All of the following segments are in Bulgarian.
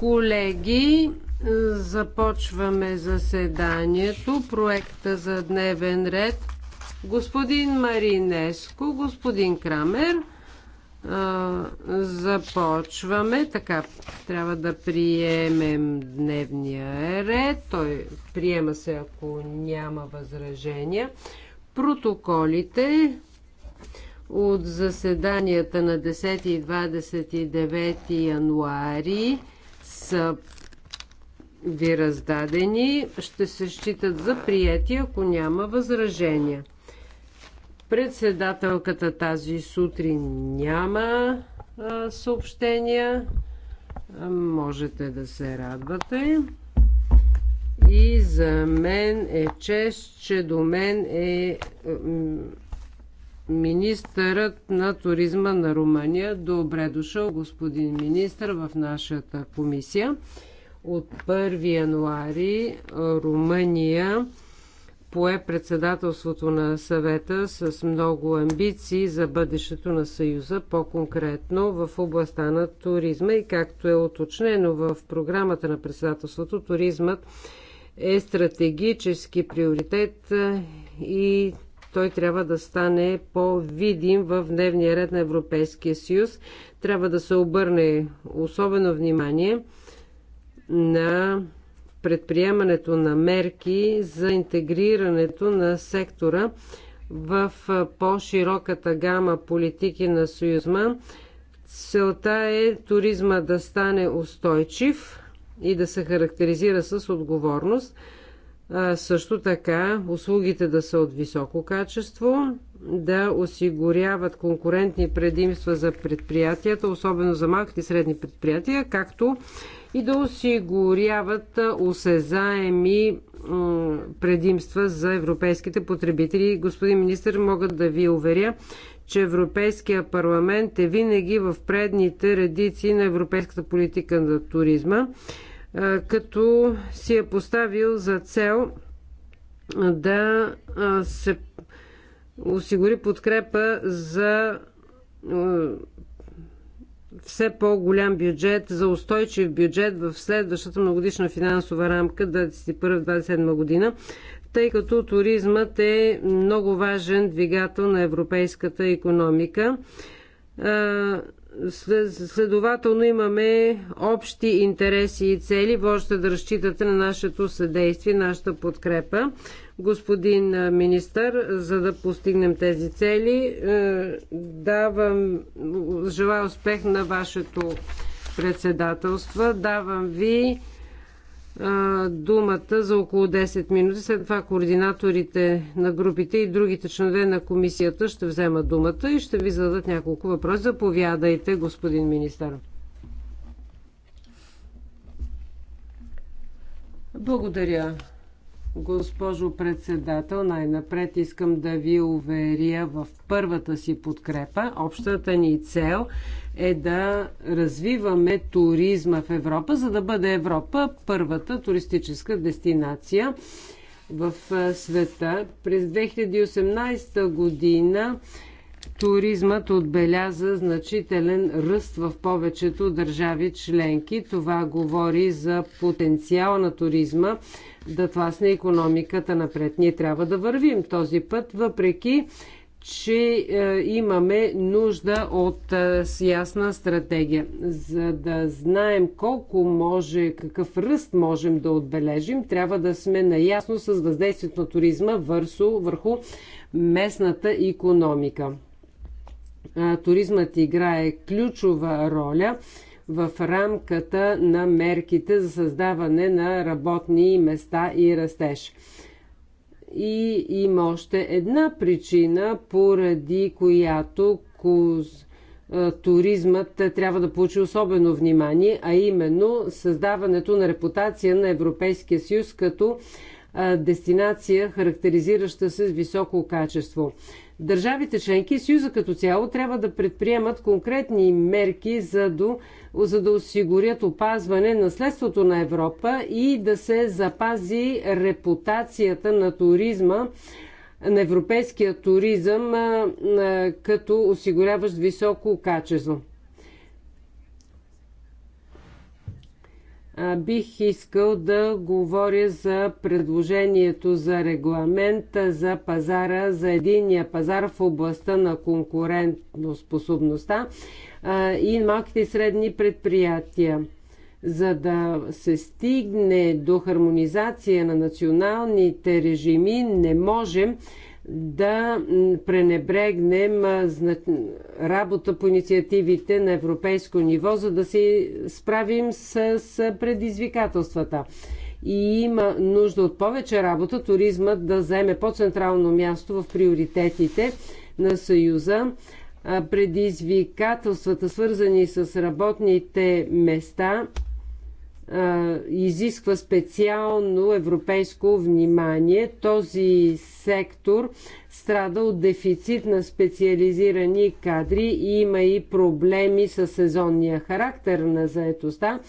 Колеги, започваме заседанието. Проекта за дневен ред. Господин Маринеско, господин Крамер, започваме. Така, трябва да приемем дневния ред. Той приема се, ако няма възражения. Протоколите от заседанията на 10 и 29 януари са ви раздадени, ще се считат за прияти, ако няма възражения. Председателката тази сутрин няма а, съобщения. Можете да се радвате. И за мен е чест, че до мен е Министърът на туризма на Румъния. Добре дошъл, господин министър, в нашата комисия. От 1 януари е, Румъния пое председателството на съвета с много амбиции за бъдещето на Съюза, по-конкретно в областта на туризма и както е уточнено в програмата на председателството, туризмът е стратегически приоритет е, и той трябва да стане по-видим в дневния ред на Европейския съюз. Трябва да се обърне особено внимание на предприемането на мерки за интегрирането на сектора в по-широката гама политики на Съюзма. Целта е туризма да стане устойчив и да се характеризира с отговорност – а, също така услугите да са от високо качество, да осигуряват конкурентни предимства за предприятията, особено за малките и средни предприятия, както и да осигуряват осезаеми предимства за европейските потребители. Господин министр, мога да ви уверя, че Европейския парламент е винаги в предните редици на европейската политика на туризма като си е поставил за цел да се осигури подкрепа за все по-голям бюджет, за устойчив бюджет в следващата многодишна финансова рамка 2021-2027 година, тъй като туризмът е много важен двигател на европейската економика. Следователно имаме общи интереси и цели. Можете да разчитате на нашето съдействие, нашата подкрепа. Господин министър, за да постигнем тези цели, е, давам, желая успех на вашето председателство. Давам ви думата за около 10 минути. След това координаторите на групите и другите членове на комисията ще вземат думата и ще ви зададат няколко въпроси. Заповядайте, господин министър. Благодаря, Госпожо председател, най-напред искам да ви уверя в първата си подкрепа. Общата ни цел е да развиваме туризма в Европа, за да бъде Европа първата туристическа дестинация в света. През 2018 година туризмът отбеляза значителен ръст в повечето държави членки. Това говори за потенциал на туризма да тласне економиката напред. Ние трябва да вървим този път, въпреки че е, имаме нужда от е, ясна стратегия. За да знаем колко може, какъв ръст можем да отбележим, трябва да сме наясно с въздействието на туризма върху, върху местната економика. Е, туризмът играе ключова роля в рамката на мерките за създаване на работни места и растеж. И има още една причина, поради която коз туризмът трябва да получи особено внимание, а именно създаването на репутация на Европейския съюз като дестинация, характеризираща се с високо качество. Държавите членки и Съюза като цяло трябва да предприемат конкретни мерки за до за да осигурят опазване наследството на Европа и да се запази репутацията на туризма, на европейския туризъм, като осигуряващ високо качество. бих искал да говоря за предложението за регламент за пазара, за единия пазар в областта на конкурентоспособността и малките и средни предприятия. За да се стигне до хармонизация на националните режими, не можем да пренебрегнем работа по инициативите на европейско ниво, за да се справим с предизвикателствата. И има нужда от повече работа туризма да заеме по-централно място в приоритетите на Съюза, предизвикателствата, свързани с работните места, изисква специално европейско внимание. Този сектор страда от дефицит на специализирани кадри и има и проблеми с сезонния характер на заетостта.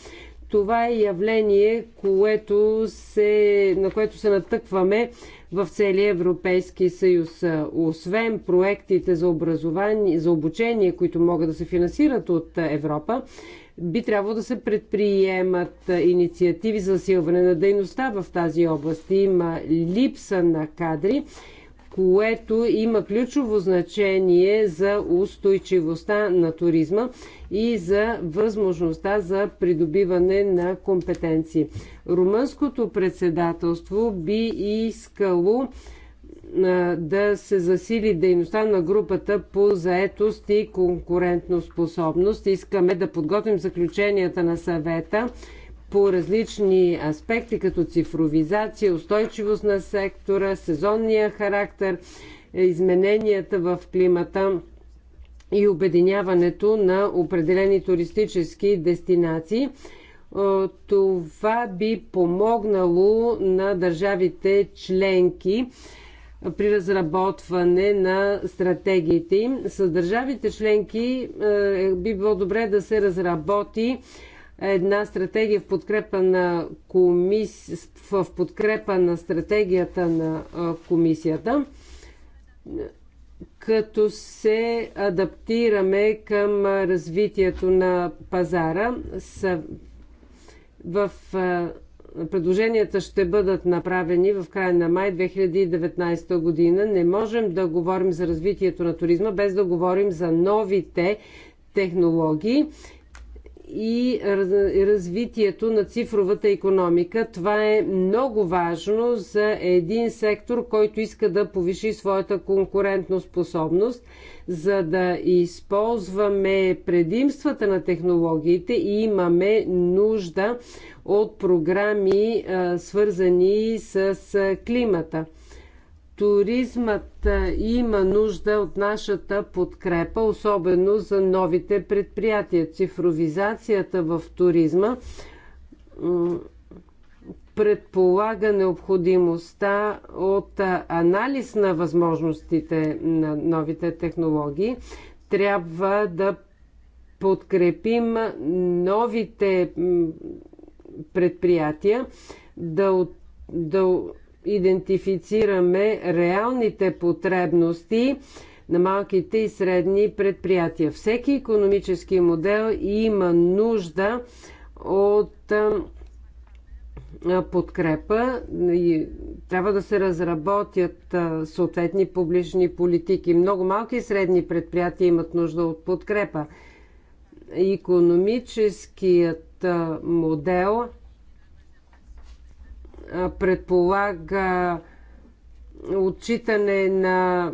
Това е явление, което се, на което се натъкваме в целия Европейски съюз. Освен проектите за образование, за обучение, които могат да се финансират от Европа, би трябвало да се предприемат инициативи за засилване на дейността в тази област. Има липса на кадри което има ключово значение за устойчивостта на туризма и за възможността за придобиване на компетенции. Румънското председателство би искало да се засили дейността на групата по заетост и конкурентоспособност. Искаме да подготвим заключенията на съвета по различни аспекти, като цифровизация, устойчивост на сектора, сезонния характер, измененията в климата и обединяването на определени туристически дестинации. Това би помогнало на държавите членки при разработване на стратегиите им. С държавите членки е, би било добре да се разработи една стратегия в подкрепа на комис... в подкрепа на стратегията на комисията, като се адаптираме към развитието на пазара. В предложенията ще бъдат направени в края на май 2019 година. Не можем да говорим за развитието на туризма без да говорим за новите технологии и развитието на цифровата економика. Това е много важно за един сектор, който иска да повиши своята конкурентно способност, за да използваме предимствата на технологиите и имаме нужда от програми, свързани с климата. Туризмът има нужда от нашата подкрепа, особено за новите предприятия. Цифровизацията в туризма предполага необходимостта от анализ на възможностите на новите технологии. Трябва да подкрепим новите предприятия, да, да идентифицираме реалните потребности на малките и средни предприятия. Всеки економически модел има нужда от подкрепа. Трябва да се разработят съответни публични политики. Много малки и средни предприятия имат нужда от подкрепа. Економическият модел предполага отчитане на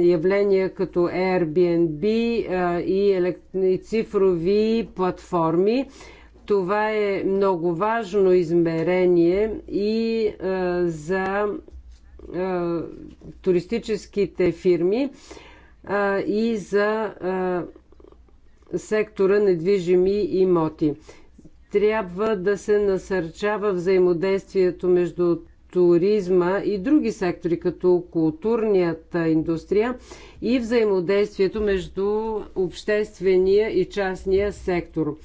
явления като Airbnb и, цифрови платформи. Това е много важно измерение и за туристическите фирми и за сектора недвижими имоти. Трябва да се насърчава взаимодействието между туризма и други сектори, като културнията индустрия и взаимодействието между обществения и частния сектор.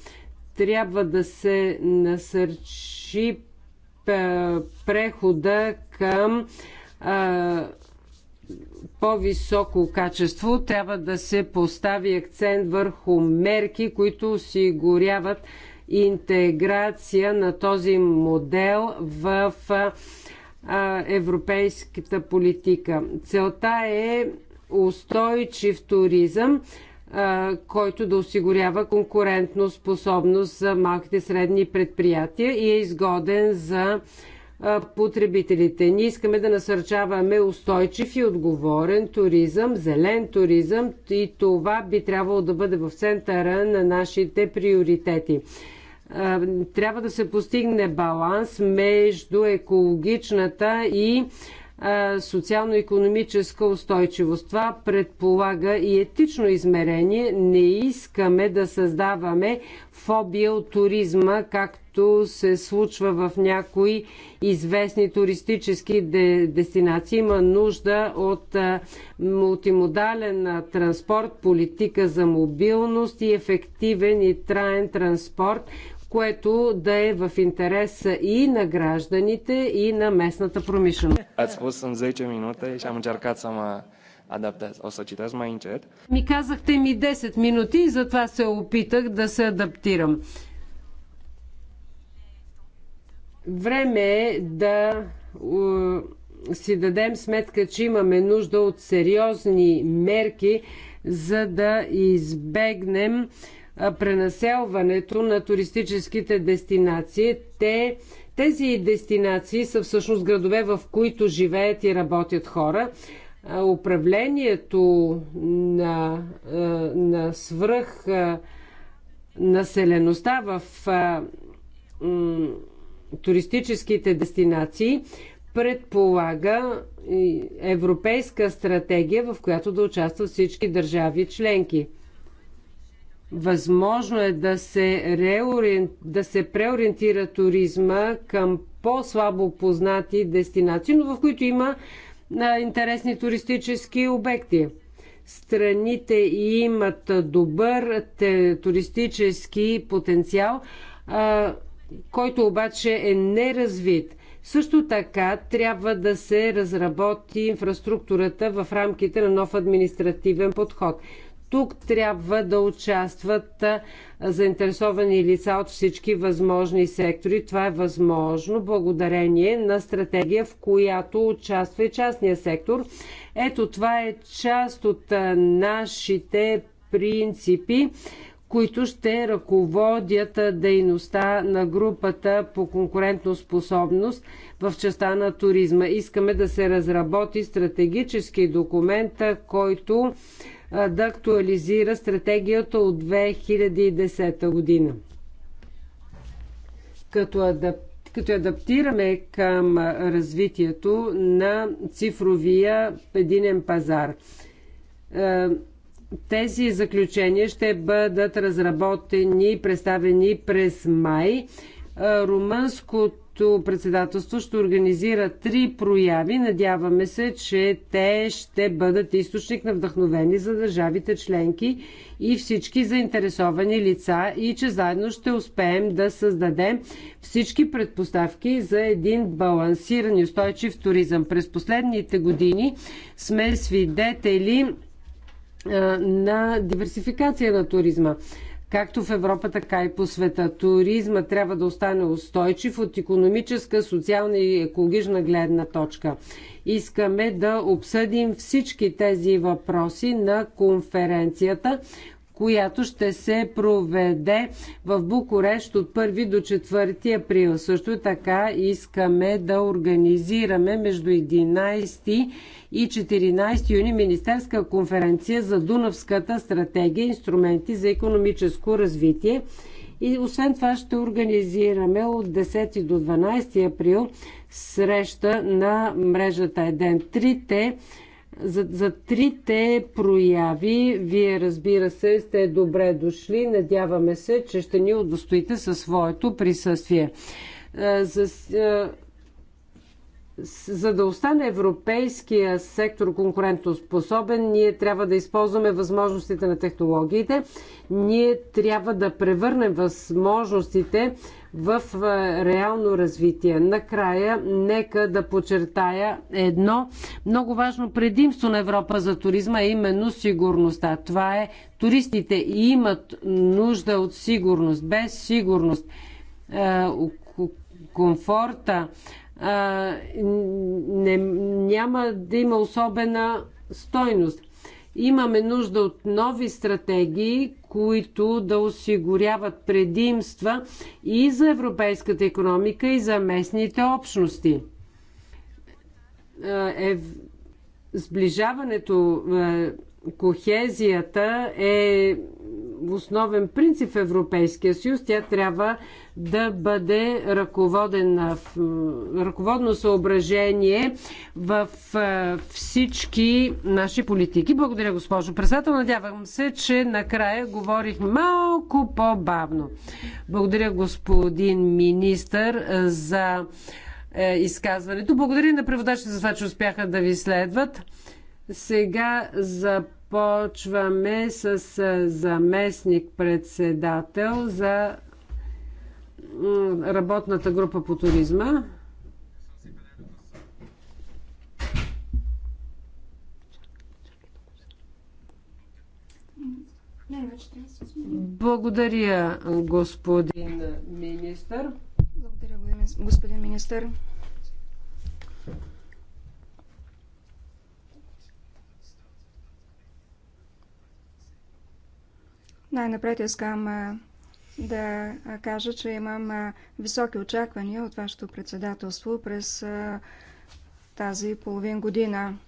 Трябва да се насърчи прехода към по-високо качество, трябва да се постави акцент върху мерки, които осигуряват интеграция на този модел в европейската политика. Целта е устойчив туризъм, който да осигурява конкурентно способност за малките средни предприятия и е изгоден за потребителите. Ние искаме да насърчаваме устойчив и отговорен туризъм, зелен туризъм и това би трябвало да бъде в центъра на нашите приоритети трябва да се постигне баланс между екологичната и социално-економическа устойчивост. Това предполага и етично измерение. Не искаме да създаваме фобия от туризма, както се случва в някои известни туристически де- дестинации. Има нужда от мултимодален транспорт, политика за мобилност и ефективен и траен транспорт, което да е в интерес и на гражданите, и на местната промишленост. Аз spus 10 minute и am încercat Ми казахте ми 10 минути, и затова се опитах да се адаптирам. Време е да си дадем сметка, че имаме нужда от сериозни мерки, за да избегнем пренаселването на туристическите дестинации. Те, тези дестинации са всъщност градове, в които живеят и работят хора. Управлението на, на свръх населеността в туристическите дестинации предполага европейска стратегия, в която да участват всички държави членки – Възможно е да се, реориен... да се преориентира туризма към по-слабо познати дестинации, но в които има а, интересни туристически обекти. Страните имат добър те, туристически потенциал, а, който обаче е неразвит. Също така трябва да се разработи инфраструктурата в рамките на нов административен подход. Тук трябва да участват заинтересовани лица от всички възможни сектори. Това е възможно благодарение на стратегия, в която участва и частния сектор. Ето това е част от нашите принципи, които ще ръководят дейността на групата по способност в частта на туризма. Искаме да се разработи стратегически документ, който да актуализира стратегията от 2010 година. Като, адап... като адаптираме към развитието на цифровия единен пазар. Тези заключения ще бъдат разработени и представени през май. Румънското Българското председателство ще организира три прояви. Надяваме се, че те ще бъдат източник на вдъхновени за държавите членки и всички заинтересовани лица и че заедно ще успеем да създадем всички предпоставки за един балансиран и устойчив туризъм. През последните години сме свидетели на диверсификация на туризма както в Европа, така и по света. Туризма трябва да остане устойчив от економическа, социална и екологична гледна точка. Искаме да обсъдим всички тези въпроси на конференцията, която ще се проведе в Букурещ от 1 до 4 април. Също така искаме да организираме между 11 и 14 юни Министерска конференция за Дунавската стратегия инструменти за економическо развитие. И освен това ще организираме от 10 до 12 април среща на мрежата Еден. Трите за, за трите прояви, вие разбира се, сте добре дошли. Надяваме се, че ще ни удостоите със своето присъствие. Е, за, е, за да остане европейския сектор конкурентоспособен, ние трябва да използваме възможностите на технологиите. Ние трябва да превърнем възможностите в реално развитие. Накрая, нека да подчертая едно много важно предимство на Европа за туризма, е именно сигурността. Това е, туристите имат нужда от сигурност. Без сигурност, комфорта, не, няма да има особена стойност. Имаме нужда от нови стратегии, които да осигуряват предимства и за европейската економика, и за местните общности. Е, е, сближаването е, Кохезията е основен принцип в Европейския съюз. Тя трябва да бъде ръководена, ръководно съображение в всички наши политики. Благодаря, госпожо председател. Надявам се, че накрая говорих малко по-бавно. Благодаря, господин министър, за е, изказването. Благодаря на преводачите за това, че успяха да ви следват. Сега за Започваме с заместник-председател за работната група по туризма. Благодаря, господин министър. Благодаря, господин министър. Най-напред искам да кажа, че имам високи очаквания от вашето председателство през тази половин година.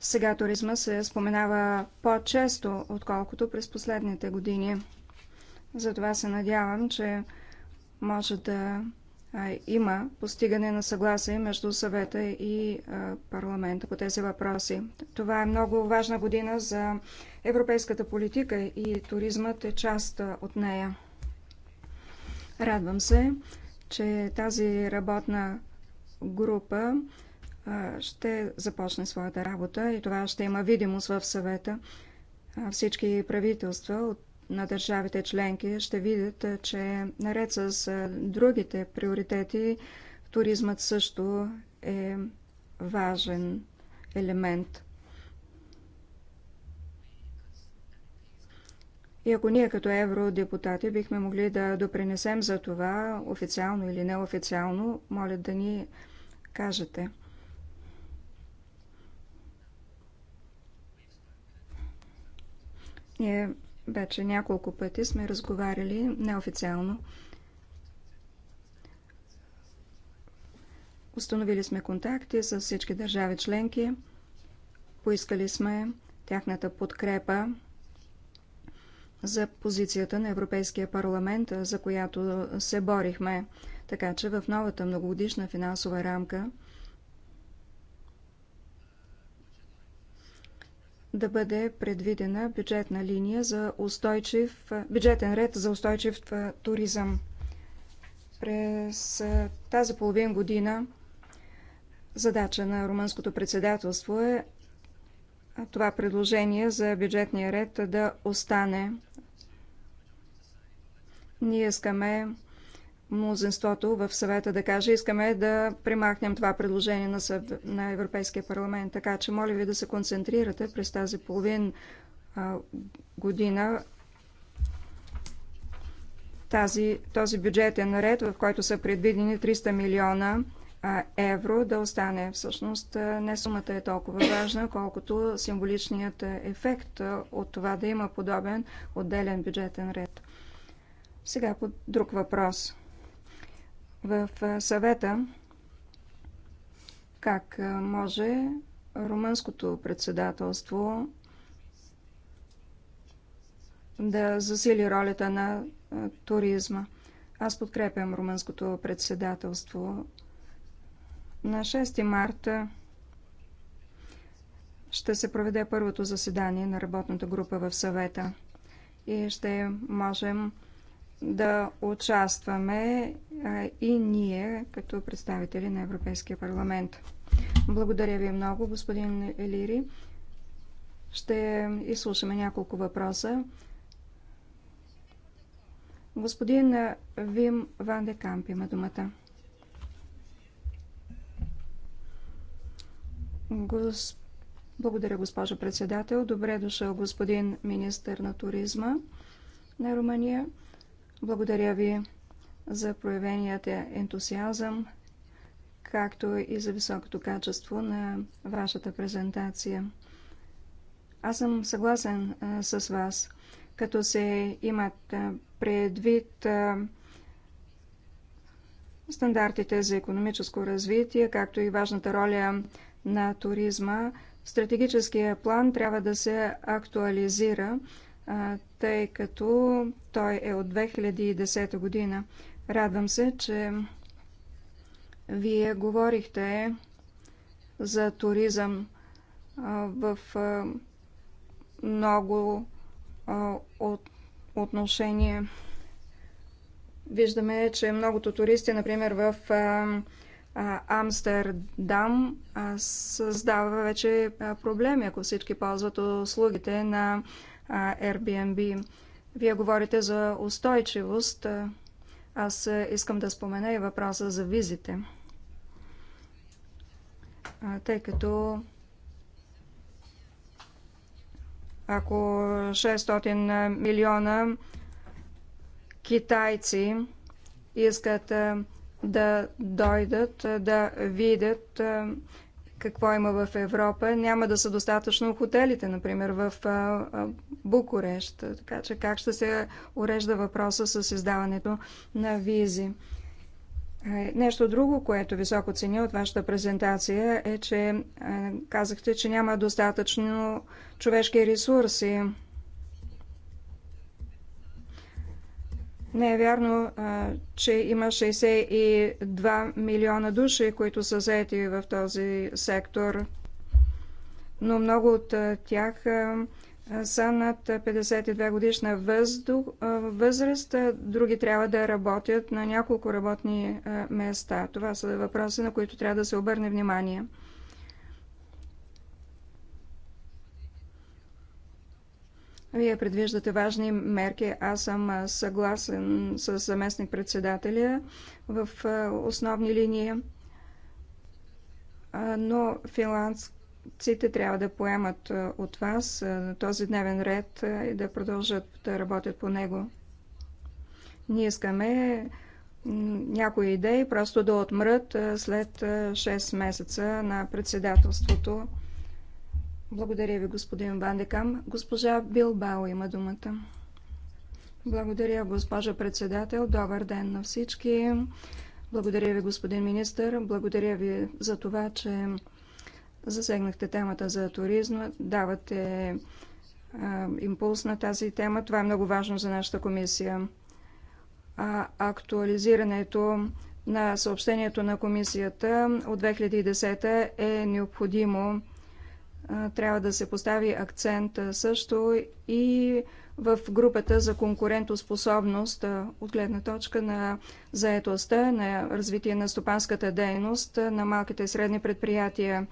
Сега туризма се споменава по-често, отколкото през последните години. Затова се надявам, че може да има постигане на съгласие между съвета и парламента по тези въпроси. Това е много важна година за европейската политика и туризмът е част от нея. Радвам се, че тази работна група ще започне своята работа и това ще има видимост в съвета. Всички правителства от на държавите членки, ще видят, че наред с другите приоритети, туризмът също е важен елемент. И ако ние като евродепутати бихме могли да допринесем за това, официално или неофициално, моля да ни кажете. Ние вече няколко пъти сме разговаряли неофициално. Установили сме контакти с всички държави членки. Поискали сме тяхната подкрепа за позицията на Европейския парламент, за която се борихме. Така че в новата многогодишна финансова рамка – да бъде предвидена бюджетна линия за устойчив, бюджетен ред за устойчив туризъм. През тази половин година задача на румънското председателство е това предложение за бюджетния ред да остане. Ние искаме мнозинството в съвета да каже, искаме да премахнем това предложение на, съв... на Европейския парламент. Така че, моля ви да се концентрирате през тази половин а, година тази, този бюджетен ред, в който са предвидени 300 милиона а, евро, да остане. Всъщност не сумата е толкова важна, колкото символичният ефект от това да има подобен отделен бюджетен ред. Сега по друг въпрос в съвета как може румънското председателство да засили ролята на туризма. Аз подкрепям румънското председателство. На 6 марта ще се проведе първото заседание на работната група в съвета и ще можем да участваме и ние като представители на Европейския парламент. Благодаря ви много, господин Елири. Ще изслушаме няколко въпроса. Господин Вим Ван де Камп има думата. Гос... Благодаря, госпожо председател. Добре дошъл господин министър на туризма на Румъния. Благодаря ви за проявеният ентусиазъм, както и за високото качество на вашата презентация. Аз съм съгласен а, с вас, като се имат а, предвид а, стандартите за економическо развитие, както и важната роля на туризма. Стратегическия план трябва да се актуализира, тъй като той е от 2010 година. Радвам се, че вие говорихте за туризъм в много от отношение. Виждаме, че многото туристи, например в Амстердам, създава вече проблеми, ако всички ползват услугите на Airbnb. Вие говорите за устойчивост. Аз искам да спомена и въпроса за визите. Тъй като ако 600 милиона китайци искат да дойдат да видят какво има в Европа. Няма да са достатъчно хотелите, например, в Букурещ. Така че как ще се урежда въпроса с издаването на визи? Е, нещо друго, което високо ценя от вашата презентация е, че казахте, че няма достатъчно човешки ресурси. Не е вярно, че има 62 милиона души, които са заети в този сектор, но много от тях са над 52 годишна възраст, други трябва да работят на няколко работни места. Това са въпроси, на които трябва да се обърне внимание. Вие предвиждате важни мерки. Аз съм съгласен с заместник председателя в основни линии, но финландците трябва да поемат от вас този дневен ред и да продължат да работят по него. Ние искаме някои идеи просто да отмрат след 6 месеца на председателството благодаря ви, господин Вандекам. Госпожа Билбао има думата. Благодаря, госпожа председател. Добър ден на всички. Благодаря ви, господин министър. Благодаря ви за това, че засегнахте темата за туризма. Давате а, импулс на тази тема. Това е много важно за нашата комисия. А, актуализирането на съобщението на комисията от 2010 е необходимо трябва да се постави акцент също и в групата за конкурентоспособност от гледна точка на заетостта, на развитие на стопанската дейност на малките и средни предприятия.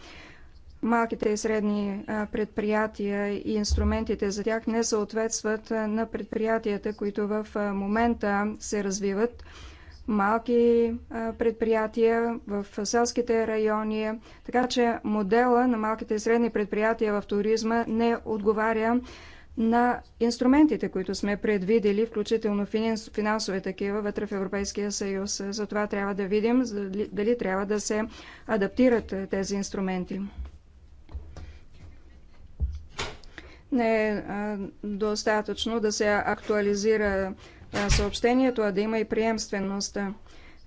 Малките и средни предприятия и инструментите за тях не съответстват на предприятията, които в момента се развиват малки предприятия в селските райони. Така че модела на малките и средни предприятия в туризма не отговаря на инструментите, които сме предвидели, включително финансови такива вътре в Европейския съюз. Затова трябва да видим дали трябва да се адаптират тези инструменти. Не е достатъчно да се актуализира съобщението, а да има и приемствеността.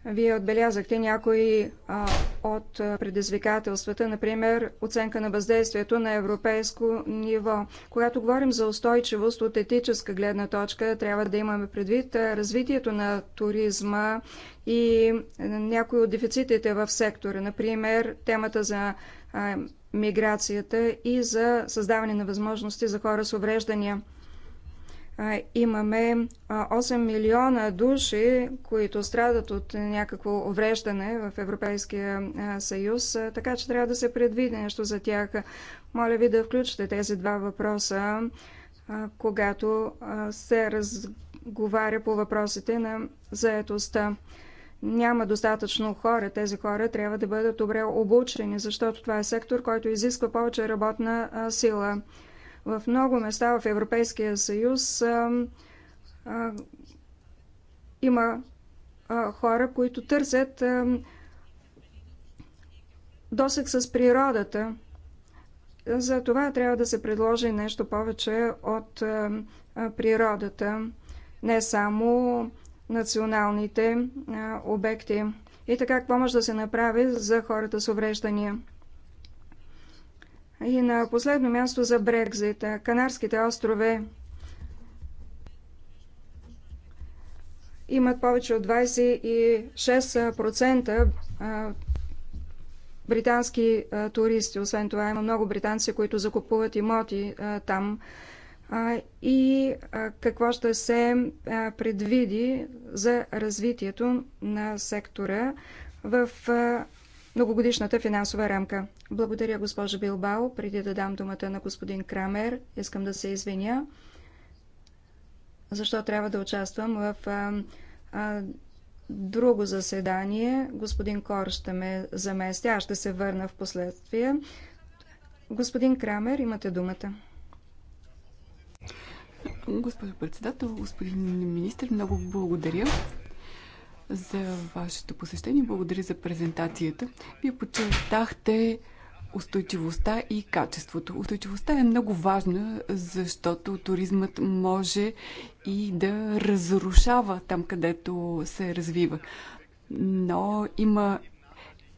Вие отбелязахте някои а, от предизвикателствата, например оценка на въздействието на европейско ниво. Когато говорим за устойчивост от етическа гледна точка, трябва да имаме предвид развитието на туризма и някои от дефицитите в сектора, например темата за а, миграцията и за създаване на възможности за хора с увреждания имаме 8 милиона души, които страдат от някакво увреждане в Европейския съюз, така че трябва да се предвиди нещо за тях. Моля ви да включите тези два въпроса, когато се разговаря по въпросите на заетостта. Няма достатъчно хора. Тези хора трябва да бъдат добре обучени, защото това е сектор, който изисква повече работна сила. В много места в Европейския съюз а, а, има а, хора, които търсят а, досек с природата. За това трябва да се предложи нещо повече от а, природата, не само националните а, обекти. И така, какво може да се направи за хората с увреждания? И на последно място за Брекзита, Канарските острове имат повече от 26% британски туристи. Освен това има много британци, които закупуват имоти там. И какво ще се предвиди за развитието на сектора в многогодишната финансова рамка. Благодаря, госпожа Билбао. Преди да дам думата на господин Крамер, искам да се извиня, защо трябва да участвам в а, а, друго заседание. Господин Кор ще ме замести. Аз ще се върна в последствие. Господин Крамер, имате думата. Госпожо председател, господин министр, много благодаря за вашето посещение. Благодаря за презентацията. Вие подчертахте устойчивостта и качеството. Устойчивостта е много важна, защото туризмът може и да разрушава там, където се развива. Но има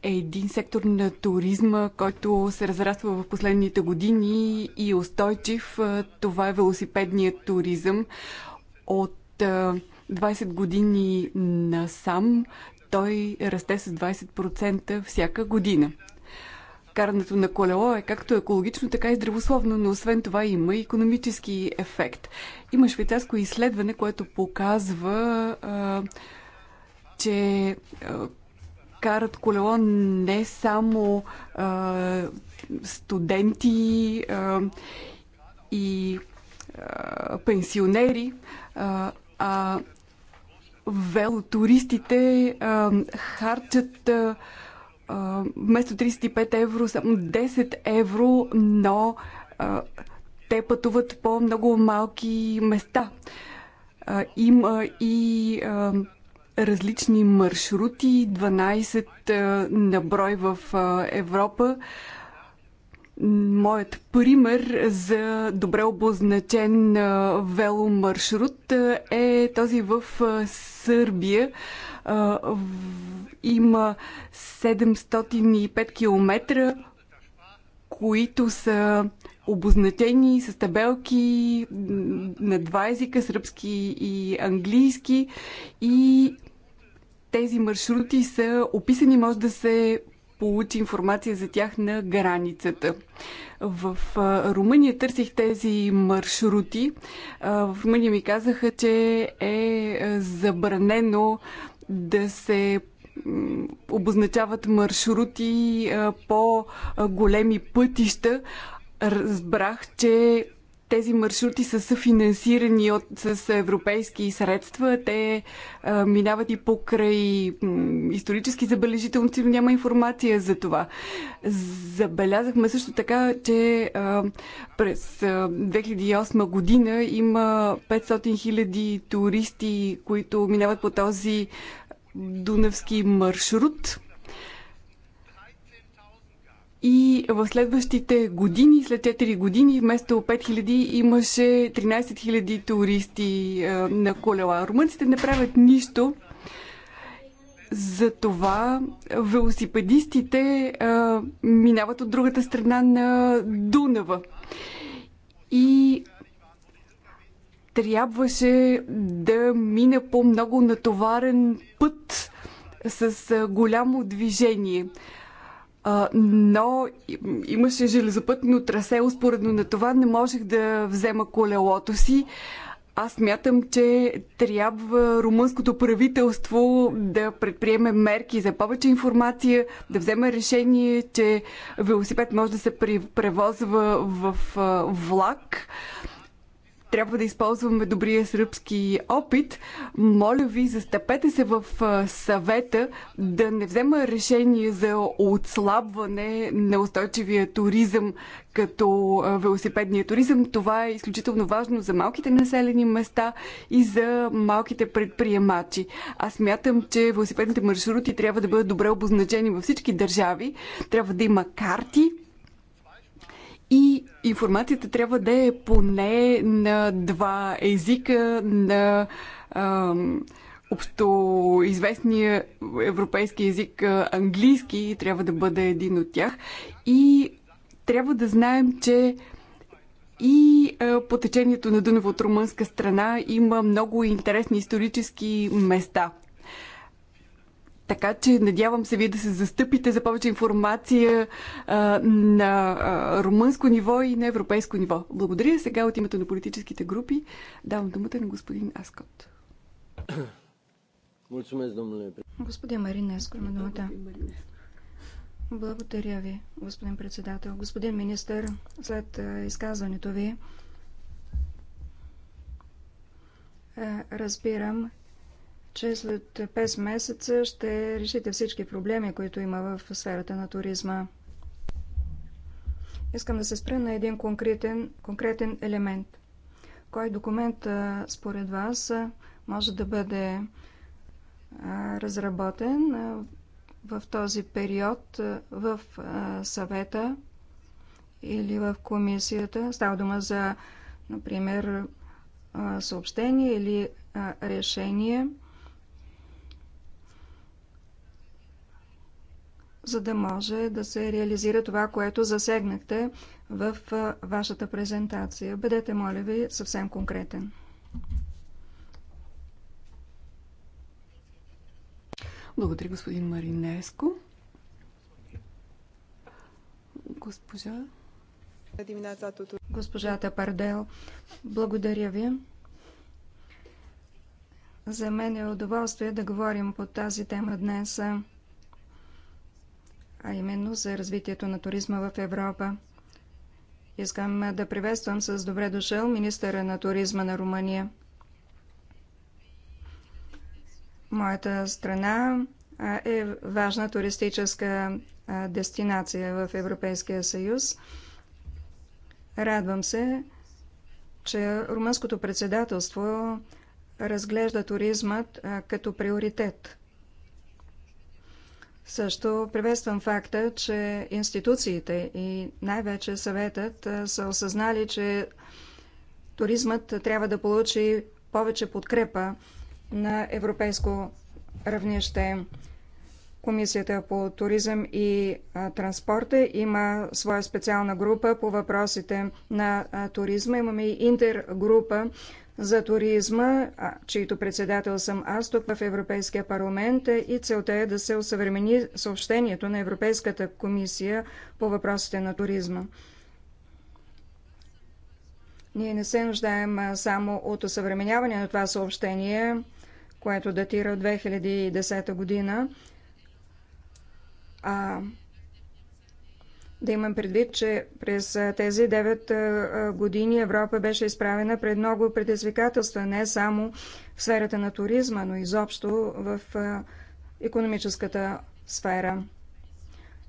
един сектор на туризма, който се разраства в последните години и е устойчив. Това е велосипедният туризъм. От 20 години насам той расте с 20% всяка година. Карането на колело е както екологично, така и здравословно, но освен това има и економически ефект. Има швейцарско изследване, което показва, а, че а, карат колело не само а, студенти а, и а, пенсионери, а, а, велотуристите а, харчат а, вместо 35 евро само 10 евро, но а, те пътуват по много малки места. А, има и а, различни маршрути, 12 а, на брой в а, Европа. А, Моят пример за добре обозначен веломаршрут е този в Сърбия. Има 705 км, които са обозначени с табелки на два езика, сръбски и английски. И тези маршрути са описани, може да се получи информация за тях на границата. В Румъния търсих тези маршрути. В Румъния ми казаха, че е, е забранено да се обозначават маршрути по големи пътища. Разбрах, че тези маршрути са съфинансирани от, с европейски средства. Те а, минават и покрай м, исторически забележителности, но няма информация за това. Забелязахме също така, че а, през а, 2008 година има 500 хиляди туристи, които минават по този Дунавски маршрут и в следващите години, след 4 години, вместо 5000 имаше 13 000 туристи е, на колела. Румънците не правят нищо. Затова велосипедистите а, е, минават от другата страна на Дунава. И трябваше да мина по много натоварен път с е, голямо движение а, но имаше железопътно трасе, успоредно на това не можех да взема колелото си. Аз мятам, че трябва румънското правителство да предприеме мерки за повече информация, да вземе решение, че велосипед може да се превозва в влак трябва да използваме добрия сръбски опит. Моля ви, застъпете се в съвета да не взема решение за отслабване на устойчивия туризъм като велосипедния туризъм. Това е изключително важно за малките населени места и за малките предприемачи. Аз мятам, че велосипедните маршрути трябва да бъдат добре обозначени във всички държави. Трябва да има карти, и информацията трябва да е поне на два езика на ам, общоизвестния европейски език английски трябва да бъде един от тях. И трябва да знаем, че и по течението на Дунава от румънска страна има много интересни исторически места – така че надявам се вие да се застъпите за повече информация а, на а, румънско ниво и на европейско ниво. Благодаря сега от името на политическите групи. Давам думата на господин Аскот. Господин Маринеско има думата. Благодаря ви, господин председател. Господин министър, след изказването ви разбирам, че след 5 месеца ще решите всички проблеми, които има в сферата на туризма. Искам да се спра на един конкретен, конкретен елемент. Кой документ според вас може да бъде разработен в този период в съвета или в комисията? Става дума за, например, съобщение или решение – за да може да се реализира това, което засегнахте в вашата презентация. Бъдете, моля ви, съвсем конкретен. Благодаря, господин Маринеско. Госпожа. Госпожата Пардел, благодаря ви. За мен е удоволствие да говорим по тази тема днес а именно за развитието на туризма в Европа. Искам да приветствам с добре дошъл министъра на туризма на Румъния. Моята страна е важна туристическа дестинация в Европейския съюз. Радвам се, че румънското председателство разглежда туризмът като приоритет. Също приветствам факта, че институциите и най-вече съветът са осъзнали, че туризмът трябва да получи повече подкрепа на европейско равнище. Комисията по туризъм и транспорта има своя специална група по въпросите на туризма. Имаме и интергрупа за туризма, чийто председател съм аз тук в Европейския парламент е, и целта е да се осъвремени съобщението на Европейската комисия по въпросите на туризма. Ние не се нуждаем само от осъвременяване на това съобщение, което датира от 2010 година, а да имам предвид, че през тези 9 години Европа беше изправена пред много предизвикателства, не само в сферата на туризма, но изобщо в економическата сфера.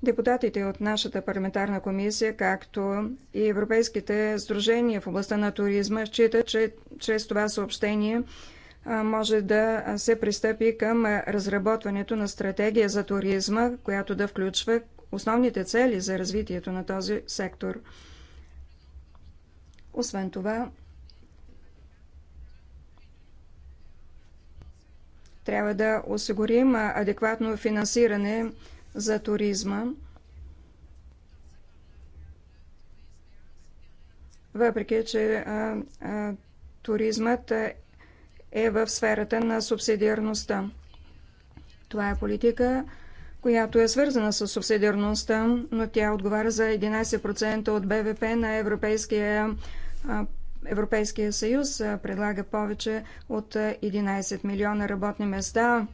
Депутатите от нашата парламентарна комисия, както и европейските сдружения в областта на туризма, считат, че чрез това съобщение може да се пристъпи към разработването на стратегия за туризма, която да включва основните цели за развитието на този сектор. Освен това, трябва да осигурим адекватно финансиране за туризма. Въпреки, че а, а, туризмът е в сферата на субсидиарността. Това е политика, която е свързана с субсидиарността, но тя отговаря за 11% от БВП на Европейския, Европейския съюз, предлага повече от 11 милиона работни места.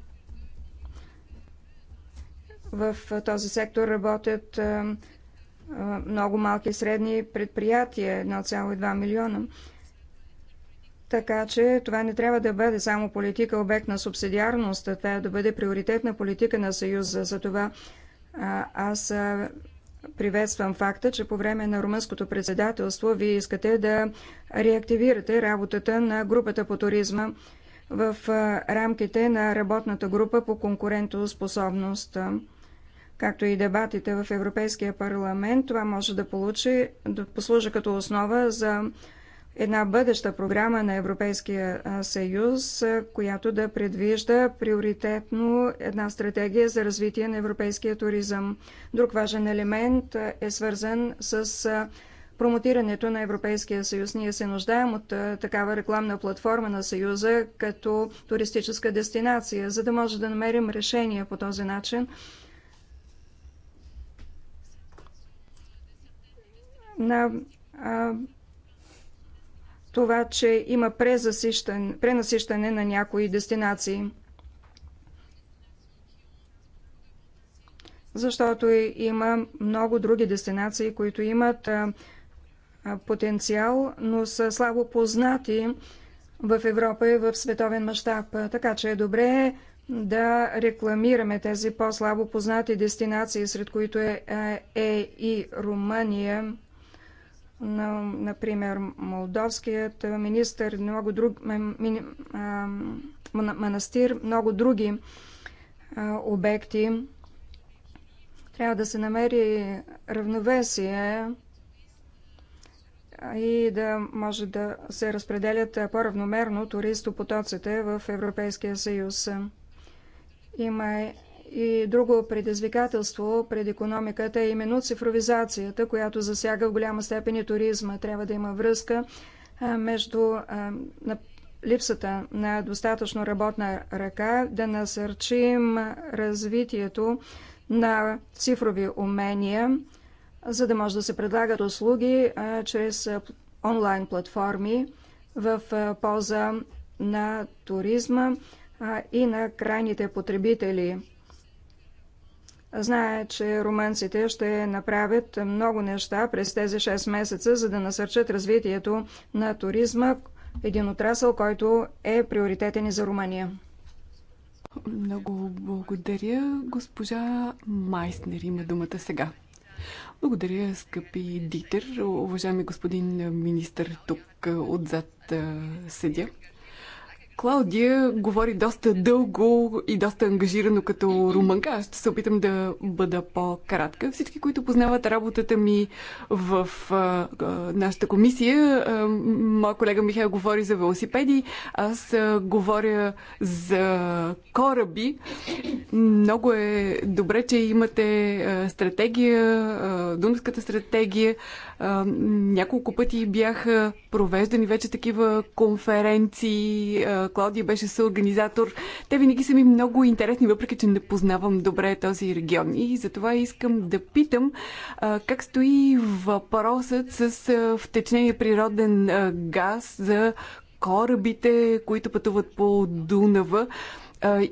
В този сектор работят много малки и средни предприятия, 1,2 милиона. Така че това не трябва да бъде само политика обект на субсидиарност, а трябва е да бъде приоритетна политика на Съюза. Затова аз приветствам факта, че по време на румънското председателство вие искате да реактивирате работата на групата по туризма в рамките на работната група по конкурентоспособност, както и дебатите в Европейския парламент. Това може да получи, да послужи като основа за една бъдеща програма на Европейския съюз, която да предвижда приоритетно една стратегия за развитие на европейския туризъм. Друг важен елемент е свързан с промотирането на Европейския съюз. Ние се нуждаем от такава рекламна платформа на Съюза като туристическа дестинация, за да може да намерим решение по този начин. На това, че има пренасищане на някои дестинации. Защото има много други дестинации, които имат потенциал, но са слабо познати в Европа и в световен мащаб. Така че е добре да рекламираме тези по-слабо познати дестинации, сред които е, е, е и Румъния на, например, молдовският министър, много друг, а, манастир, много други а, обекти. Трябва да се намери равновесие и да може да се разпределят по-равномерно туристопотоците в Европейския съюз. Има и друго предизвикателство пред економиката е именно цифровизацията, която засяга в голяма степен и туризма. Трябва да има връзка между липсата на достатъчно работна ръка, да насърчим развитието на цифрови умения, за да може да се предлагат услуги чрез онлайн платформи в полза на туризма и на крайните потребители. Знае, че румънците ще направят много неща през тези 6 месеца, за да насърчат развитието на туризма, един отрасъл, който е приоритетен и за Румъния. Много благодаря. Госпожа Майснер има думата сега. Благодаря, скъпи Дитер. Уважаеми господин министр, тук отзад седя. Клаудия говори доста дълго и доста ангажирано като румънка. Ще се опитам да бъда по-кратка. Всички, които познават работата ми в а, а, нашата комисия, а, моя колега Михаил говори за велосипеди, аз а, говоря за кораби. Много е добре, че имате а, стратегия, а, думската стратегия. Няколко пъти бяха провеждани вече такива конференции. Клаудия беше съорганизатор. Те винаги са ми много интересни, въпреки че не познавам добре този регион. И затова искам да питам как стои въпросът с втечнение природен газ за корабите, които пътуват по Дунава.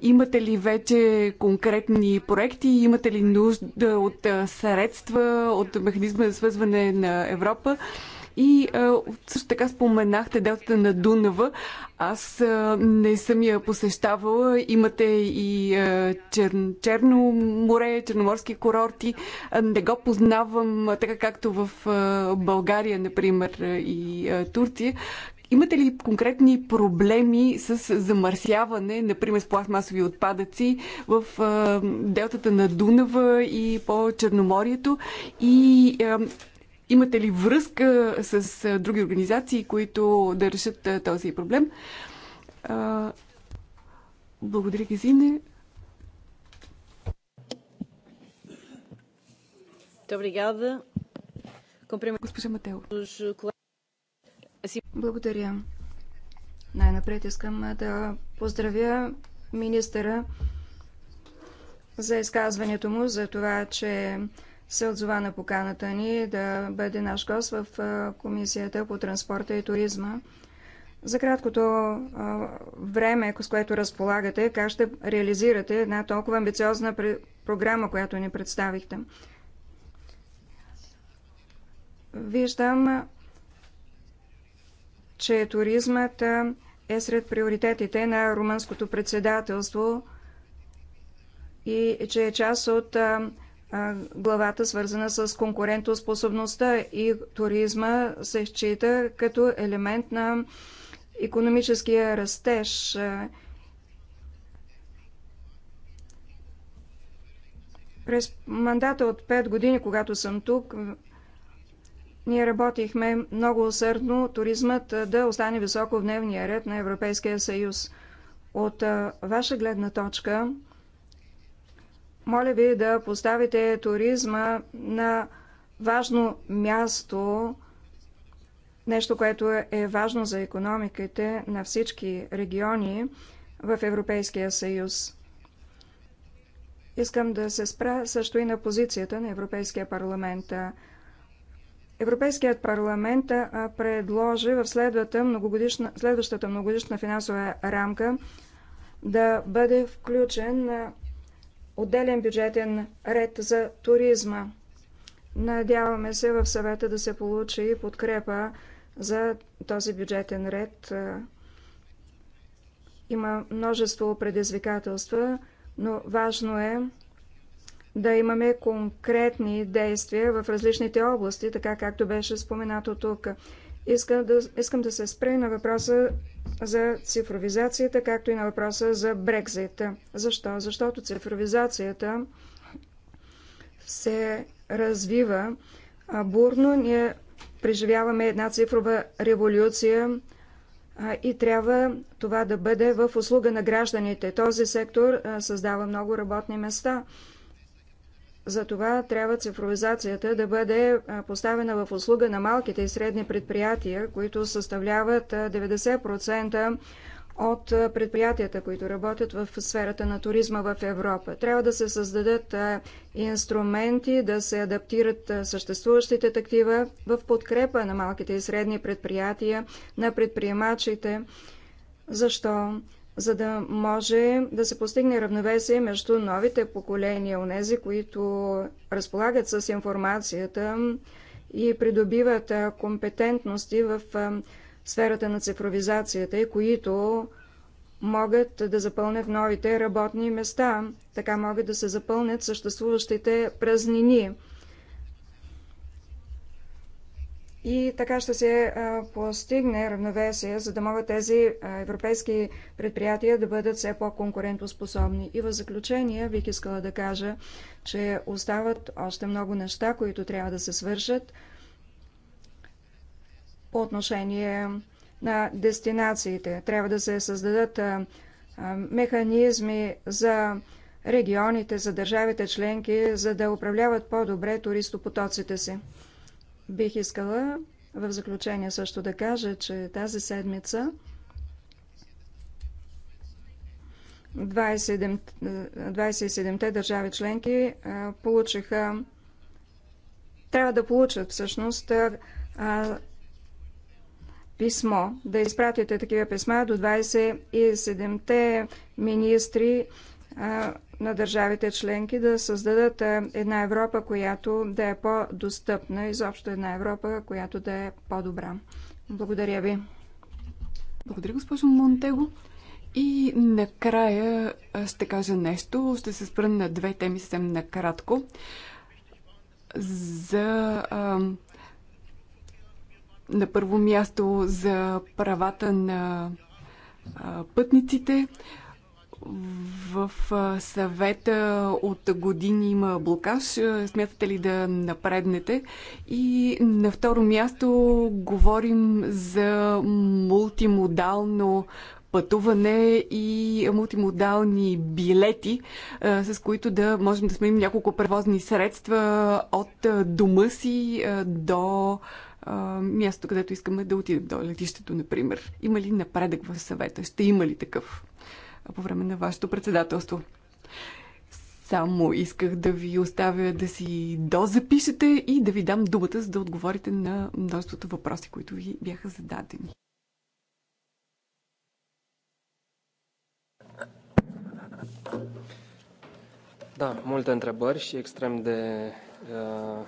Имате ли вече конкретни проекти? Имате ли нужда от средства, от механизма за свързване на Европа? И а, също така споменахте делтата на Дунава. Аз а, не съм я посещавала. Имате и а, чер... Черно море, черноморски курорти. А, не го познавам а, така както в а, България, например, и а, Турция. Имате ли конкретни проблеми с замърсяване, например с пластмасови отпадъци в делтата на Дунава и по Черноморието? И имате ли връзка с други организации, които да решат този проблем? Благодаря, Гезине. Добре. obrigada. Госпожа Матео. Благодаря. Най-напред искам да поздравя министъра за изказването му, за това, че се отзова на поканата ни да бъде наш гост в Комисията по транспорта и туризма. За краткото време, с което разполагате, как ще реализирате една толкова амбициозна програма, която ни представихте? Виждам че туризмът е сред приоритетите на румънското председателство и че е част от главата, свързана с конкурентоспособността и туризма, се счита като елемент на економическия растеж. През мандата от 5 години, когато съм тук, ние работихме много усърдно туризмът да остане високо в дневния ред на Европейския съюз. От ваша гледна точка, моля ви да поставите туризма на важно място, нещо, което е важно за економиките на всички региони в Европейския съюз. Искам да се спра също и на позицията на Европейския парламент. Европейският парламент предложи в следващата многогодишна, следващата многогодишна финансова рамка да бъде включен отделен бюджетен ред за туризма. Надяваме се в съвета да се получи подкрепа за този бюджетен ред. Има множество предизвикателства, но важно е да имаме конкретни действия в различните области, така както беше споменато тук. Искам да, искам да се спре на въпроса за цифровизацията, както и на въпроса за Брекзита. Защо? Защото цифровизацията се развива бурно. Ние преживяваме една цифрова революция и трябва това да бъде в услуга на гражданите. Този сектор създава много работни места. Затова трябва цифровизацията да бъде поставена в услуга на малките и средни предприятия, които съставляват 90% от предприятията, които работят в сферата на туризма в Европа. Трябва да се създадат инструменти, да се адаптират съществуващите такива в подкрепа на малките и средни предприятия, на предприемачите. Защо? за да може да се постигне равновесие между новите поколения, онези, които разполагат с информацията и придобиват компетентности в сферата на цифровизацията и които могат да запълнят новите работни места. Така могат да се запълнят съществуващите празнини И така ще се постигне равновесие, за да могат тези европейски предприятия да бъдат все по-конкурентоспособни. И в заключение бих искала да кажа, че остават още много неща, които трябва да се свършат по отношение на дестинациите. Трябва да се създадат механизми за регионите, за държавите членки, за да управляват по-добре туристопотоците си. Бих искала в заключение също да кажа, че тази седмица 27, те държави членки получиха, трябва да получат всъщност писмо, да изпратите такива писма до 27-те министри на държавите членки да създадат една Европа, която да е по-достъпна, изобщо една Европа, която да е по-добра. Благодаря ви. Благодаря, госпожо Монтего. И накрая ще кажа нещо. Ще се спра на две теми съвсем накратко. За а, на първо място за правата на а, пътниците. В съвета от години има блокаж. Смятате ли да напреднете? И на второ място говорим за мултимодално пътуване и мултимодални билети, с които да можем да сменим няколко превозни средства от дома си до място, където искаме да отидем до летището, например. Има ли напредък в съвета? Ще има ли такъв? по време на вашето председателство. Само исках да ви оставя да си дозапишете и да ви дам думата, за да отговорите на множеството въпроси, които ви бяха зададени. Да, multe întrebări și extrem de. Uh...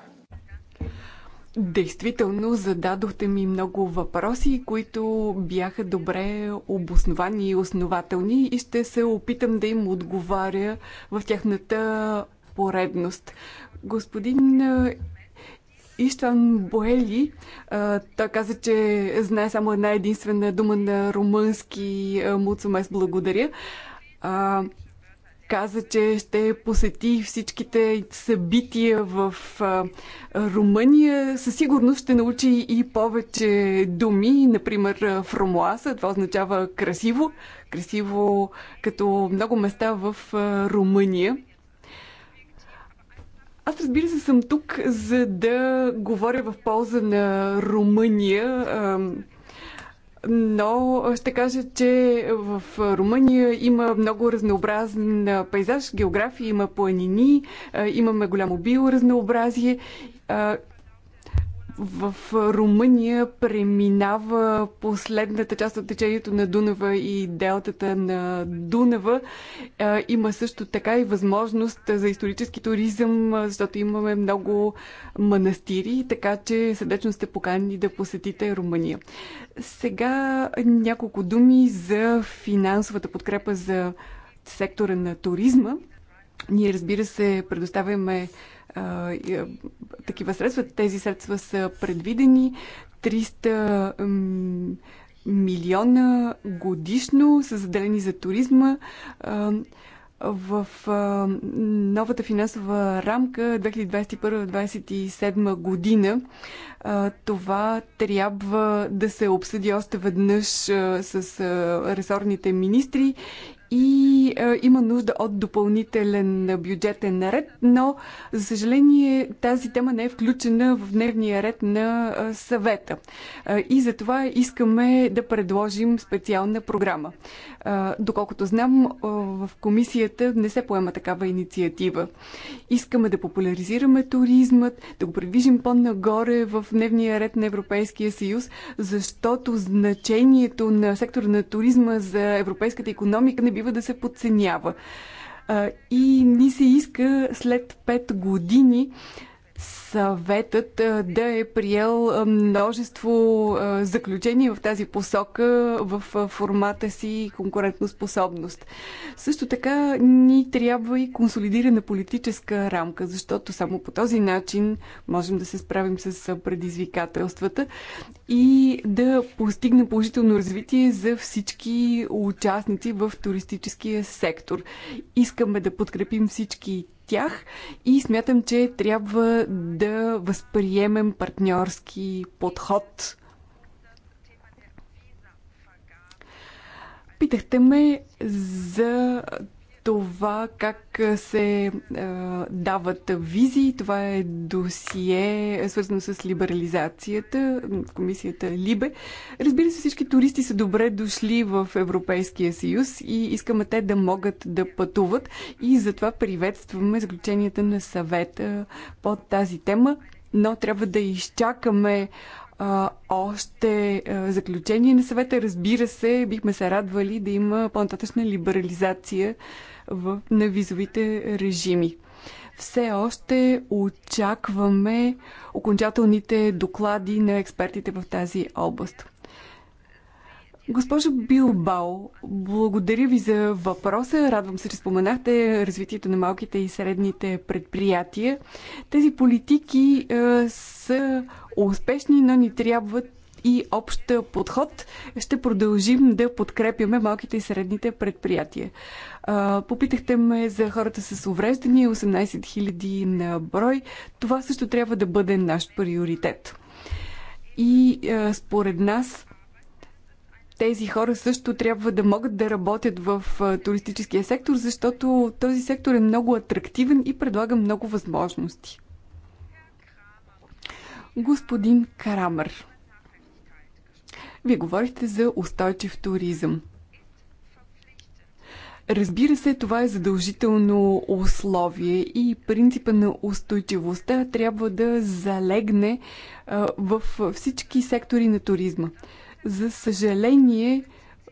Действително зададохте ми много въпроси, които бяха добре обосновани и основателни и ще се опитам да им отговаря в тяхната поредност. Господин Иштан Боели, той каза, че знае само една единствена дума на румънски муцумес. Благодаря каза, че ще посети всичките събития в Румъния. Със сигурност ще научи и повече думи, например фромуаса, това означава красиво, красиво като много места в Румъния. Аз разбира се съм тук, за да говоря в полза на Румъния но ще кажа, че в Румъния има много разнообразен пейзаж, география, има планини, имаме голямо биоразнообразие в Румъния преминава последната част от течението на Дунава и делтата на Дунава. Е, има също така и възможност за исторически туризъм, защото имаме много манастири, така че сърдечно сте поканени да посетите Румъния. Сега няколко думи за финансовата подкрепа за сектора на туризма. Ние, разбира се, предоставяме а, и, такива средства. Тези средства са предвидени. 300 милиона годишно са заделени за туризма. А, в а, новата финансова рамка 2021-2027 година. А, това трябва да се обсъди още веднъж а, с а, ресорните министри и е, има нужда от допълнителен бюджетен наред, но за съжаление тази тема не е включена в дневния ред на е, съвета. Е, и затова искаме да предложим специална програма. Е, доколкото знам, е, в комисията не се поема такава инициатива. Искаме да популяризираме туризмът, да го предвижим по-нагоре в дневния ред на Европейския съюз, защото значението на сектора на туризма за европейската економика не би бива да се подценява. И ни се иска след 5 години съветът да е приел множество заключения в тази посока в формата си конкурентоспособност. Също така ни трябва и консолидирана политическа рамка, защото само по този начин можем да се справим с предизвикателствата и да постигнем положително развитие за всички участници в туристическия сектор. Искаме да подкрепим всички тях и смятам, че трябва да възприемем партньорски подход. Питахте ме за това как се а, дават визи. Това е досие, е, свързано с либерализацията, комисията Либе. Разбира се, всички туристи са добре дошли в Европейския съюз и искаме те да могат да пътуват и затова приветстваме заключенията на съвета по тази тема, но трябва да изчакаме а, още а, заключение на съвета. Разбира се, бихме се радвали да има по-нататъчна либерализация в, на визовите режими. Все още очакваме окончателните доклади на експертите в тази област. Госпожо Билбао, благодаря ви за въпроса. Радвам се, че споменахте развитието на малките и средните предприятия. Тези политики е, са успешни, но ни трябват и общ подход ще продължим да подкрепяме малките и средните предприятия. Попитахте ме за хората с увреждания, 18 000 на брой. Това също трябва да бъде наш приоритет. И според нас тези хора също трябва да могат да работят в туристическия сектор, защото този сектор е много атрактивен и предлага много възможности. Господин Карамър. Вие говорите за устойчив туризъм. Разбира се, това е задължително условие и принципа на устойчивостта трябва да залегне в всички сектори на туризма. За съжаление,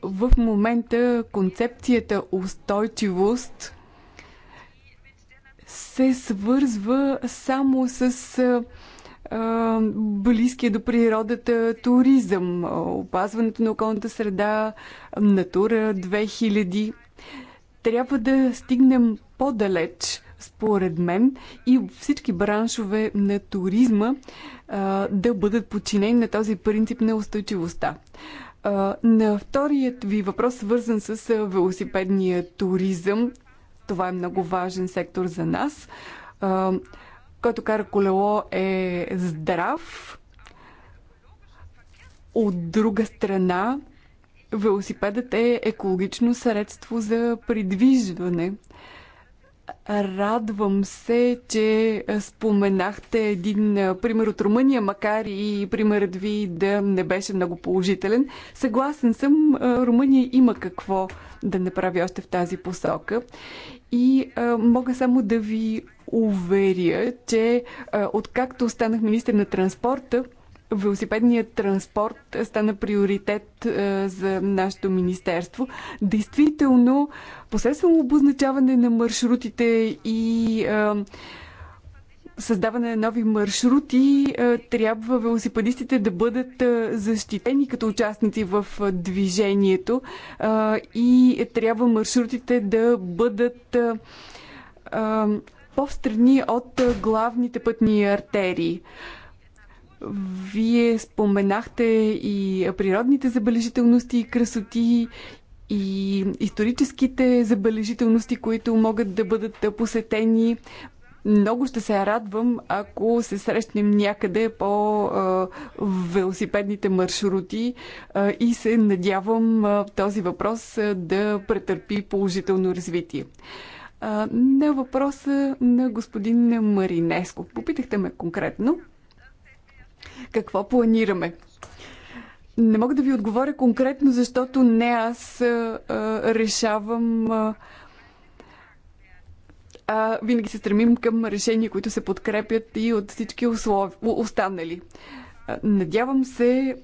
в момента концепцията устойчивост се свързва само с близкия до природата туризъм, опазването на околната среда, Натура 2000. Трябва да стигнем по-далеч, според мен, и всички браншове на туризма да бъдат подчинени на този принцип на устойчивостта. На вторият ви въпрос, свързан с велосипедния туризъм, това е много важен сектор за нас който кара колело е здрав. От друга страна, велосипедът е екологично средство за придвижване – Радвам се, че споменахте един пример от Румъния, макар и примерът ви да не беше много положителен. Съгласен съм, Румъния има какво да направи още в тази посока. И а, мога само да ви уверя, че а, откакто станах министр на транспорта, велосипедният транспорт стана приоритет е, за нашето министерство. Действително, посредством обозначаване на маршрутите и е, създаване на нови маршрути, е, трябва велосипедистите да бъдат защитени като участници в движението и трябва маршрутите да бъдат по-встрани от главните пътни артерии. Вие споменахте и природните забележителности и красоти и историческите забележителности, които могат да бъдат посетени. Много ще се радвам, ако се срещнем някъде по а, велосипедните маршрути а, и се надявам а, този въпрос а, да претърпи положително развитие. А, на въпроса на господин Маринеско. Попитахте ме конкретно. Какво планираме? Не мога да ви отговоря конкретно, защото не аз а, решавам. А, а, винаги се стремим към решения, които се подкрепят и от всички услови, останали. А, надявам се,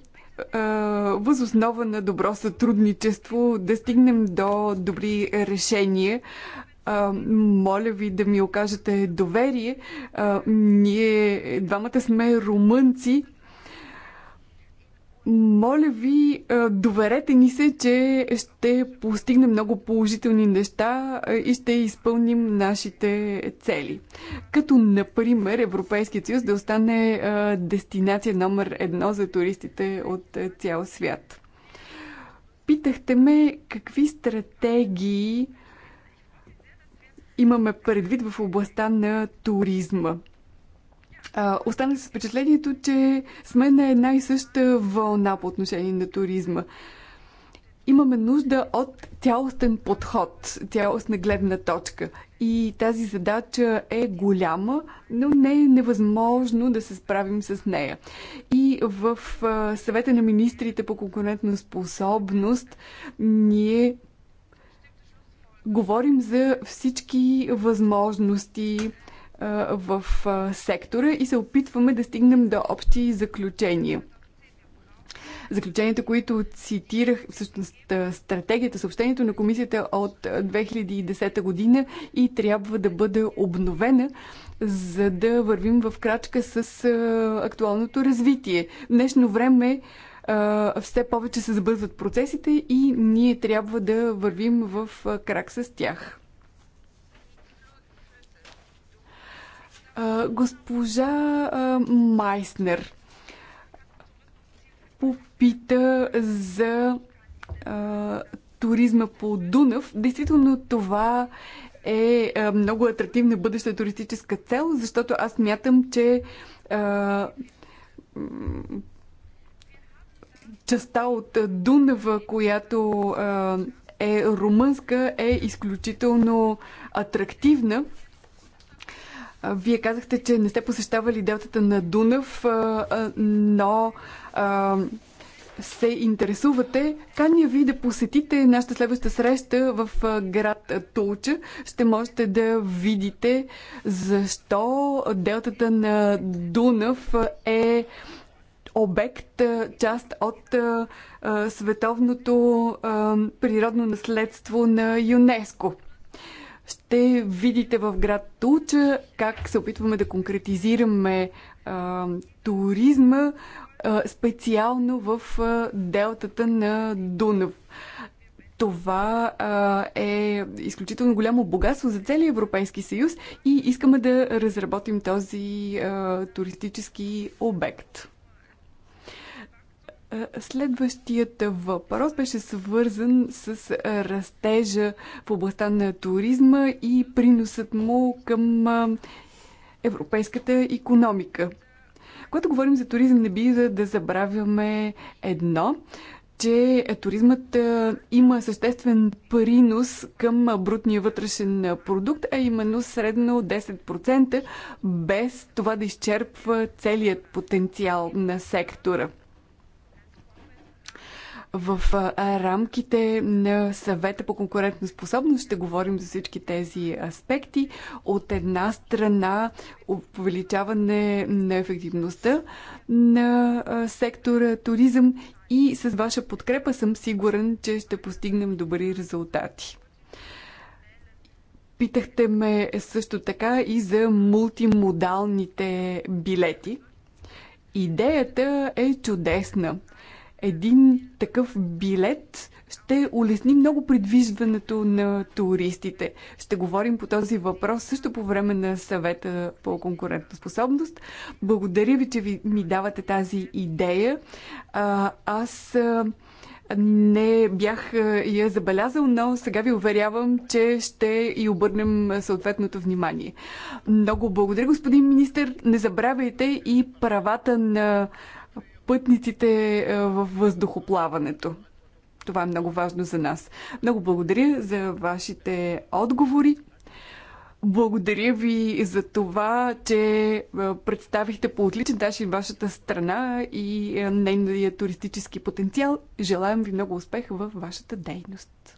въз възоснова на добро сътрудничество, да стигнем до добри решения, а, моля ви да ми окажете доверие. А, ние двамата сме румънци. Моля ви, доверете ни се, че ще постигнем много положителни неща и ще изпълним нашите цели. Като, например, Европейският съюз да остане дестинация номер едно за туристите от цял свят. Питахте ме какви стратегии имаме предвид в областта на туризма. Останах с впечатлението, че сме на една и съща вълна по отношение на туризма. Имаме нужда от цялостен подход, цялостна гледна точка. И тази задача е голяма, но не е невъзможно да се справим с нея. И в съвета на министрите по конкурентна способност ние Говорим за всички възможности в сектора и се опитваме да стигнем до общи заключения. Заключенията, които цитирах, всъщност стратегията, съобщението на комисията от 2010 година и трябва да бъде обновена, за да вървим в крачка с актуалното развитие. В днешно време все повече се забързват процесите и ние трябва да вървим в крак с тях. Госпожа Майснер попита за туризма по Дунав. Действително това е много атрактивна бъдеща туристическа цел, защото аз мятам, че частта от Дунава, която е румънска, е изключително атрактивна. Вие казахте, че не сте посещавали делтата на Дунав, но се интересувате, каня ви да посетите нашата следваща среща в град Тулча. Ще можете да видите защо делтата на Дунав е обект, част от световното природно наследство на ЮНЕСКО. Ще видите в град Тулча как се опитваме да конкретизираме туризма специално в делтата на Дунав. Това а, е изключително голямо богатство за целия Европейски съюз и искаме да разработим този а, туристически обект. Следващият въпрос беше свързан с растежа в областта на туризма и приносът му към европейската економика. Когато говорим за туризъм, не би да забравяме едно, че туризмът има съществен принос към брутния вътрешен продукт, а именно средно 10%, без това да изчерпва целият потенциал на сектора. В рамките на съвета по конкурентна способност ще говорим за всички тези аспекти. От една страна увеличаване на ефективността на сектора туризъм и с ваша подкрепа съм сигурен, че ще постигнем добри резултати. Питахте ме също така и за мултимодалните билети. Идеята е чудесна един такъв билет ще улесни много предвижването на туристите. Ще говорим по този въпрос също по време на съвета по конкурентоспособност. Благодаря ви, че ви, ми давате тази идея. А, аз не бях я забелязал, но сега ви уверявам, че ще и обърнем съответното внимание. Много благодаря, господин министр. Не забравяйте и правата на пътниците е, във въздухоплаването. Това е много важно за нас. Много благодаря за вашите отговори. Благодаря ви за това, че е, представихте по отличен начин вашата страна и е, нейния туристически потенциал. Желаем ви много успех във вашата дейност.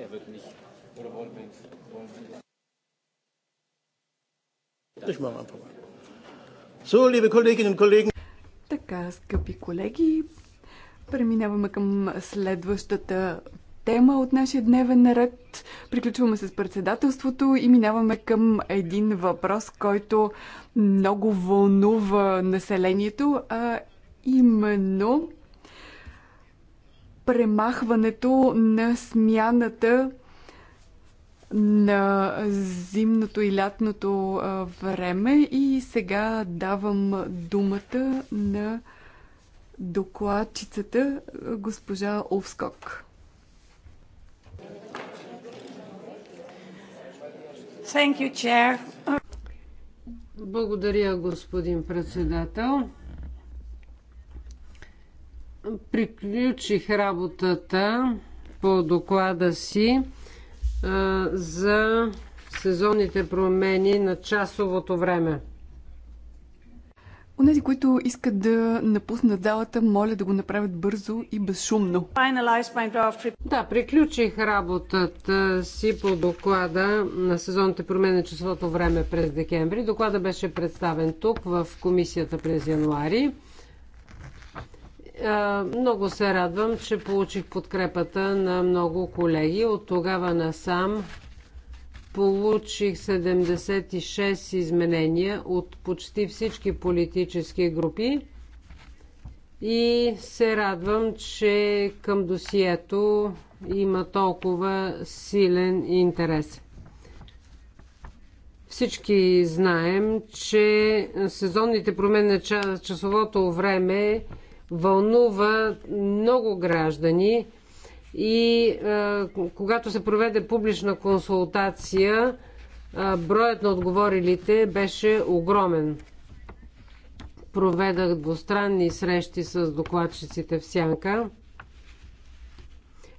Er wird nicht. Oder wollen wir jetzt? Wollen wir ich mache einfach mal. So, liebe Kolleginnen und Kollegen. Така, скъпи колеги, преминаваме към следващата тема от нашия дневен ред. Приключваме с председателството и минаваме към един въпрос, който много вълнува населението, а именно премахването на смяната на зимното и лятното време и сега давам думата на докладчицата госпожа Овскок. Thank you, Chair. Благодаря, господин председател. Приключих работата по доклада си а, за сезонните промени на часовото време. Унези, които искат да напуснат залата, моля да го направят бързо и безшумно. Да, приключих работата си по доклада на сезонните промени на часовото време през декември. Доклада беше представен тук в комисията през януари. Много се радвам, че получих подкрепата на много колеги. От тогава насам получих 76 изменения от почти всички политически групи и се радвам, че към досието има толкова силен интерес. Всички знаем, че сезонните промени на часовото време вълнува много граждани и а, когато се проведе публична консултация, а, броят на отговорилите беше огромен. Проведах двустранни срещи с докладчиците в Сянка.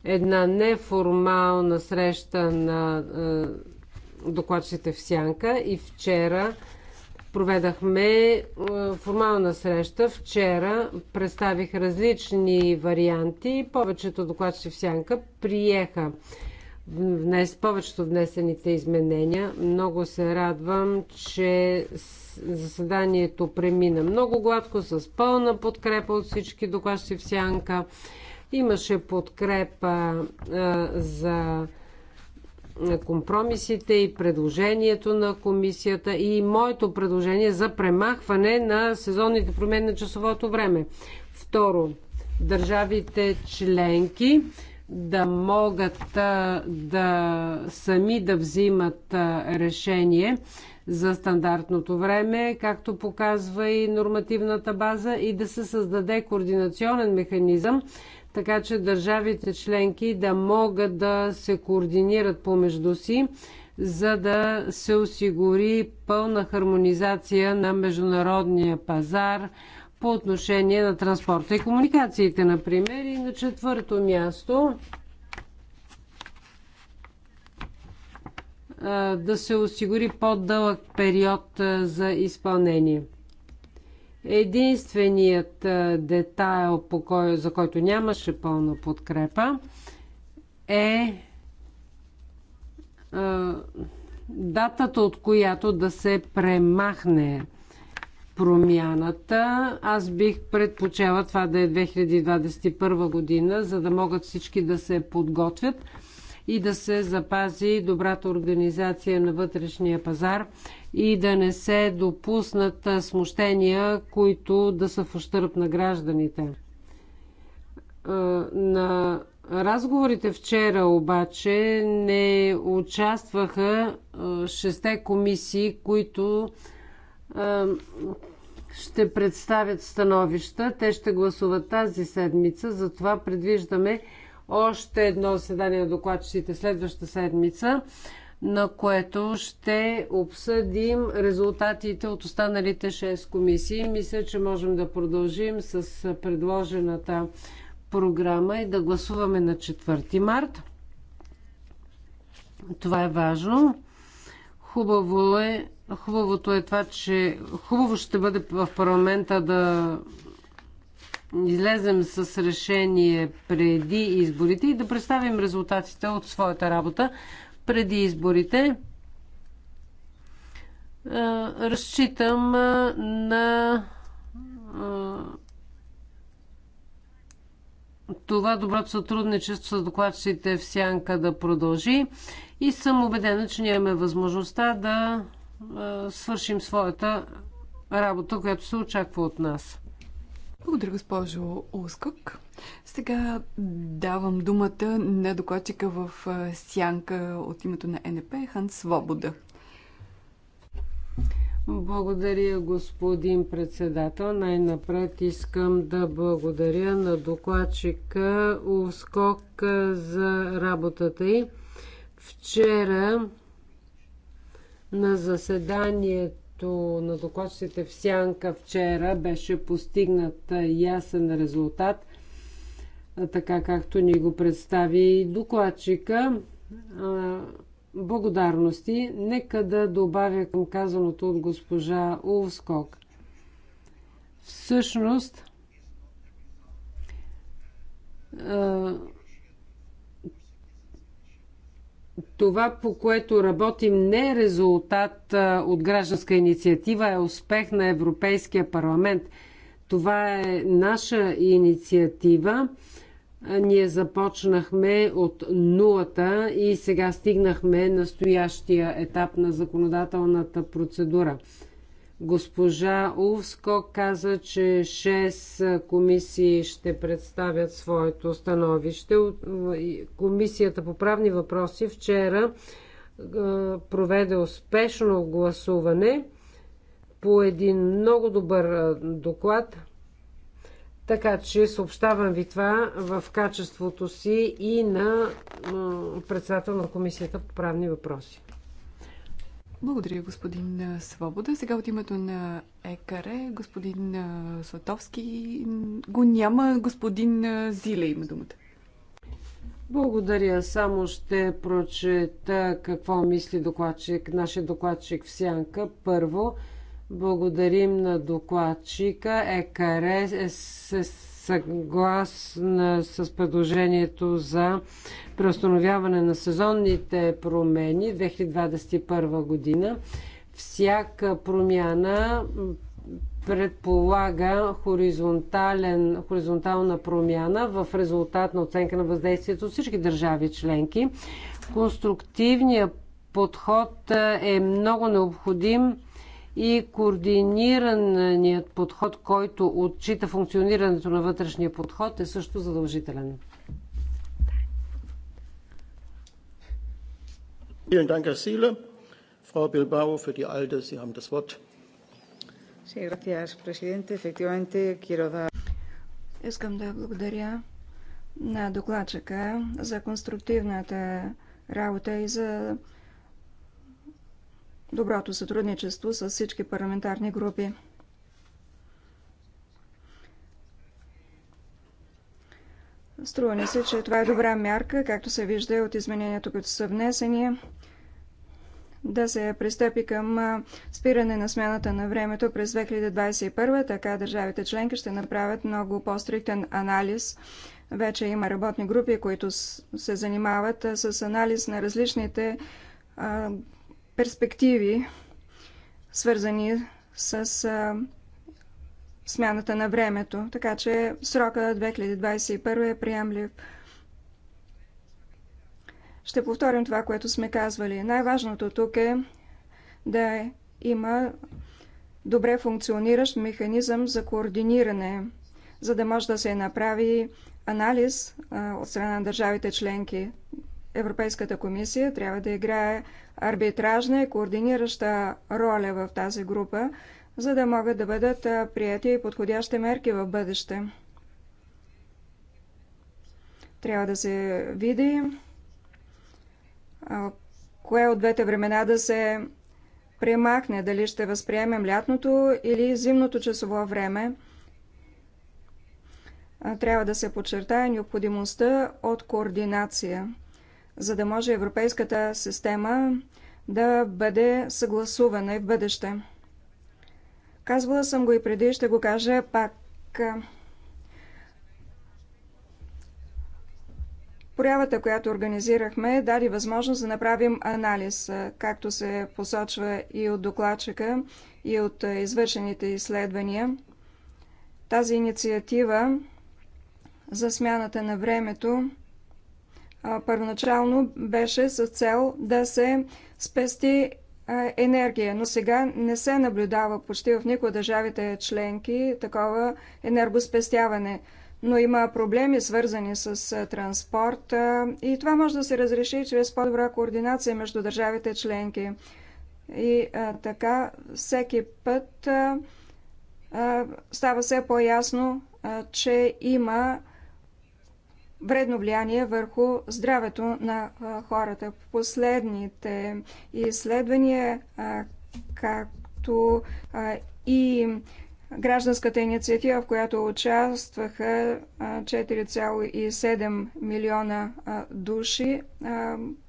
Една неформална среща на а, докладчиците в Сянка и вчера проведахме е, формална среща. Вчера представих различни варианти. Повечето докладчи в сянка приеха внес, повечето внесените изменения. Много се радвам, че заседанието премина много гладко, с пълна подкрепа от всички докладчици в сянка. Имаше подкрепа а, е, за компромисите и предложението на комисията и моето предложение за премахване на сезонните промени на часовото време. Второ, държавите членки да могат да сами да взимат решение за стандартното време, както показва и нормативната база, и да се създаде координационен механизъм, така че държавите членки да могат да се координират помежду си, за да се осигури пълна хармонизация на международния пазар по отношение на транспорта и комуникациите, например. И на четвърто място да се осигури по-дълъг период за изпълнение. Единственият детайл, по кой, за който нямаше пълна подкрепа, е датата, от която да се премахне промяната. Аз бих предпочела това да е 2021 година, за да могат всички да се подготвят и да се запази добрата организация на вътрешния пазар и да не се допуснат смущения, които да са в ущърп на гражданите. На разговорите вчера обаче не участваха шесте комисии, които ще представят становища. Те ще гласуват тази седмица, затова предвиждаме още едно заседание на докладчиците следваща седмица на което ще обсъдим резултатите от останалите 6 комисии. Мисля, че можем да продължим с предложената програма и да гласуваме на 4 март. Това е важно. Хубаво е, хубавото е това, че хубаво ще бъде в парламента да излезем с решение преди изборите и да представим резултатите от своята работа преди изборите. Разчитам на това доброто сътрудничество с докладчиците в Сянка да продължи и съм убедена, че ние имаме възможността да свършим своята работа, която се очаква от нас. Благодаря, госпожо Ускок. Сега давам думата на докладчика в сянка от името на НП Хан Свобода. Благодаря, господин председател. Най-напред искам да благодаря на докладчика Ускок за работата й. Вчера на заседанието срещу на докладчиците в Сянка вчера беше постигнат ясен резултат, така както ни го представи докладчика. Благодарности. Нека да добавя към казаното от госпожа Улскок. Всъщност, това, по което работим, не е резултат от гражданска инициатива, е успех на Европейския парламент. Това е наша инициатива. Ние започнахме от нулата и сега стигнахме настоящия етап на законодателната процедура. Госпожа Увско каза, че 6 комисии ще представят своето становище. Комисията по правни въпроси вчера е, проведе успешно гласуване по един много добър е, доклад. Така че съобщавам ви това в качеството си и на председател на Комисията по правни въпроси. Благодаря, господин Свобода. Сега от името на ЕКАРЕ, господин Слатовски го няма, господин Зиле има думата. Благодаря. Само ще прочета какво мисли докладчик, нашия докладчик в Сянка. Първо, благодарим на докладчика. ЕКАРЕ се съгласна с предложението за преустановяване на сезонните промени 2021 година. Всяка промяна предполага хоризонтален, хоризонтална промяна в резултат на оценка на въздействието от всички държави членки. Конструктивният подход е много необходим и координираният подход, който отчита функционирането на вътрешния подход, е също задължителен. Vielen Dank, Herr Siele. Frau Bilbao für die ALDE, Sie haben das Wort. Sí, gracias, presidente. Efectivamente, quiero dar... Искам да благодаря на докладчика за конструктивната работа и за доброто сътрудничество с всички парламентарни групи. Струва ни се, че това е добра мярка, както се вижда от изменението, които са внесени, да се пристъпи към спиране на смяната на времето през 2021, така държавите членки ще направят много по-стриктен анализ. Вече има работни групи, които се занимават с анализ на различните перспективи, свързани с а, смяната на времето. Така че срока 2021 е приемлив. Ще повторим това, което сме казвали. Най-важното тук е да има добре функциониращ механизъм за координиране, за да може да се направи анализ а, от страна на държавите членки. Европейската комисия трябва да играе арбитражна и координираща роля в тази група, за да могат да бъдат прияти и подходящи мерки в бъдеще. Трябва да се види кое от двете времена да се премахне, дали ще възприемем лятното или зимното часово време. Трябва да се подчертае необходимостта от координация за да може европейската система да бъде съгласувана и в бъдеще. Казвала съм го и преди, ще го кажа пак. Проявата, която организирахме, даде възможност да направим анализ, както се посочва и от докладчика, и от извършените изследвания. Тази инициатива за смяната на времето първоначално беше с цел да се спести енергия, но сега не се наблюдава почти в никой от държавите членки такова енергоспестяване. Но има проблеми, свързани с транспорт и това може да се разреши чрез по-добра координация между държавите членки. И а, така всеки път а, става все по-ясно, а, че има вредно влияние върху здравето на хората. Последните изследвания, както и гражданската инициатива, в която участваха 4,7 милиона души,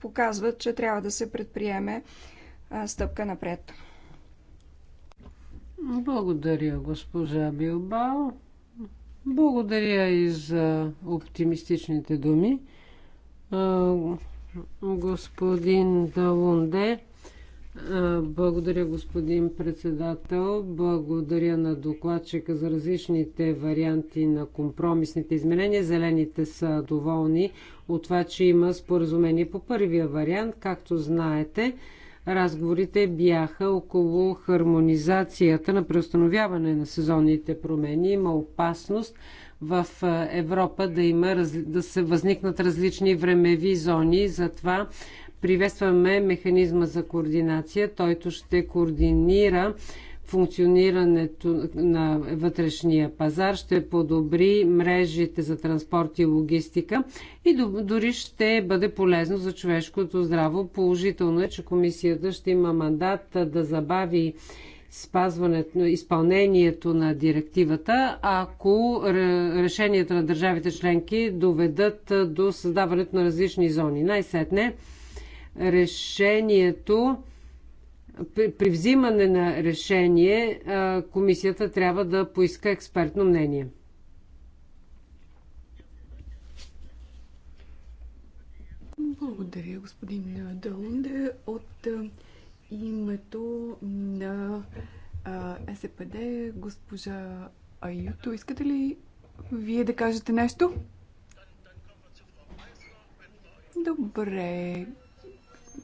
показват, че трябва да се предприеме стъпка напред. Благодаря, госпожа Билбао. Благодаря и за оптимистичните думи. Господин Далунде, благодаря господин председател, благодаря на докладчика за различните варианти на компромисните изменения. Зелените са доволни от това, че има споразумение по първия вариант. Както знаете, Разговорите бяха около хармонизацията на преустановяване на сезонните промени. Има опасност в Европа да, има, да се възникнат различни времеви зони. Затова приветстваме механизма за координация. Тойто ще координира функционирането на вътрешния пазар, ще подобри мрежите за транспорт и логистика и дори ще бъде полезно за човешкото здраво. Положително е, че комисията ще има мандат да забави спазването, изпълнението на директивата, ако решенията на държавите членки доведат до създаването на различни зони. Най-сетне решението при, при взимане на решение комисията трябва да поиска експертно мнение. Благодаря, господин Далунде. От името на СПД, госпожа Аюто, искате ли вие да кажете нещо? Добре,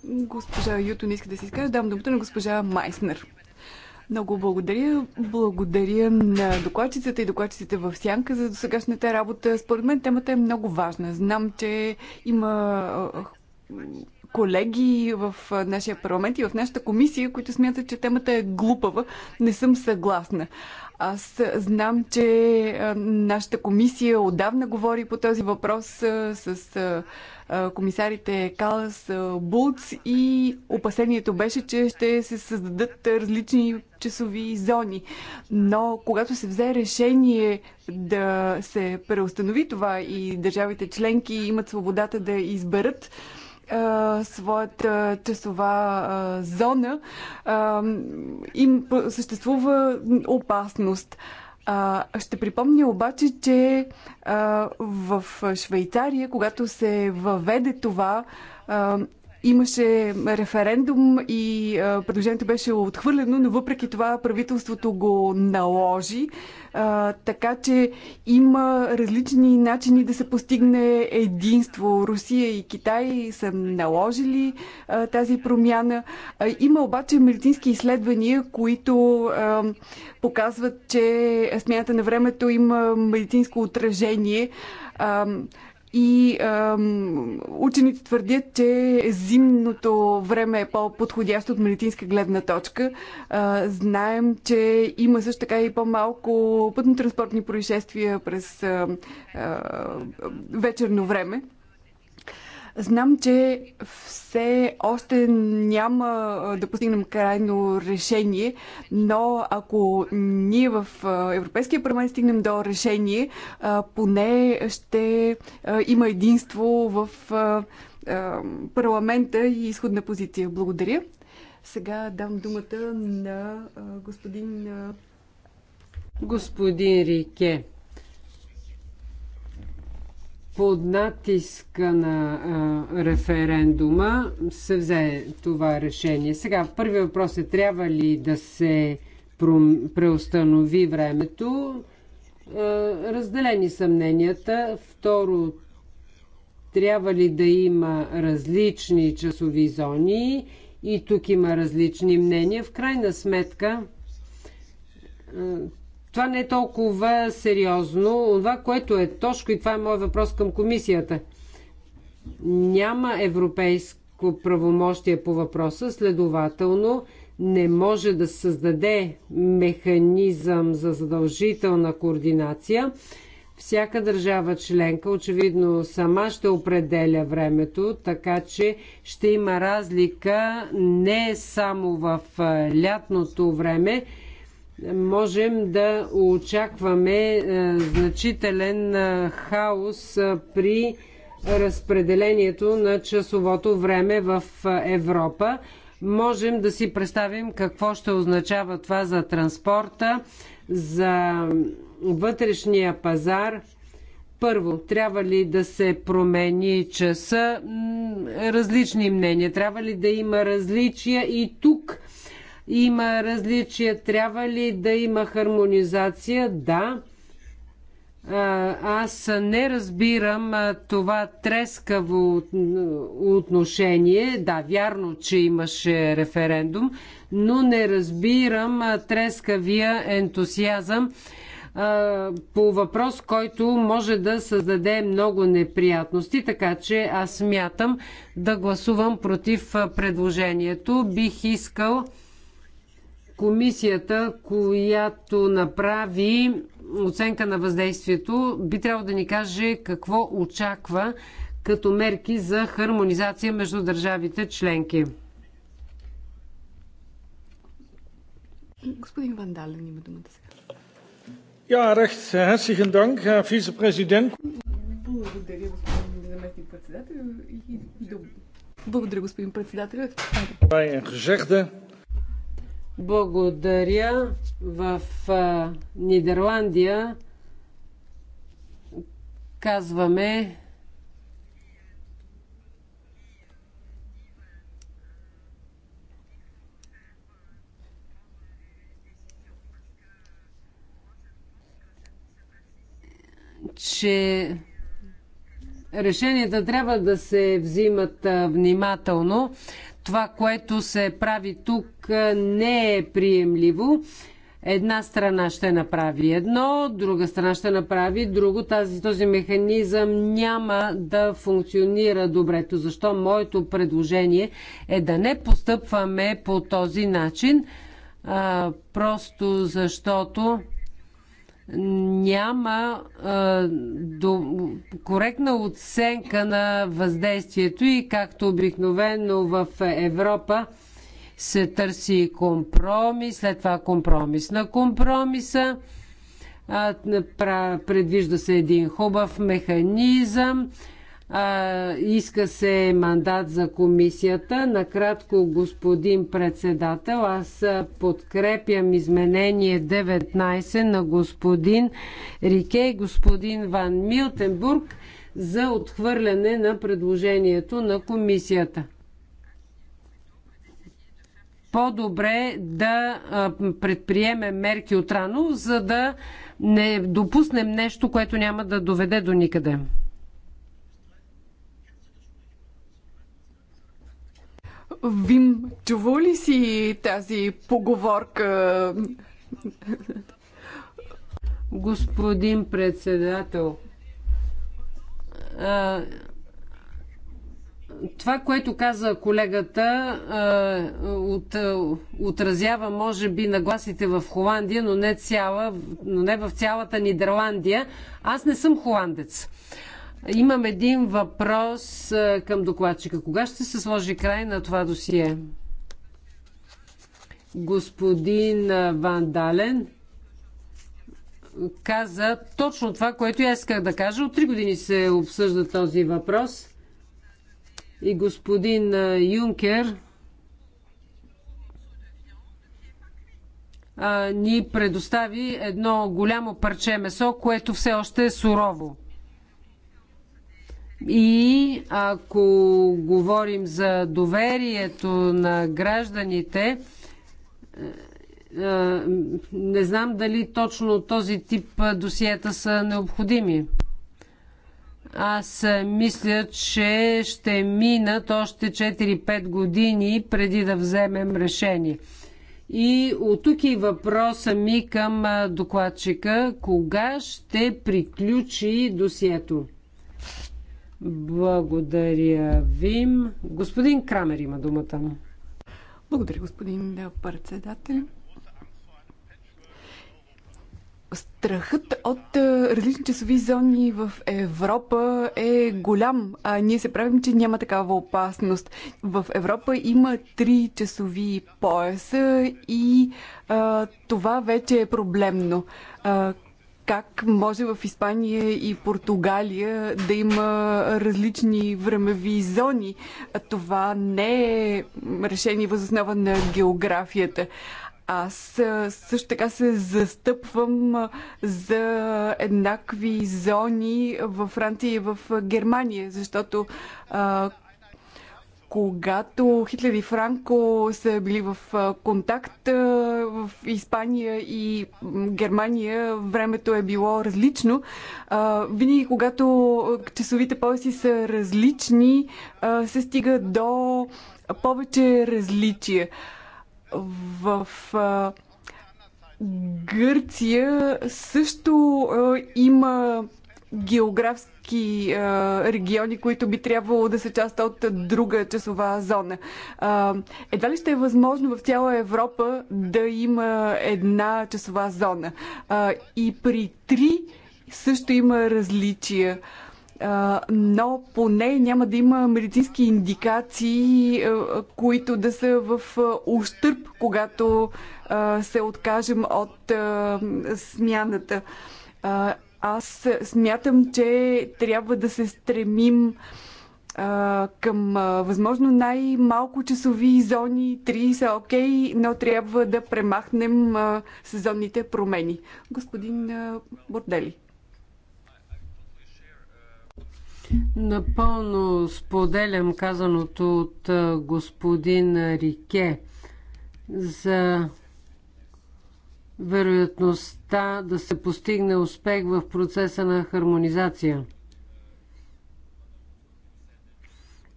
Госпожа Юто не иска да се изкаже. Дам думата на госпожа Майснер. Много благодаря. Благодаря на докладчицата и докладчиците в Сянка за досегашната работа. Според мен темата е много важна. Знам, че има колеги в нашия парламент и в нашата комисия, които смятат, че темата е глупава. Не съм съгласна. Аз знам, че нашата комисия отдавна говори по този въпрос с комисарите Калас, Булц и опасението беше, че ще се създадат различни часови зони. Но когато се взе решение да се преустанови това и държавите членки имат свободата да изберат своята часова зона, им съществува опасност. А, ще припомня обаче, че а, в Швейцария, когато се въведе това, а, Имаше референдум и предложението беше отхвърлено, но въпреки това правителството го наложи. А, така че има различни начини да се постигне единство. Русия и Китай са наложили а, тази промяна. А, има обаче медицински изследвания, които а, показват, че смяната на времето има медицинско отражение. А, и ам, учените твърдят, че зимното време е по-подходящо от медицинска гледна точка. А, знаем, че има също така и по-малко пътно-транспортни происшествия през а, а, вечерно време. Знам, че все още няма да постигнем крайно решение, но ако ние в Европейския парламент стигнем до решение, поне ще има единство в парламента и изходна позиция. Благодаря. Сега дам думата на господин. Господин Рике под натиска на а, референдума се взе това решение. Сега, първият въпрос е трябва ли да се преустанови времето. А, разделени са мненията. Второ, трябва ли да има различни часови зони. И тук има различни мнения. В крайна сметка, това не е толкова сериозно. Това, което е точко, и това е моят въпрос към комисията. Няма европейско правомощие по въпроса, следователно не може да се създаде механизъм за задължителна координация. Всяка държава членка очевидно сама ще определя времето, така че ще има разлика не само в лятното време, можем да очакваме е, значителен е, хаос е, при разпределението на часовото време в Европа. Можем да си представим какво ще означава това за транспорта, за вътрешния пазар. Първо, трябва ли да се промени часа? Различни мнения. Трябва ли да има различия и тук? Има различия. Трябва ли да има хармонизация? Да. Аз не разбирам това трескаво отношение. Да, вярно, че имаше референдум, но не разбирам трескавия ентусиазъм по въпрос, който може да създаде много неприятности, така че аз смятам да гласувам против предложението. Бих искал комисията, която направи оценка на въздействието, би трябвало да ни каже какво очаква като мерки за хармонизация между държавите членки. Господин Вандален има думата сега. Ja, recht herzlichen Dank, Herr Vizepräsident. Благодаря, господин заместник председател. Благодаря, господин председател. Bij een gezegde благодаря. В а, Нидерландия казваме че решенията трябва да се взимат внимателно. Това, което се прави тук, е, не е приемливо. Една страна ще направи едно, друга страна ще направи друго. Тази, този механизъм няма да функционира То Защо моето предложение е да не постъпваме по този начин, а, просто защото няма а, до, коректна оценка на въздействието и както обикновено в Европа се търси компромис, след това компромис на компромиса. Предвижда се един хубав механизъм, а, иска се мандат за комисията. Накратко, господин председател, аз подкрепям изменение 19 на господин Рике и господин Ван Милтенбург за отхвърляне на предложението на комисията. По-добре да предприемем мерки отрано, за да не допуснем нещо, което няма да доведе до никъде. Вим, чува ли си тази поговорка? Господин председател, това, което каза колегата, от, отразява, може би, нагласите в Холандия, но не, цяла, но не в цялата Нидерландия. Аз не съм холандец. Имам един въпрос към докладчика. Кога ще се сложи край на това досие? Господин Вандален каза точно това, което я исках да кажа. От три години се обсъжда този въпрос. И господин Юнкер ни предостави едно голямо парче месо, което все още е сурово. И ако говорим за доверието на гражданите, е, е, не знам дали точно този тип е, досиета са необходими. Аз мисля, че ще минат още 4-5 години преди да вземем решение. И от тук и въпроса ми към докладчика. Кога ще приключи досието? Благодаря ви. Господин Крамер има думата. Благодаря, господин председател. Страхът от е, различни часови зони в Европа е голям, а ние се правим, че няма такава опасност. В Европа има три часови пояса и а, това вече е проблемно. А, как може в Испания и Португалия да има различни времеви зони. Това не е решение възоснова на географията. Аз също така се застъпвам за еднакви зони във Франция и в Германия, защото когато Хитлер и Франко са били в контакт в Испания и Германия, времето е било различно. Винаги, когато часовите пояси са различни, се стига до повече различия. В Гърция също има географски региони, които би трябвало да са част от друга часова зона. едва ли ще е възможно в цяла Европа да има една часова зона. и при три също има различия но поне няма да има медицински индикации, които да са в ущърп, когато се откажем от смяната. Аз смятам, че трябва да се стремим а, към а, възможно най-малко часови зони. Три са окей, но трябва да премахнем а, сезонните промени. Господин а, Бордели. Напълно споделям казаното от господин Рике за вероятността да се постигне успех в процеса на хармонизация.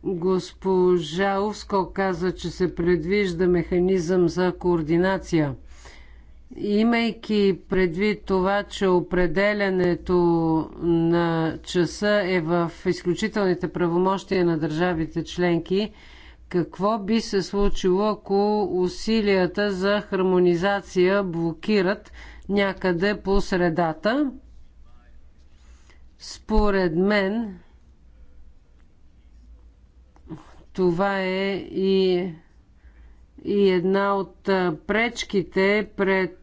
Госпожа Овско каза, че се предвижда механизъм за координация. Имайки предвид това, че определенето на часа е в изключителните правомощия на държавите членки, какво би се случило, ако усилията за хармонизация блокират някъде по средата? Според мен, това е и, и една от пречките, пред,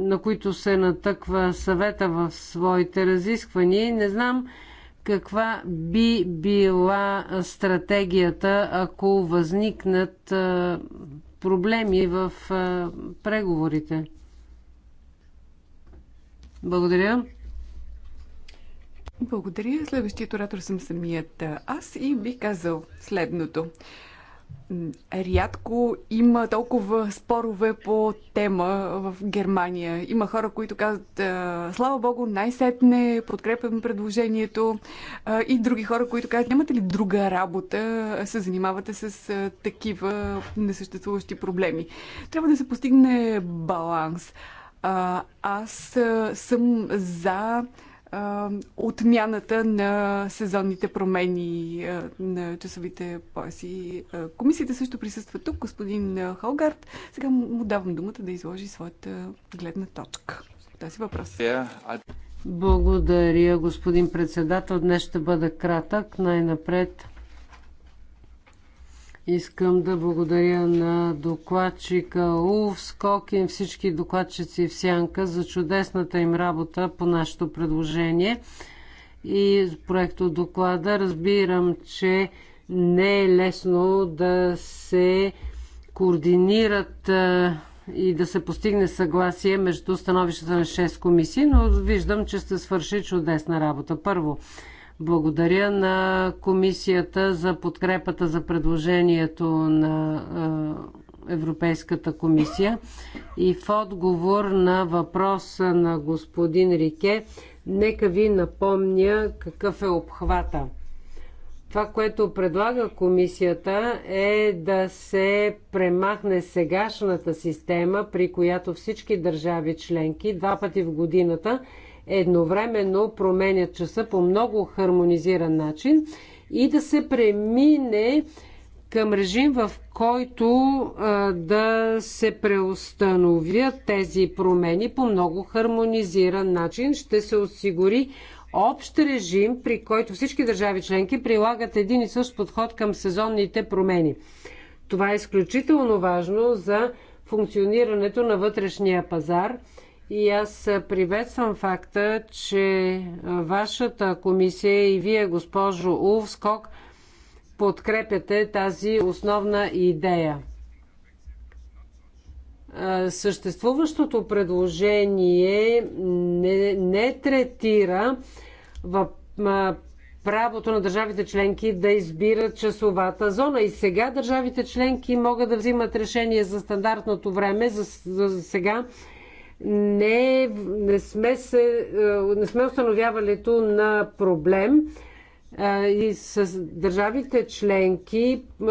на които се натъква съвета в своите разисквания. Не знам каква би била стратегията, ако възникнат проблеми в преговорите? Благодаря. Благодаря. Следващият оратор съм самият аз и би казал следното. Рядко има толкова спорове по тема в Германия. Има хора, които казват, слава богу, най-сетне, подкрепям предложението. И други хора, които казват, нямате ли друга работа, се занимавате с такива несъществуващи проблеми. Трябва да се постигне баланс. Аз съм за отмяната на сезонните промени на часовите пояси. Комисията също присъства тук, господин Холгард. Сега му давам думата да изложи своята гледна точка. Тази въпрос. Благодаря, господин председател. Днес ще бъда кратък. Най-напред Искам да благодаря на докладчика Улфскок и всички докладчици в Сянка за чудесната им работа по нашето предложение и проекто доклада. Разбирам, че не е лесно да се координират и да се постигне съгласие между становищата на 6 комисии, но виждам, че сте свърши чудесна работа. Първо, благодаря на комисията за подкрепата за предложението на е, Европейската комисия. И в отговор на въпроса на господин Рике, нека ви напомня какъв е обхвата. Това, което предлага комисията е да се премахне сегашната система, при която всички държави членки два пъти в годината едновременно променят часа по много хармонизиран начин и да се премине към режим, в който а, да се преустановят тези промени по много хармонизиран начин. Ще се осигури общ режим, при който всички държави членки прилагат един и същ подход към сезонните промени. Това е изключително важно за функционирането на вътрешния пазар – и аз приветствам факта, че вашата комисия и вие, госпожо Увскок, подкрепяте тази основна идея. Съществуващото предложение не, не третира в правото на държавите членки да избират часовата зона. И сега държавите членки могат да взимат решение за стандартното време. За, за, за сега не, не, сме, се, е, не сме установяването на проблем е, и с държавите членки е,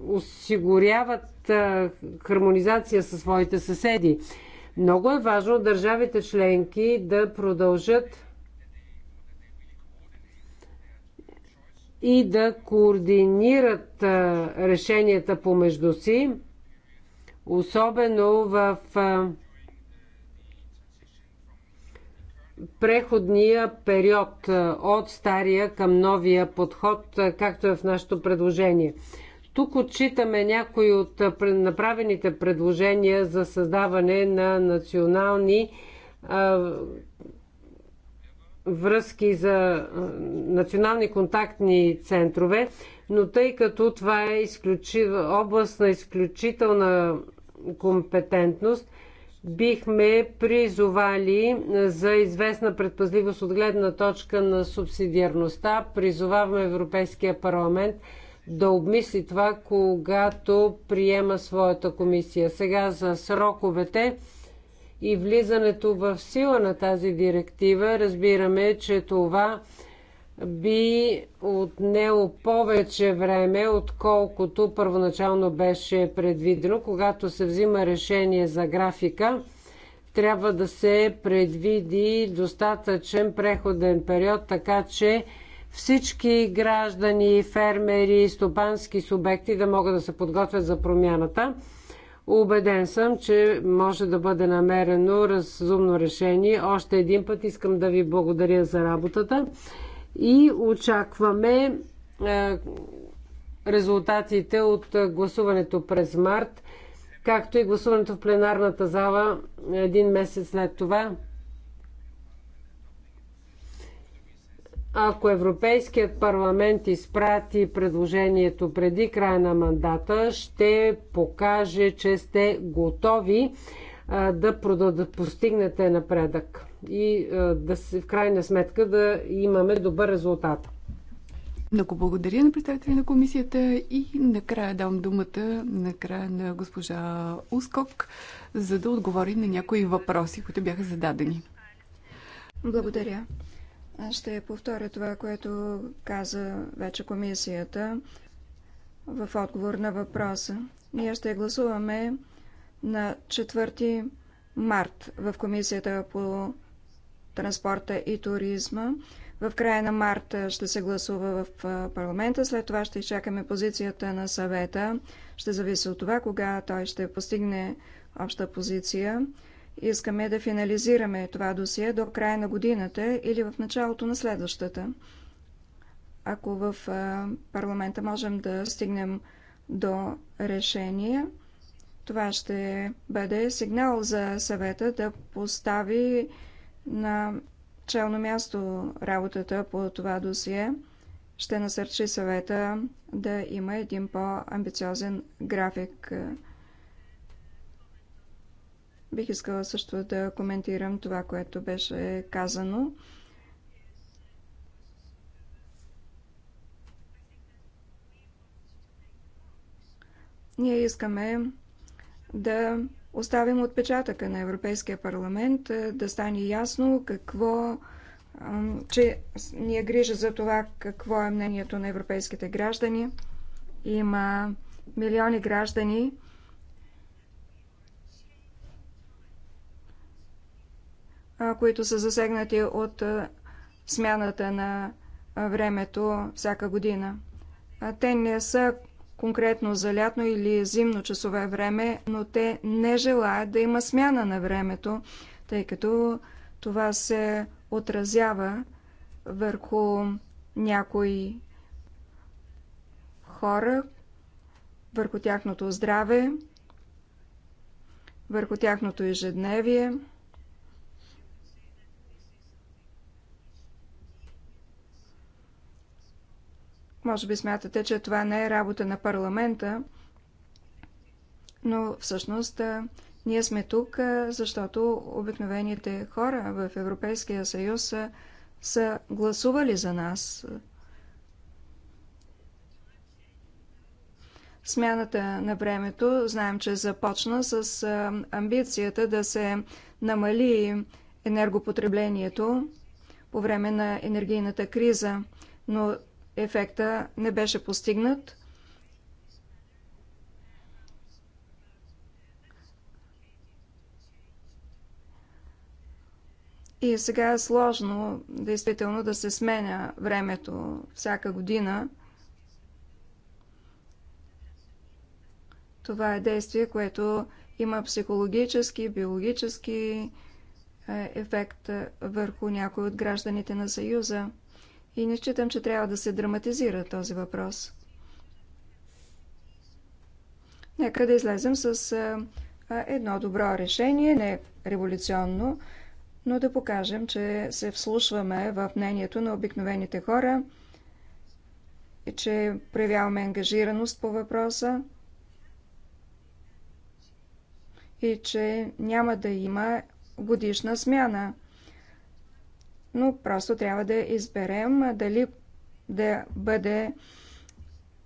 осигуряват хармонизация със своите съседи. Много е важно държавите членки да продължат и да координират решенията помежду си особено в преходния период от стария към новия подход, както е в нашето предложение. Тук отчитаме някои от направените предложения за създаване на национални връзки за национални контактни центрове, но тъй като това е изключи, област на изключителна компетентност, бихме призовали за известна предпазливост от гледна точка на субсидиарността. Призоваваме Европейския парламент да обмисли това, когато приема своята комисия. Сега за сроковете и влизането в сила на тази директива разбираме, че това би отнело повече време, отколкото първоначално беше предвидено. Когато се взима решение за графика, трябва да се предвиди достатъчен преходен период, така че всички граждани, фермери, стопански субекти да могат да се подготвят за промяната. Убеден съм, че може да бъде намерено разумно решение. Още един път искам да ви благодаря за работата и очакваме е, резултатите от гласуването през март, както и гласуването в пленарната зала един месец след това. Ако Европейският парламент изпрати предложението преди края на мандата, ще покаже, че сте готови е, да, да постигнете напредък и да се, в крайна сметка да имаме добър резултат. Много благодаря на представители на комисията и накрая дам думата накрая на госпожа Ускок, за да отговори на някои въпроси, които бяха зададени. Благодаря. Ще повторя това, което каза вече комисията в отговор на въпроса. Ние ще гласуваме на 4 март в комисията по транспорта и туризма. В края на март ще се гласува в парламента, след това ще изчакаме позицията на съвета. Ще зависи от това кога той ще постигне обща позиция. Искаме да финализираме това досие до края на годината или в началото на следващата. Ако в парламента можем да стигнем до решение, това ще бъде сигнал за съвета да постави на челно място работата по това досие ще насърчи съвета да има един по-амбициозен график. Бих искала също да коментирам това, което беше казано. Ние искаме да оставим отпечатъка на Европейския парламент, е, да стане ясно какво, че ни е грижа за това какво е мнението на европейските граждани. Има милиони граждани, които са засегнати от смяната на времето всяка година. Те не са конкретно за лятно или зимно часове време, но те не желаят да има смяна на времето, тъй като това се отразява върху някои хора, върху тяхното здраве, върху тяхното ежедневие – Може би смятате, че това не е работа на парламента, но всъщност ние сме тук, защото обикновените хора в Европейския съюз са, са гласували за нас. Смяната на времето, знаем, че започна с амбицията да се намали енергопотреблението по време на енергийната криза, но ефекта не беше постигнат. И сега е сложно действително да се сменя времето всяка година. Това е действие, което има психологически, биологически е, ефект върху някои от гражданите на Съюза. И не считам, че трябва да се драматизира този въпрос. Нека да излезем с едно добро решение, не революционно, но да покажем, че се вслушваме в мнението на обикновените хора и че проявяваме ангажираност по въпроса и че няма да има годишна смяна – но просто трябва да изберем дали да бъде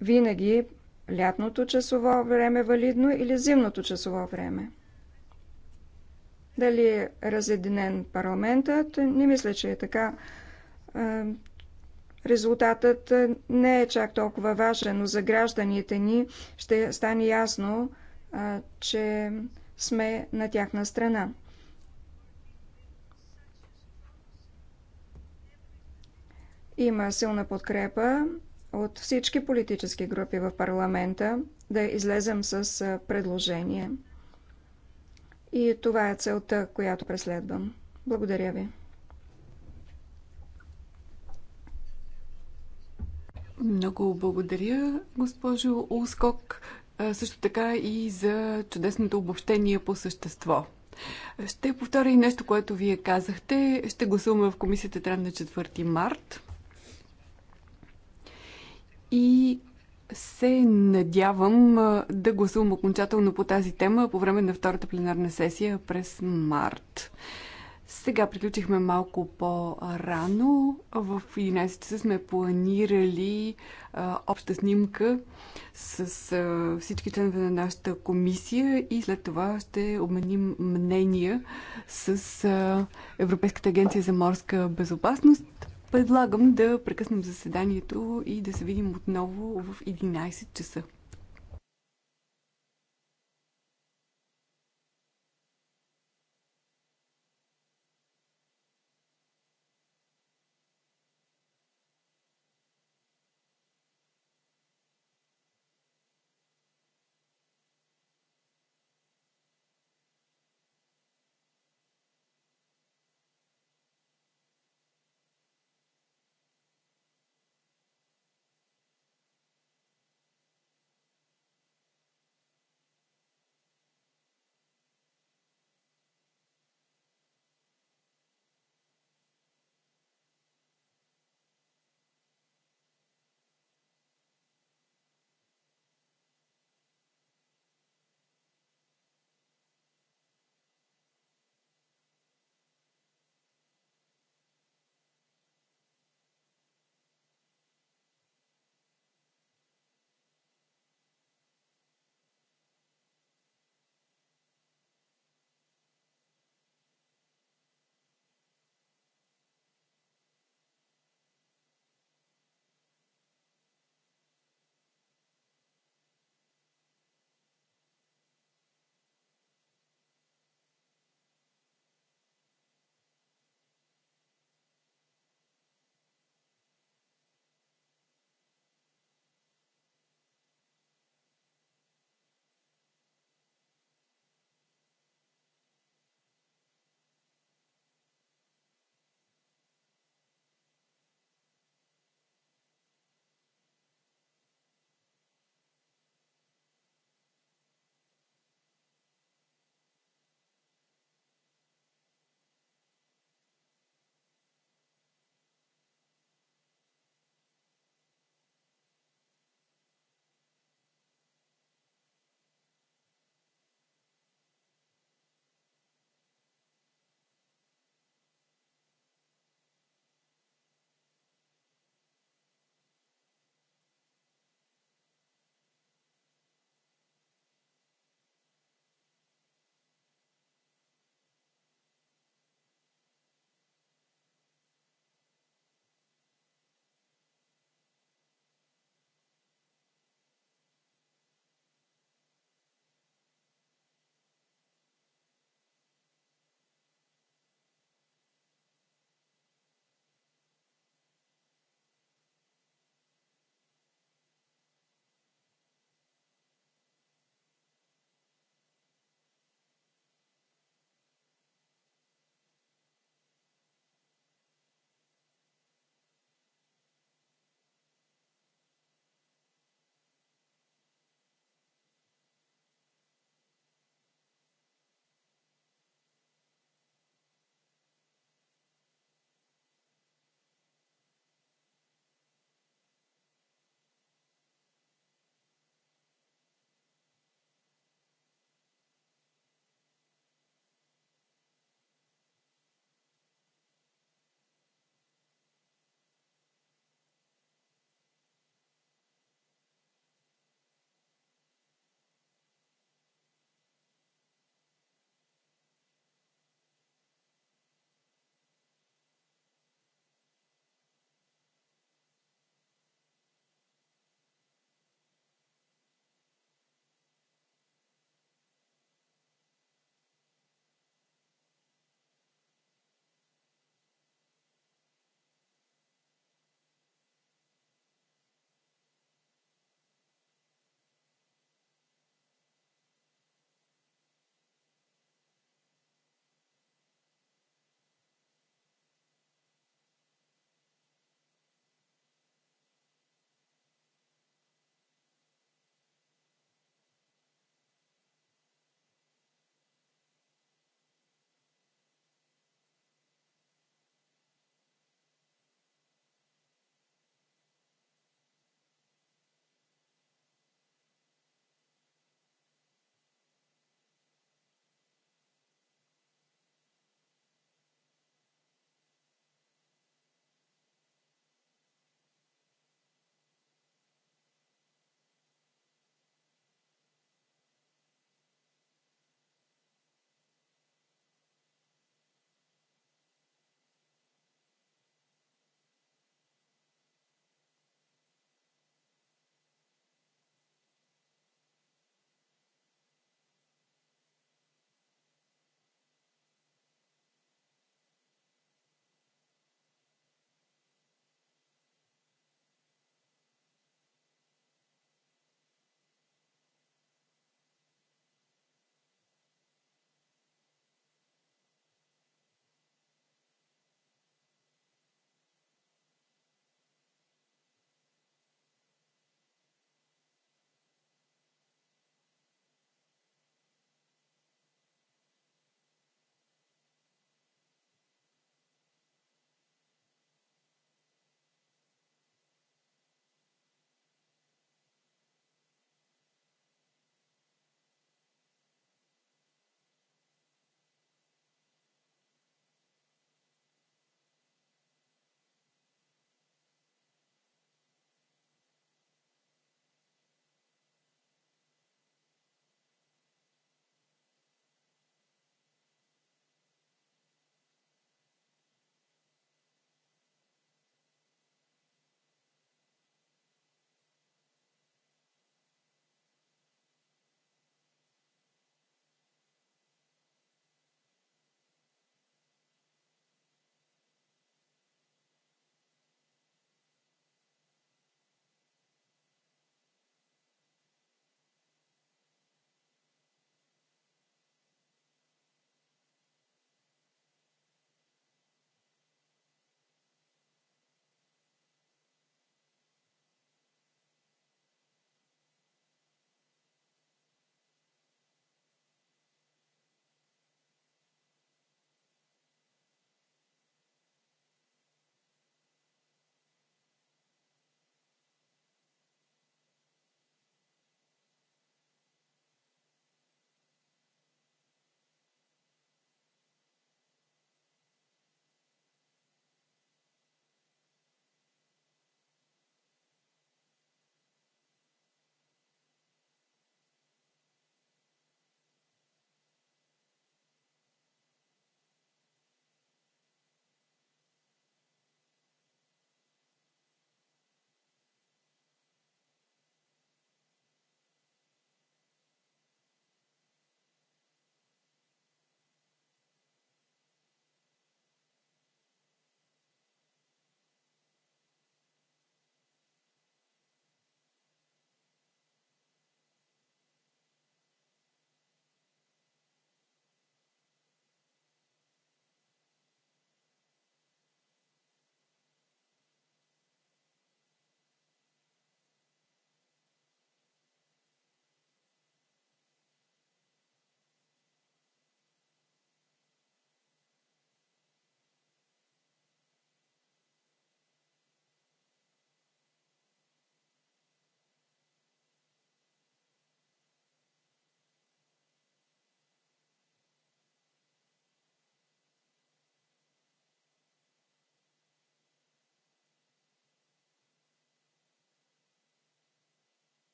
винаги лятното часово време валидно или зимното часово време. Дали е разединен парламентът, не мисля, че е така. Резултатът не е чак толкова важен, но за гражданите ни ще стане ясно, че сме на тяхна страна. Има силна подкрепа от всички политически групи в парламента да излезем с предложение. И това е целта, която преследвам. Благодаря ви. Много благодаря, госпожо Ускок, също така и за чудесното обобщение по същество. Ще повторя и нещо, което вие казахте. Ще гласуваме в комисията трябва на 4 март и се надявам да гласувам окончателно по тази тема по време на втората пленарна сесия през март. Сега приключихме малко по-рано. В 11 часа сме планирали а, обща снимка с а, всички членове на нашата комисия и след това ще обменим мнения с а, Европейската агенция за морска безопасност Предлагам да прекъснем заседанието и да се видим отново в 11 часа.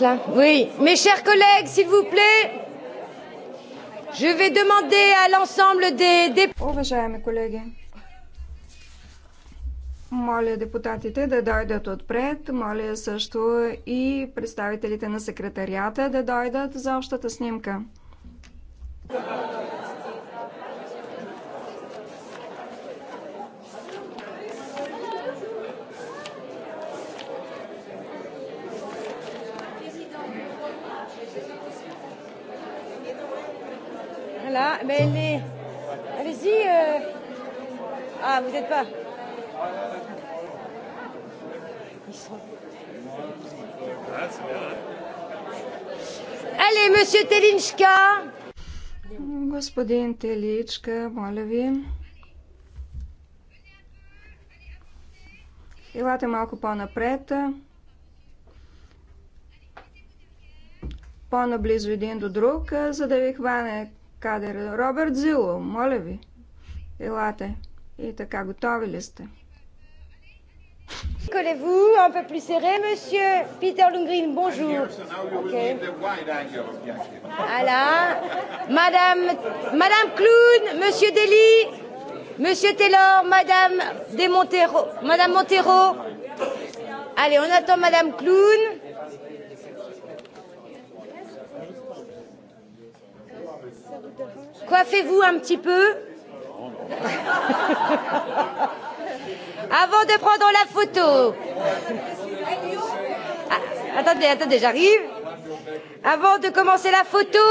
Là. Oui, mes chers collègues, s'il vous plaît, je vais demander à l'ensemble des députés. Уважаеми колеги, моля депутатите да дойдат отпред, моля също и представителите на секретарията да дойдат за общата снимка. là, mais elle est. Allez-y. Euh... Ah, vous n'êtes pas. Ils sont. Allez, monsieur Telinchka. Господин Теличка, моля ви. Елате малко по-напред. По-наблизо един до друг, за да ви хване Кадер. Робърт Зило, моля ви, елате. И така, готови ли сте? Collez-vous un peu plus serré, monsieur Peter Lundgren, bonjour. Okay. Voilà. Madame, Madame Clown, monsieur Dely, monsieur Taylor, Madame, De Montero, Madame Montero. Allez, on attend Madame Clown. coiffez-vous un petit peu avant de prendre la photo. Ah, attendez, attendez, j'arrive. Avant de commencer la photo,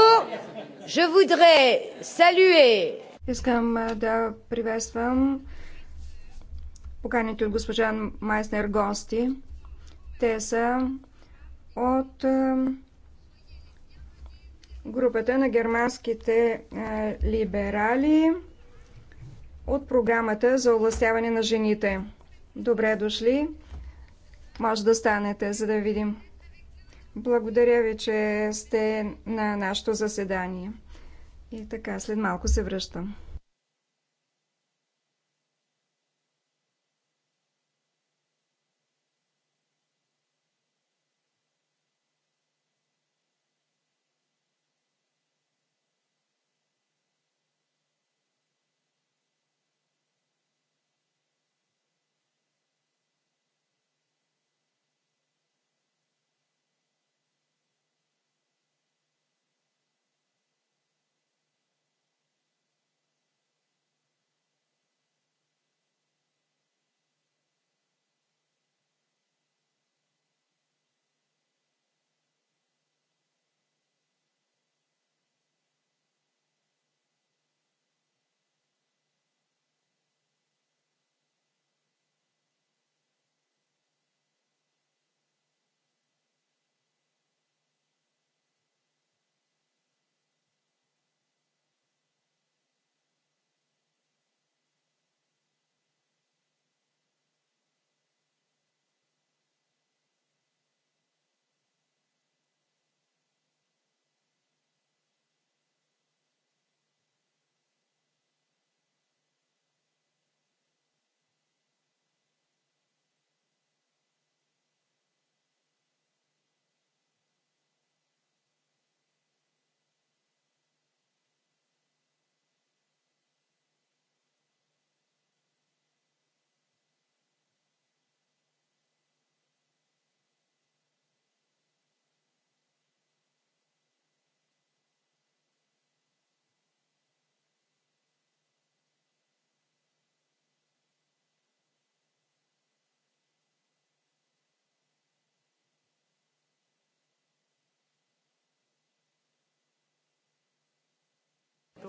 je voudrais saluer. Искам да приветствам поканите от госпожа Майснер гости. Те са от групата на германските е, либерали от програмата за огласяване на жените. Добре дошли! Може да станете, за да видим. Благодаря ви, че сте на нашето заседание. И така, след малко се връщам.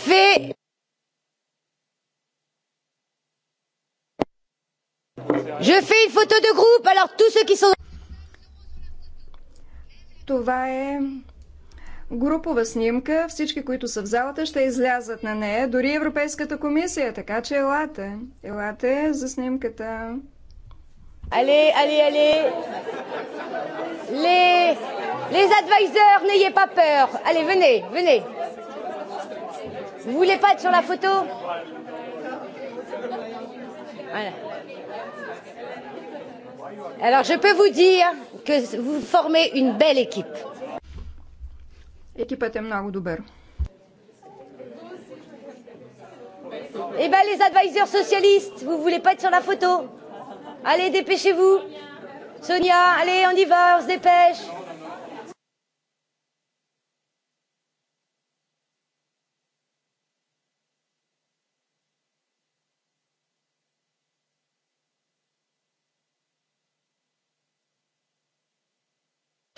café. Je fais une photo de groupe, alors tous ceux qui sont... Това е групова снимка. Всички, които са в залата, ще излязат на нея. Дори Европейската комисия. Така че елате. Елате за снимката. Але, але, але. Les, les advisors, n'ayez pas peur. Allez, venez, venez. Vous voulez pas être sur la photo Voilà. Alors je peux vous dire que vous formez une belle équipe. Équipe е много Eh bien les advisors socialistes, vous voulez pas être sur la photo Allez, dépêchez-vous. Sonia, allez, on y va, on se dépêche.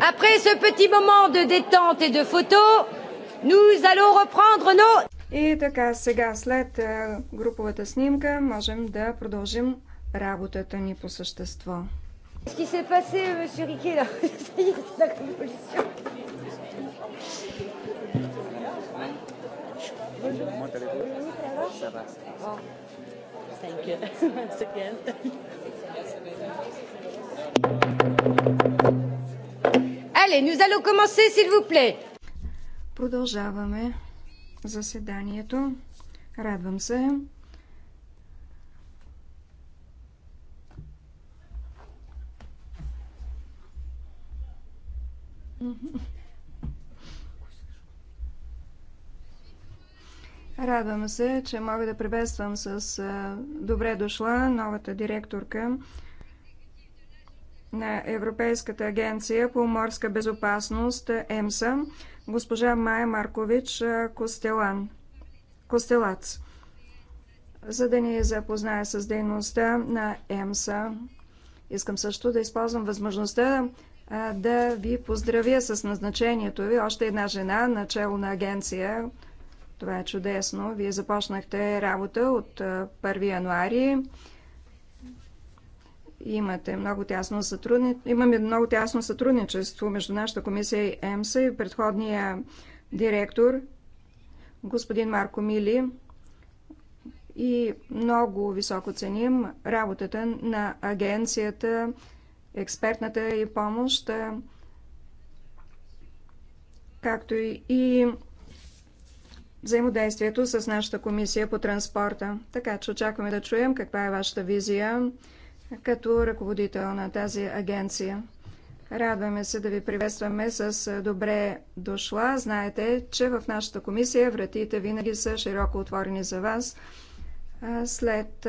Après ce petit moment de détente et de photo, nous allons reprendre nos... И така, сега след груповата снимка можем да продължим работата ни по същество. Thank you once again. Allez, nous allons commencer, s'il vous Продължаваме заседанието. Радвам се. Радвам се, че мога да приветствам с добре дошла новата директорка на Европейската агенция по морска безопасност ЕМСА, госпожа Майя Маркович Костелан, Костелац, за да ни запознае с дейността на ЕМСА. Искам също да използвам възможността да ви поздравя с назначението ви. Още една жена, начало на агенция. Това е чудесно. Вие започнахте работа от 1 януари. Имате много тясно сътрудни... Имаме много тясно сътрудничество между нашата комисия и ЕМСА и предходния директор, господин Марко Мили. И много високо ценим работата на агенцията, експертната и помощ, както и взаимодействието с нашата комисия по транспорта. Така че очакваме да чуем каква е вашата визия като ръководител на тази агенция. Радваме се да ви приветстваме с добре дошла. Знаете, че в нашата комисия вратите винаги са широко отворени за вас. След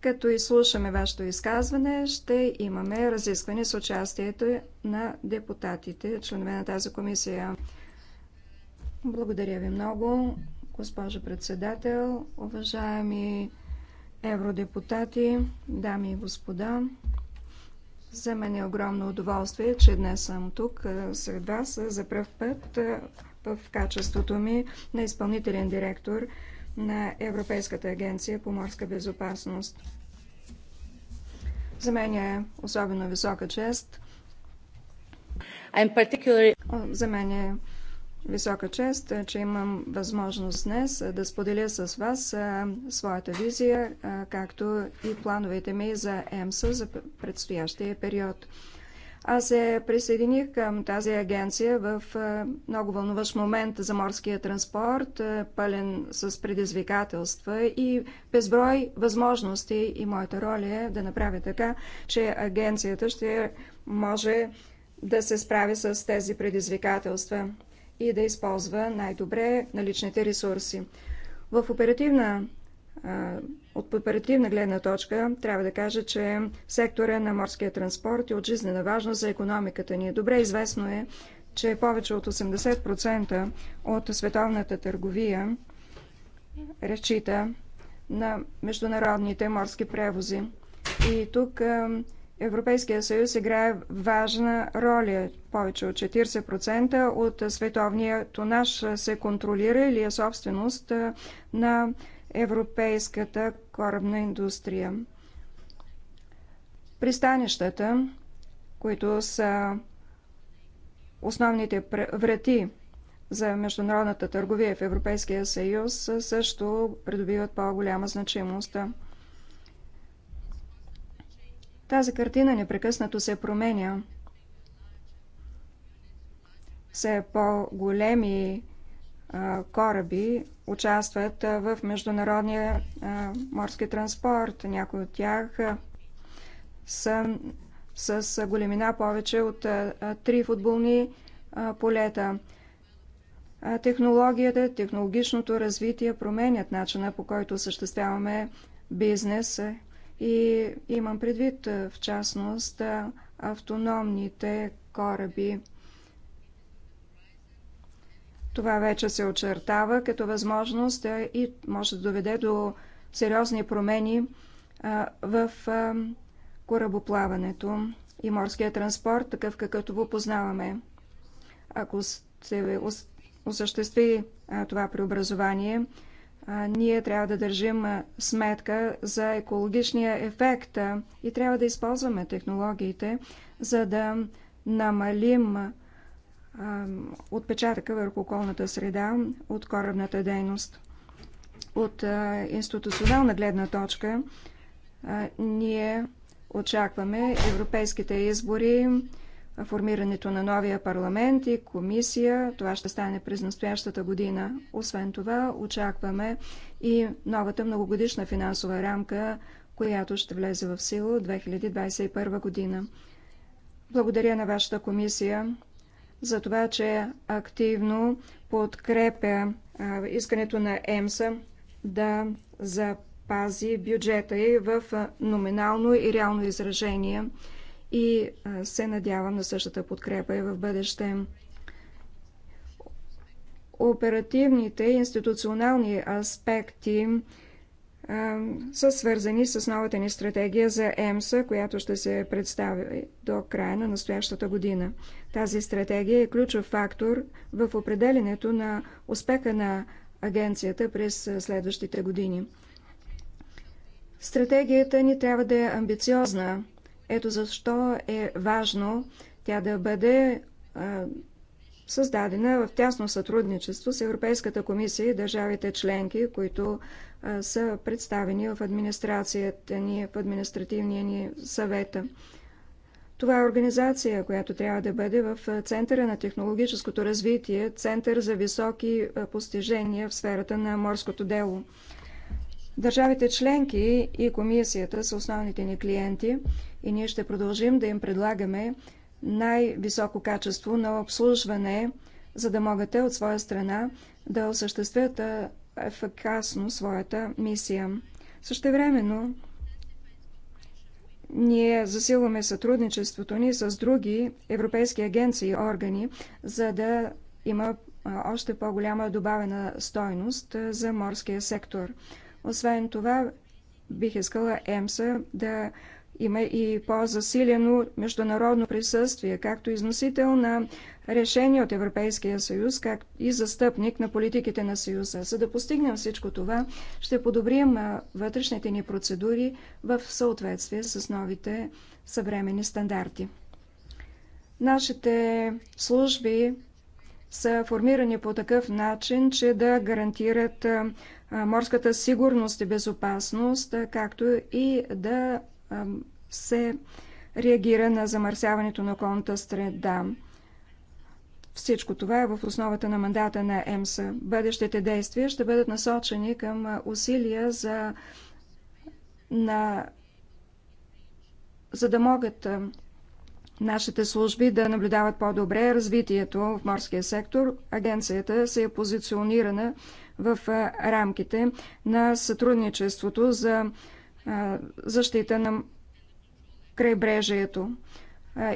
като изслушаме вашето изказване, ще имаме разискване с участието на депутатите, членове на тази комисия. Благодаря ви много, госпожо председател, уважаеми евродепутати, дами и господа, за мен е огромно удоволствие, че днес съм тук е, сред вас е, за пръв път е, в качеството ми на изпълнителен директор на Европейската агенция по морска безопасност. За мен е особено висока чест. Particularly... За мен е висока чест, е, че имам възможност днес е, да споделя с вас е, своята визия, както и плановете ми за ЕМСА за предстоящия период. Аз се присъединих към тази агенция в много вълнуващ момент за морския транспорт, пълен с предизвикателства и безброй възможности. И моята роля е да направя така, че агенцията ще може да се справи с тези предизвикателства и да използва най-добре наличните ресурси. В оперативна, от оперативна гледна точка трябва да кажа, че сектора на морския транспорт е от жизнена важност за економиката ни. Добре известно е, че повече от 80% от световната търговия разчита на международните морски превози. И тук Европейския съюз играе важна роля. Повече от 40% от световния тонаж се контролира или е собственост на европейската корабна индустрия. Пристанищата, които са основните врати за международната търговия в Европейския съюз, също придобиват по-голяма значимост. Тази картина непрекъснато се променя. Все по-големи кораби участват в международния морски транспорт. Някои от тях са с големина повече от три футболни полета. Технологията, технологичното развитие променят начина по който осъществяваме бизнес и имам предвид в частност автономните кораби. Това вече се очертава като възможност и може да доведе до сериозни промени в корабоплаването и морския транспорт, такъв какъвто го познаваме. Ако се осъществи това преобразование, ние трябва да държим сметка за екологичния ефект и трябва да използваме технологиите, за да намалим отпечатъка върху околната среда от корабната дейност. От институционална гледна точка ние очакваме европейските избори формирането на новия парламент и комисия. Това ще стане през настоящата година. Освен това, очакваме и новата многогодишна финансова рамка, която ще влезе в сила от 2021 година. Благодаря на вашата комисия за това, че активно подкрепя искането на ЕМСА да запази бюджета и в номинално и реално изражение – и се надявам на същата подкрепа и в бъдеще. Оперативните и институционални аспекти са свързани с новата ни стратегия за ЕМСА, която ще се представи до края на настоящата година. Тази стратегия е ключов фактор в определенето на успеха на агенцията през следващите години. Стратегията ни трябва да е амбициозна, ето защо е важно тя да бъде а, създадена в тясно сътрудничество с Европейската комисия и държавите членки, които а, са представени в администрацията ни, в административния ни съвета. Това е организация, която трябва да бъде в Центъра на технологическото развитие, Център за високи постижения в сферата на морското дело. Държавите членки и комисията са основните ни клиенти – и ние ще продължим да им предлагаме най-високо качество на обслужване, за да могат те от своя страна да осъществят ефикасно своята мисия. времено, ние засилваме сътрудничеството ни с други европейски агенции и органи, за да има още по-голяма добавена стойност за морския сектор. Освен това, бих искала ЕМСА да има и по-засилено международно присъствие, както износител на решения от Европейския съюз, как и застъпник на политиките на съюза. За да постигнем всичко това, ще подобрим вътрешните ни процедури в съответствие с новите съвремени стандарти. Нашите служби са формирани по такъв начин, че да гарантират морската сигурност и безопасност, както и да се реагира на замърсяването на околната среда. Всичко това е в основата на мандата на ЕМСА. Бъдещите действия ще бъдат насочени към усилия за, на, за да могат нашите служби да наблюдават по-добре развитието в морския сектор. Агенцията се е позиционирана в рамките на сътрудничеството за защита на крайбрежието.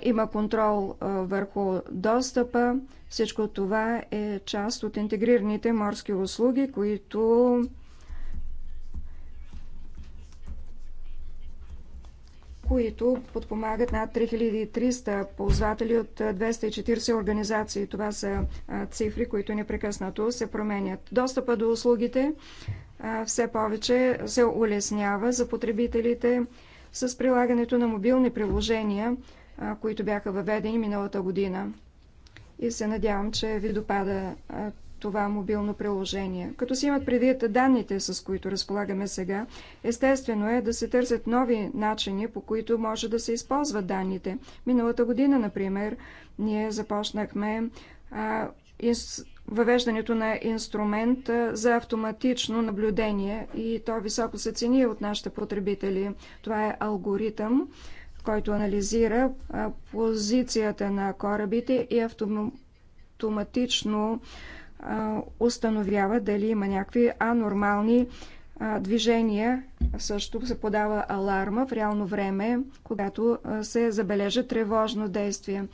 Има контрол върху достъпа. Всичко това е част от интегрираните морски услуги, които които подпомагат над 3300 ползватели от 240 организации. Това са цифри, които непрекъснато се променят. Достъпа до услугите все повече се улеснява за потребителите с прилагането на мобилни приложения, които бяха въведени миналата година. И се надявам, че ви допада това мобилно приложение. Като си имат предвид данните, с които разполагаме сега, естествено е да се търсят нови начини, по които може да се използват данните. Миналата година, например, ние започнахме въвеждането на инструмент за автоматично наблюдение и то високо се цени от нашите потребители. Това е алгоритъм, който анализира позицията на корабите и автоматично установява дали има някакви анормални движения. Също се подава аларма в реално време, когато се забележа тревожно действие.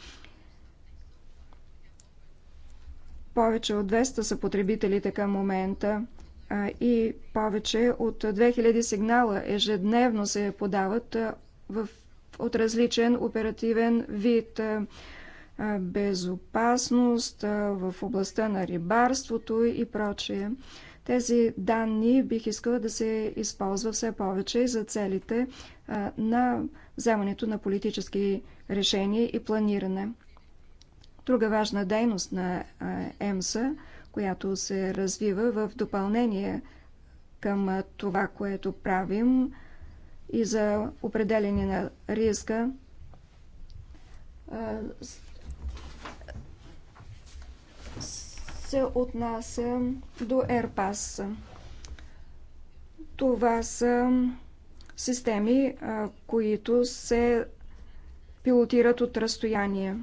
Повече от 200 са потребителите към момента и повече от 2000 сигнала ежедневно се подават в, от различен оперативен вид безопасност в областта на рибарството и прочее. Тези данни бих искала да се използва все повече за целите на вземането на политически решения и планиране. Друга важна дейност на ЕМСА, която се развива в допълнение към това, което правим и за определение на риска, се отнася до ЕРПАС. Това са системи, които се пилотират от разстояние.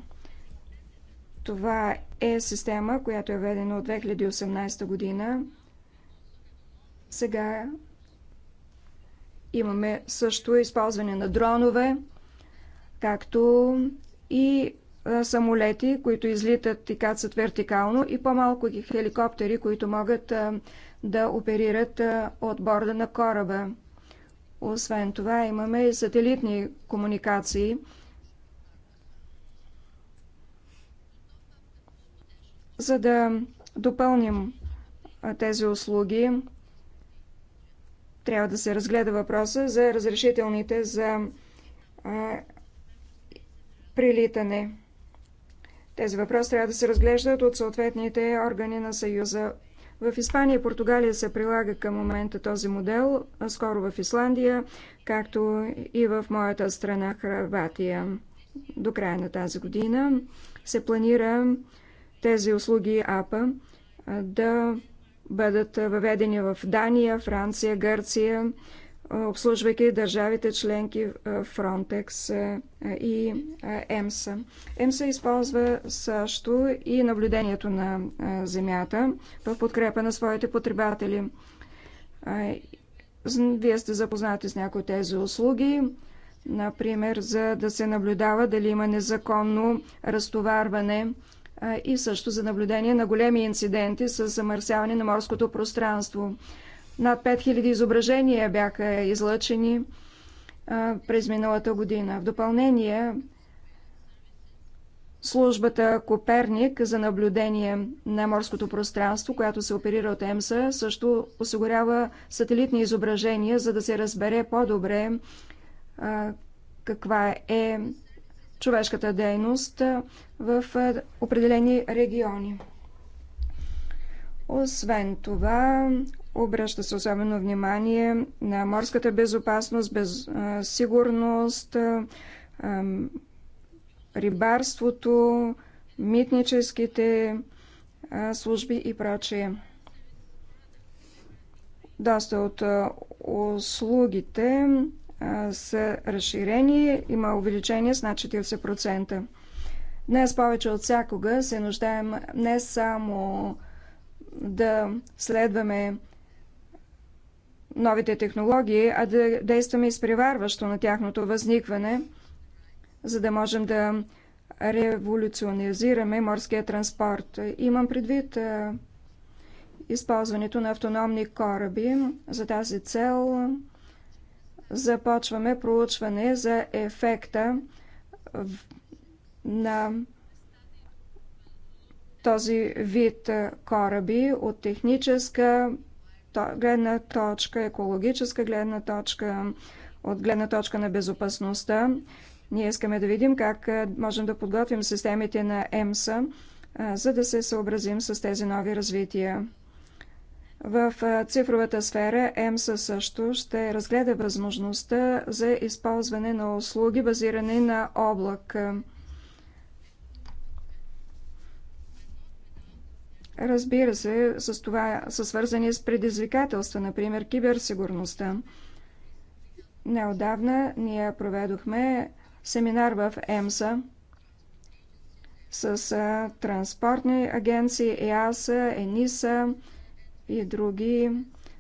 Това е система, която е введена от 2018 година. Сега имаме също използване на дронове, както и самолети, които излитат и кацат вертикално и по-малко хеликоптери, които могат да оперират от борда на кораба. Освен това имаме и сателитни комуникации – за да допълним тези услуги, трябва да се разгледа въпроса за разрешителните за а, прилитане. Тези въпроси трябва да се разглеждат от съответните органи на Съюза. В Испания и Португалия се прилага към момента този модел, а скоро в Исландия, както и в моята страна Хрватия. До края на тази година се планира тези услуги АПА да бъдат въведени в Дания, Франция, Гърция, обслужвайки държавите членки Frontex и EMSA. EMSA използва също и наблюдението на земята в подкрепа на своите потребатели. Вие сте запознати с някои от тези услуги, например, за да се наблюдава дали има незаконно разтоварване и също за наблюдение на големи инциденти с замърсяване на морското пространство. Над 5000 изображения бяха излъчени през миналата година. В допълнение, службата Коперник за наблюдение на морското пространство, която се оперира от ЕМСА, също осигурява сателитни изображения, за да се разбере по-добре каква е човешката дейност в определени региони. Освен това, обръща се особено внимание на морската безопасност, без, а, сигурност, а, рибарството, митническите а, служби и прочие. Доста от услугите са разширени, има увеличение с над 40%. Днес повече от всякога се нуждаем не само да следваме новите технологии, а да действаме изпреварващо на тяхното възникване, за да можем да революционизираме морския транспорт. Имам предвид използването на автономни кораби. За тази цел започваме проучване за ефекта на този вид кораби от техническа гледна точка, екологическа гледна точка, от гледна точка на безопасността. Ние искаме да видим как можем да подготвим системите на ЕМСА, за да се съобразим с тези нови развития. В цифровата сфера ЕМСА също ще разгледа възможността за използване на услуги, базирани на облак. Разбира се, с това са свързани с предизвикателства, например киберсигурността. Неодавна ние проведохме семинар в ЕМСА с транспортни агенции, ЕАСА, ЕНИСА, и други,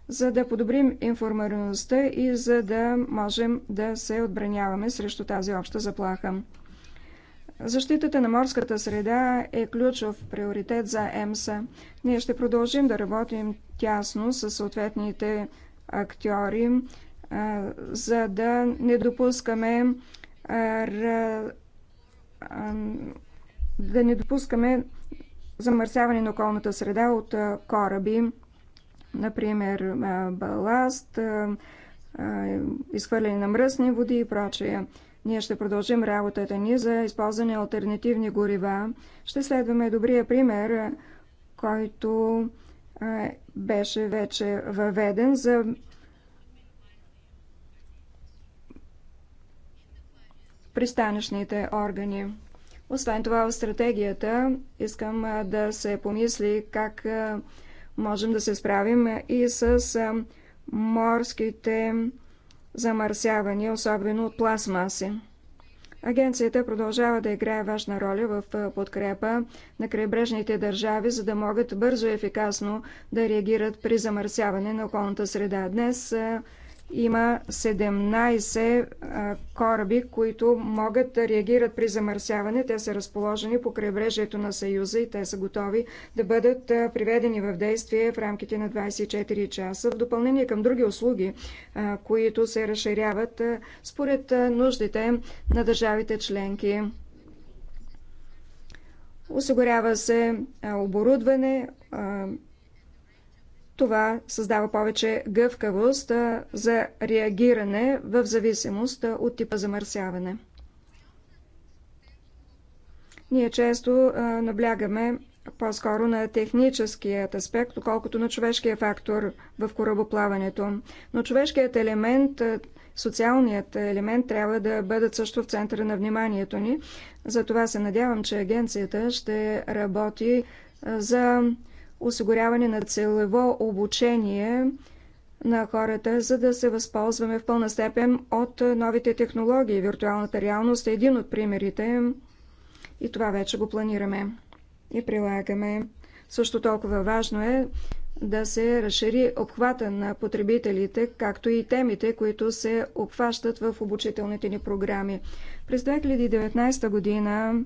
за да подобрим информираността и за да можем да се отбраняваме срещу тази обща заплаха. Защитата на морската среда е ключов приоритет за ЕМСА. Ние ще продължим да работим тясно с съответните актьори, за да не допускаме да не допускаме замърсяване на околната среда от кораби например баласт, изхвърляне на мръсни води и прочее. Ние ще продължим работата ни за използване на альтернативни горива. Ще следваме добрия пример, който беше вече въведен за пристанищните органи. Освен това, в стратегията искам да се помисли как можем да се справим и с морските замърсявания, особено от пластмаси. Агенцията продължава да играе важна роля в подкрепа на крайбрежните държави, за да могат бързо и ефикасно да реагират при замърсяване на околната среда. Днес има 17 кораби, които могат да реагират при замърсяване. Те са разположени по крайбрежието на Съюза и те са готови да бъдат приведени в действие в рамките на 24 часа. В допълнение към други услуги, които се разширяват според нуждите на държавите членки. Осигурява се оборудване, това създава повече гъвкавост за реагиране в зависимост от типа замърсяване. Ние често наблягаме по-скоро на техническият аспект, отколкото на човешкия фактор в корабоплаването. Но човешкият елемент, социалният елемент трябва да бъдат също в центъра на вниманието ни. Затова се надявам, че агенцията ще работи за осигуряване на целево обучение на хората, за да се възползваме в пълна степен от новите технологии. Виртуалната реалност е един от примерите и това вече го планираме и прилагаме. Също толкова важно е да се разшири обхвата на потребителите, както и темите, които се обхващат в обучителните ни програми. През 2019 година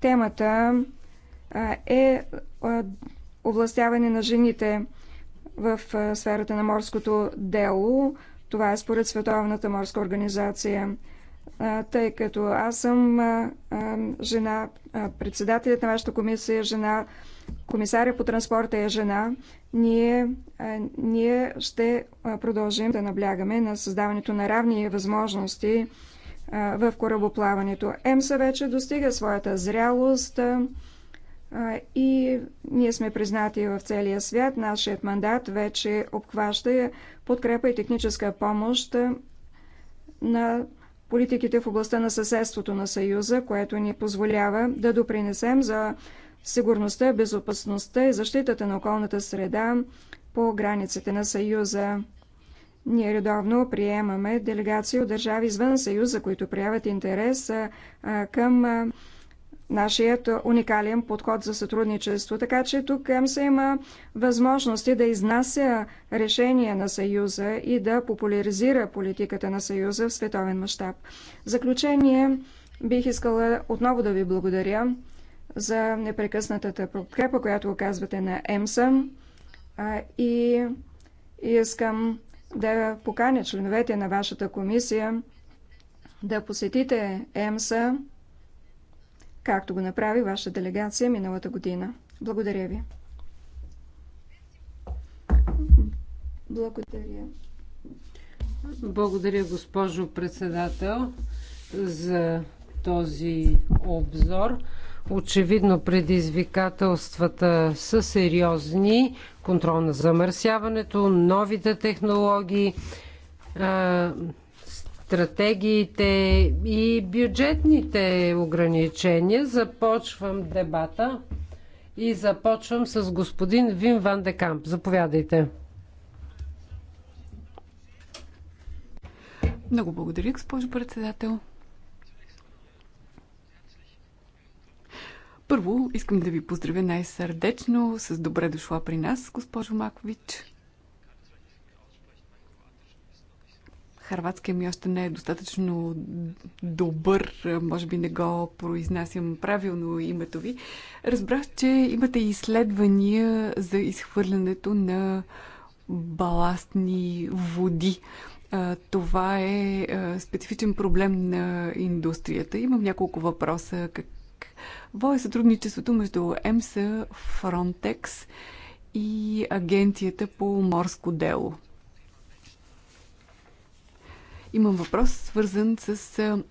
темата е овластяване на жените в сферата на морското дело. Това е според Световната морска организация. Тъй като аз съм жена, председателят на вашата комисия е жена, комисаря по транспорта е жена, ние, ние ще продължим да наблягаме на създаването на равни възможности в корабоплаването. ЕМСА вече достига своята зрялост и ние сме признати в целия свят. Нашият мандат вече обхваща подкрепа и техническа помощ на политиките в областта на съседството на Съюза, което ни позволява да допринесем за сигурността, безопасността и защитата на околната среда по границите на Съюза. Ние редовно приемаме делегации от държави извън Съюза, които проявят интерес към нашият уникален подход за сътрудничество. Така че тук МСА има възможности да изнася решения на Съюза и да популяризира политиката на Съюза в световен мащаб. В заключение бих искала отново да ви благодаря за непрекъснатата подкрепа, която оказвате на ЕМСА и искам да поканя членовете на вашата комисия да посетите ЕМСА както го направи ваша делегация миналата година. Благодаря ви. Благодаря. Благодаря, госпожо председател, за този обзор. Очевидно предизвикателствата са сериозни. Контрол на замърсяването, новите технологии, стратегиите и бюджетните ограничения. Започвам дебата и започвам с господин Вин Ван Декамп. Заповядайте. Много благодаря, госпожо председател. Първо, искам да ви поздравя най-сърдечно с добре дошла при нас, госпожо Макович. Харватския ми още не е достатъчно добър, може би не го произнасям правилно името ви. Разбрах, че имате изследвания за изхвърлянето на баластни води. Това е специфичен проблем на индустрията. Имам няколко въпроса. Какво е сътрудничеството между ЕМСА, Фронтекс и Агенцията по морско дело? Имам въпрос, свързан с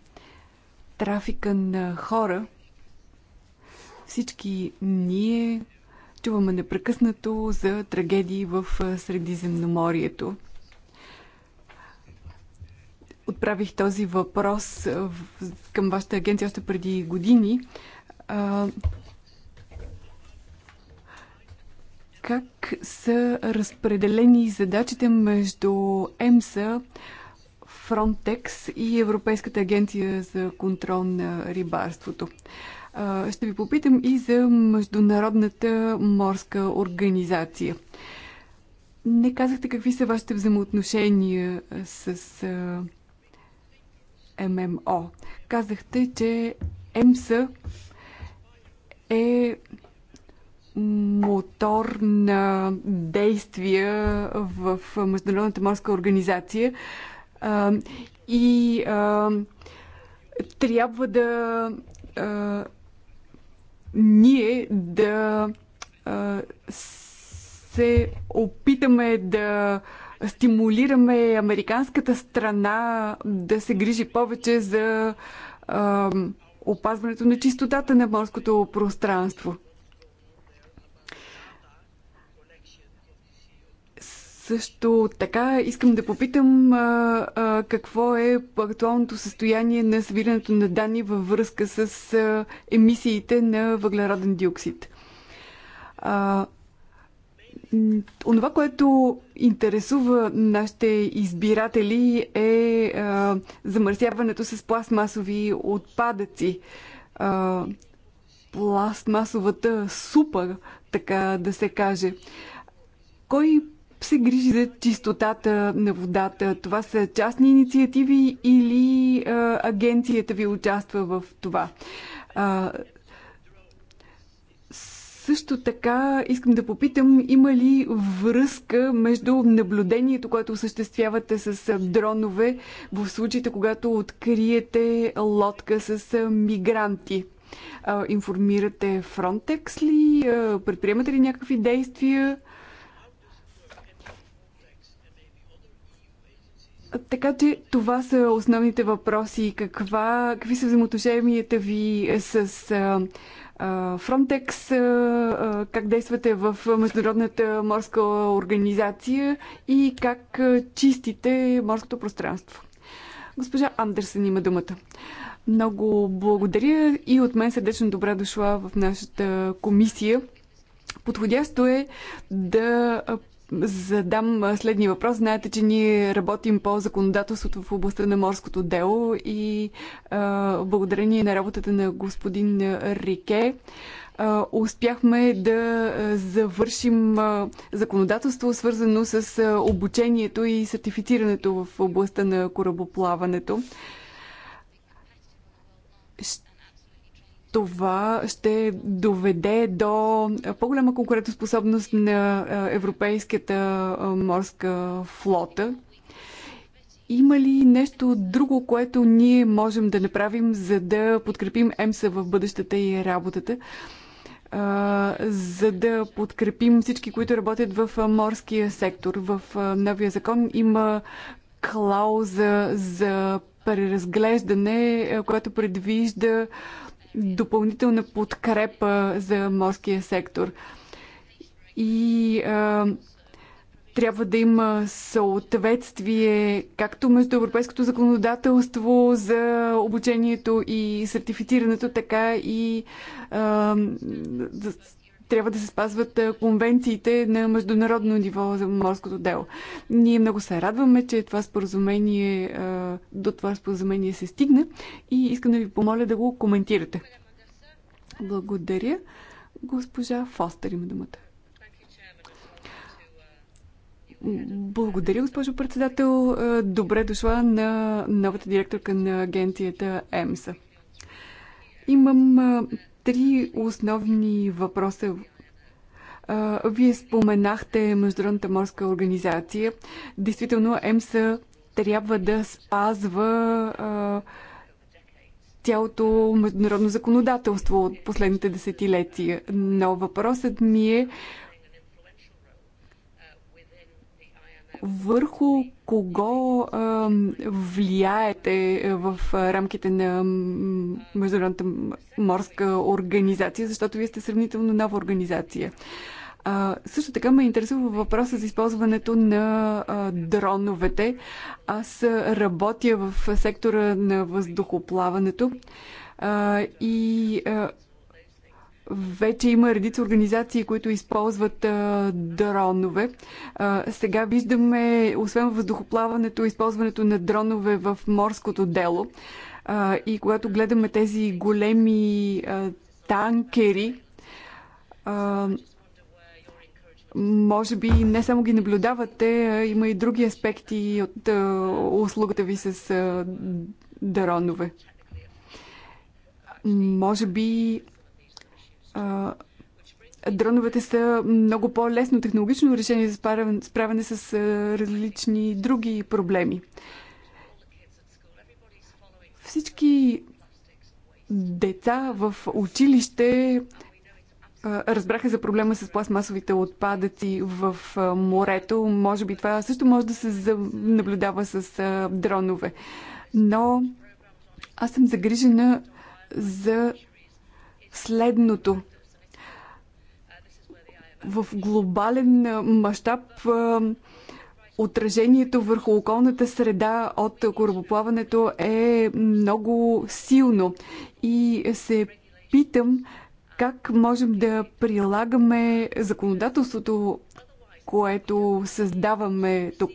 трафика на хора. Всички ние чуваме непрекъснато за трагедии в Средиземноморието. Отправих този въпрос към вашата агенция още преди години. Как са разпределени задачите между ЕМСА, Frontex и Европейската агенция за контрол на рибарството. Ще ви попитам и за Международната морска организация. Не казахте какви са вашите взаимоотношения с ММО. Казахте, че МСА е мотор на действия в Международната морска организация. А, и а, трябва да а, ние да а, се опитаме да стимулираме американската страна да се грижи повече за а, опазването на чистотата на морското пространство. Също така искам да попитам а, а, какво е актуалното състояние на събирането на данни във връзка с а, емисиите на въглероден диоксид. А, Онова, което интересува нашите избиратели е а, замърсяването с пластмасови отпадъци. А, пластмасовата супа, така да се каже. Кой се грижи за чистотата на водата? Това са частни инициативи или а, агенцията ви участва в това? А, също така искам да попитам, има ли връзка между наблюдението, което осъществявате с дронове в случаите, когато откриете лодка с мигранти? Информирате Фронтекс ли? Предприемате ли някакви действия? Така че това са основните въпроси. Каква, какви са взаимоотношенията ви с а, а, Frontex? А, как действате в Международната морска организация и как чистите морското пространство? Госпожа Андерсен има думата. Много благодаря и от мен сърдечно добра дошла в нашата комисия. Подходящо е да задам следния въпрос. Знаете, че ние работим по законодателството в областта на морското дело и а, благодарение на работата на господин Рике а, успяхме да завършим а, законодателство, свързано с а, обучението и сертифицирането в областта на корабоплаването. Ще това ще доведе до по-голяма конкурентоспособност на европейската морска флота. Има ли нещо друго, което ние можем да направим, за да подкрепим ЕМСА в бъдещата и работата? за да подкрепим всички, които работят в морския сектор. В новия закон има клауза за преразглеждане, която предвижда допълнителна подкрепа за морския сектор. И а, трябва да има съответствие както между европейското законодателство за обучението и сертифицирането, така и а, трябва да се спазват конвенциите на международно ниво за морското дело. Ние много се радваме, че това споразумение, до това споразумение се стигна и искам да ви помоля да го коментирате. Благодаря. Госпожа Фостер има думата. Благодаря, госпожо председател. Добре дошла на новата директорка на агенцията ЕМСА. Имам три основни въпроса. Вие споменахте Международната морска организация. Действително, ЕМСА трябва да спазва цялото международно законодателство от последните десетилетия. Но въпросът ми е върху кого а, влияете е, в е, рамките на Международната морска организация, защото вие сте сравнително нова организация. А, също така ме интересува въпроса за използването на а, дроновете. Аз работя в сектора на въздухоплаването а, и а, вече има редица организации, които използват а, дронове. А, сега виждаме, освен въздухоплаването, използването на дронове в морското дело. А, и когато гледаме тези големи а, танкери, а, може би не само ги наблюдавате, а има и други аспекти от а, услугата ви с а, дронове. Може би дроновете са много по-лесно технологично решение за справяне с различни други проблеми. Всички деца в училище разбраха за проблема с пластмасовите отпадъци в морето. Може би това също може да се наблюдава с дронове. Но аз съм загрижена за следното. В глобален мащаб отражението върху околната среда от корабоплаването е много силно и се питам как можем да прилагаме законодателството, което създаваме тук.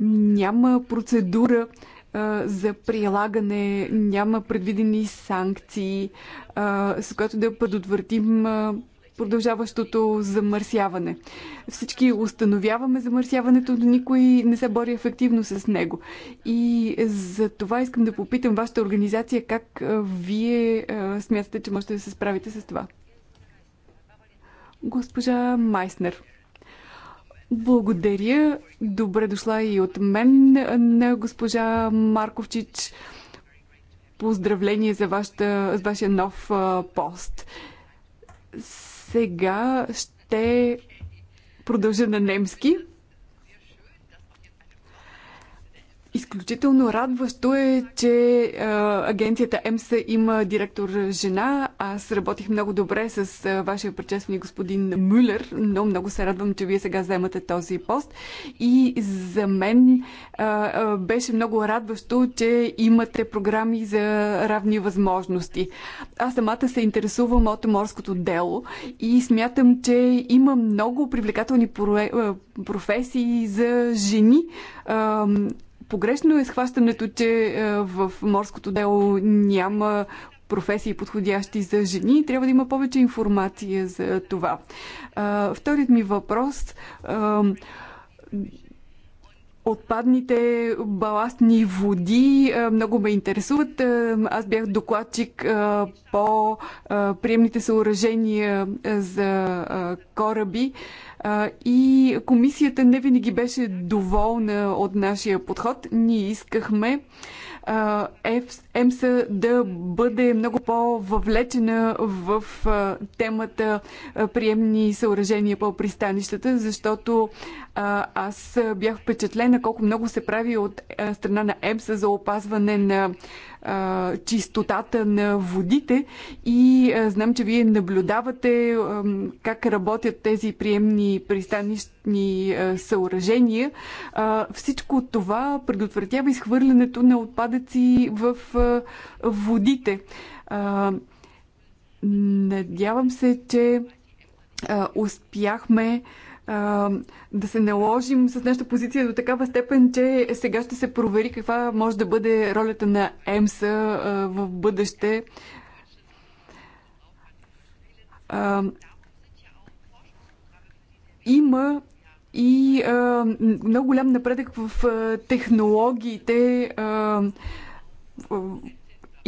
Няма процедура за прилагане, няма предвидени санкции, с което да предотвратим продължаващото замърсяване. Всички установяваме замърсяването, но никой не се бори ефективно с него. И за това искам да попитам вашата организация как вие смятате, че можете да се справите с това. Госпожа Майснер. Благодаря. Добре дошла и от мен на госпожа Марковчич. Поздравление за, вашата, за вашия нов пост. Сега ще продължа на немски. Изключително радващо е, че а, агенцията ЕМСА има директор жена. Аз работих много добре с а, вашия предшественик господин Мюлер, но много се радвам, че вие сега вземате този пост. И за мен а, а, беше много радващо, че имате програми за равни възможности. Аз самата се интересувам от морското дело и смятам, че има много привлекателни професии за жени. А, Погрешно е схващането, че е, в морското дело няма професии подходящи за жени. Трябва да има повече информация за това. Вторият ми въпрос отпадните баластни води много ме интересуват. Аз бях докладчик по приемните съоръжения за кораби и комисията не винаги беше доволна от нашия подход. Ние искахме ЕМСА да бъде много по-въвлечена в темата приемни съоръжения по пристанищата, защото аз бях впечатлена колко много се прави от страна на ЕМСА за опазване на а, чистотата на водите и а, знам, че вие наблюдавате а, как работят тези приемни пристанищни а, съоръжения. А, всичко това предотвратява изхвърлянето на отпадъци в а, водите. А, надявам се, че а, успяхме а, а, да се наложим с нашата позиция до такава степен, че сега ще се провери каква може да бъде ролята на ЕМСА а, в бъдеще. А, има и а, много голям напредък в а, технологиите. А,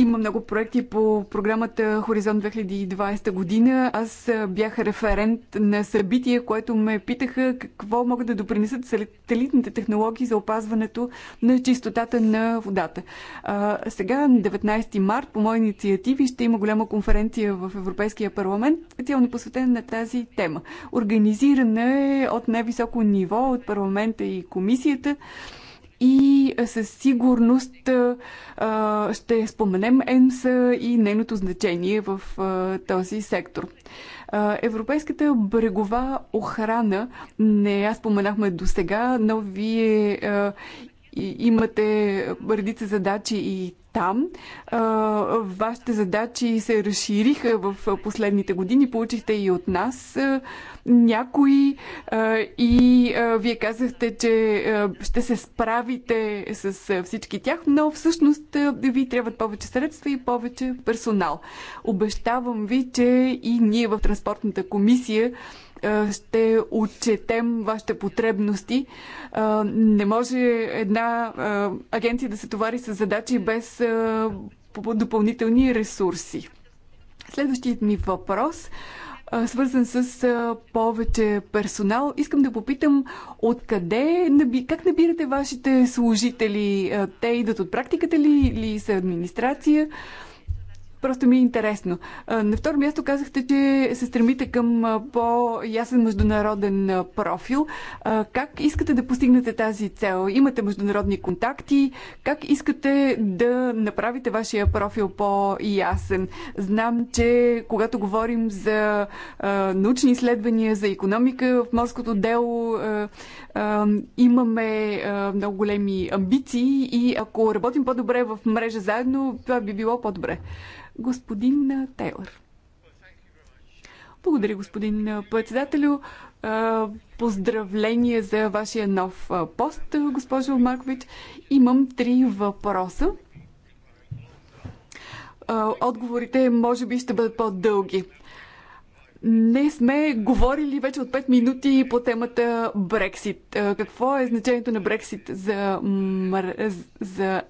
има много проекти по програмата Хоризонт 2020 година. Аз бях референт на събитие, което ме питаха какво могат да допринесат сателитните технологии за опазването на чистотата на водата. А, сега, на 19 март, по мои инициативи, ще има голяма конференция в Европейския парламент, специално посветена на тази тема. Организирана е от най-високо ниво, от парламента и комисията и със сигурност ще споменем ЕМСА и нейното значение в този сектор. Европейската брегова охрана, не я споменахме до сега, но вие и имате редица задачи и там. Вашите задачи се разшириха в последните години, получихте и от нас някои и вие казахте, че ще се справите с всички тях, но всъщност ви трябват повече средства и повече персонал. Обещавам ви, че и ние в Транспортната комисия е, ще отчетем вашите потребности. Е, не може една е, агенция да се товари с задачи без допълнителни ресурси. Следващият ми въпрос свързан с повече персонал. Искам да попитам откъде, как набирате вашите служители? Те идват от практиката ли или са администрация? Просто ми е интересно. На второ място казахте, че се стремите към по-ясен международен профил. Как искате да постигнете тази цел? Имате международни контакти. Как искате да направите вашия профил по-ясен? Знам, че когато говорим за научни изследвания, за економика в морското дело, имаме много големи амбиции и ако работим по-добре в мрежа заедно, това би било по-добре господин Тейлър. Благодаря, господин председателю. Поздравление за вашия нов пост, госпожо Маркович. Имам три въпроса. Отговорите може би ще бъдат по-дълги. Не сме говорили вече от 5 минути по темата Брексит. Какво е значението на Брексит за, за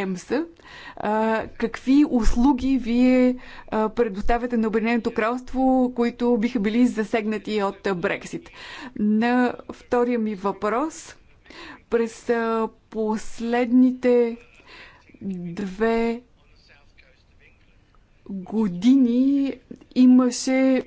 ЕМСА. Какви услуги вие предоставяте на Обединеното кралство, които биха били засегнати от Брексит? На втория ми въпрос. През последните две години имаше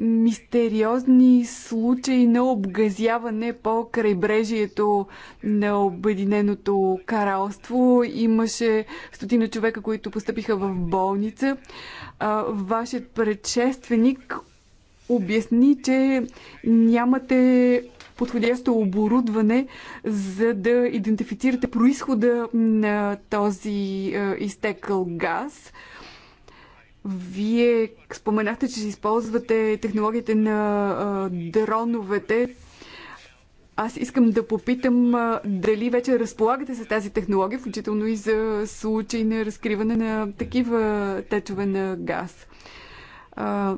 мистериозни случаи на обгазяване по крайбрежието на Обединеното каралство. Имаше стотина човека, които постъпиха в болница. Вашият предшественик обясни, че нямате подходящо оборудване, за да идентифицирате происхода на този изтекъл газ. Вие споменахте, че се използвате технологиите на а, дроновете. Аз искам да попитам а, дали вече разполагате с тази технология, включително и за случаи на разкриване на такива течове на газ. А,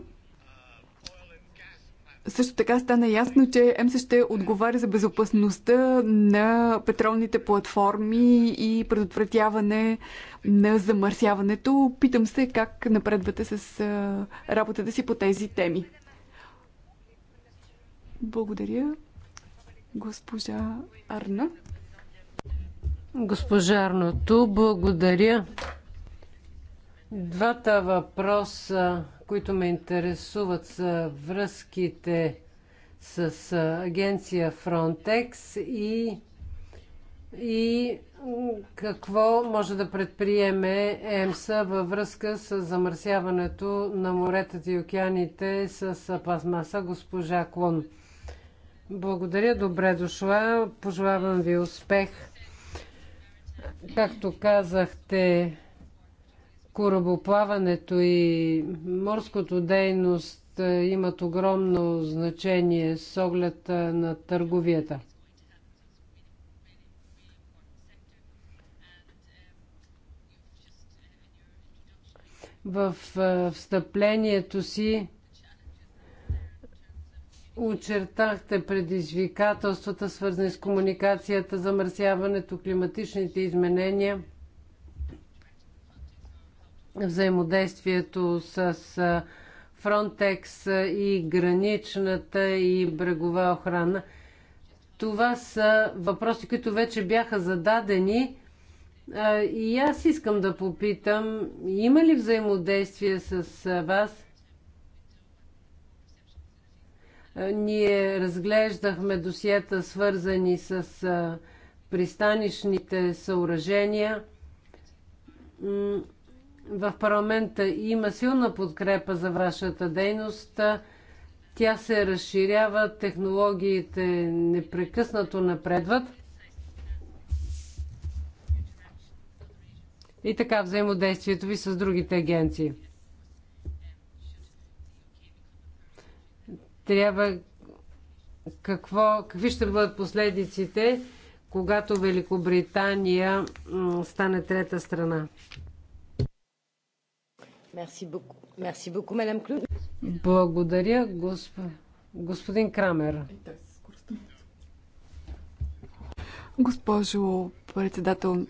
също така стана ясно, че МС ще отговаря за безопасността на петролните платформи и предотвратяване на замърсяването. Питам се как напредвате с работата си по тези теми. Благодаря, госпожа Арна. Госпожа Арното, благодаря. Двата въпроса които ме интересуват, са връзките с агенция Frontex и, и какво може да предприеме ЕМСА във връзка с замърсяването на моретата и океаните с пластмаса госпожа Клон. Благодаря, добре дошла, пожелавам ви успех. Както казахте, корабоплаването и морското дейност е, имат огромно значение с оглед е, на търговията. В е, встъплението си очертахте предизвикателствата, свързани с комуникацията, замърсяването, климатичните изменения – взаимодействието с Фронтекс и граничната и брегова охрана. Това са въпроси, които вече бяха зададени. И аз искам да попитам, има ли взаимодействие с вас? Ние разглеждахме досиета, свързани с пристанищните съоръжения в парламента има силна подкрепа за вашата дейност. Тя се разширява, технологиите непрекъснато напредват. И така взаимодействието ви с другите агенции. Трябва какво, какви ще бъдат последиците, когато Великобритания стане трета страна? Благодаря, госп... господин Крамер. Госпожо председател,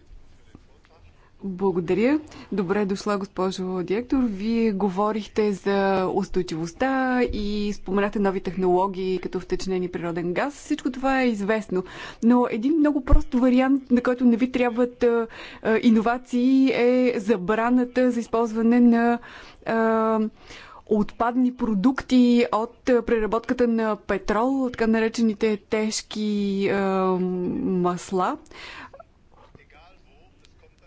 благодаря. Добре дошла, госпожо директор. Вие говорихте за устойчивостта и споменате нови технологии, като втечнени природен газ. Всичко това е известно. Но един много прост вариант, на който не ви трябват а, а, иновации, е забраната за използване на а, отпадни продукти от преработката на петрол, така наречените тежки масла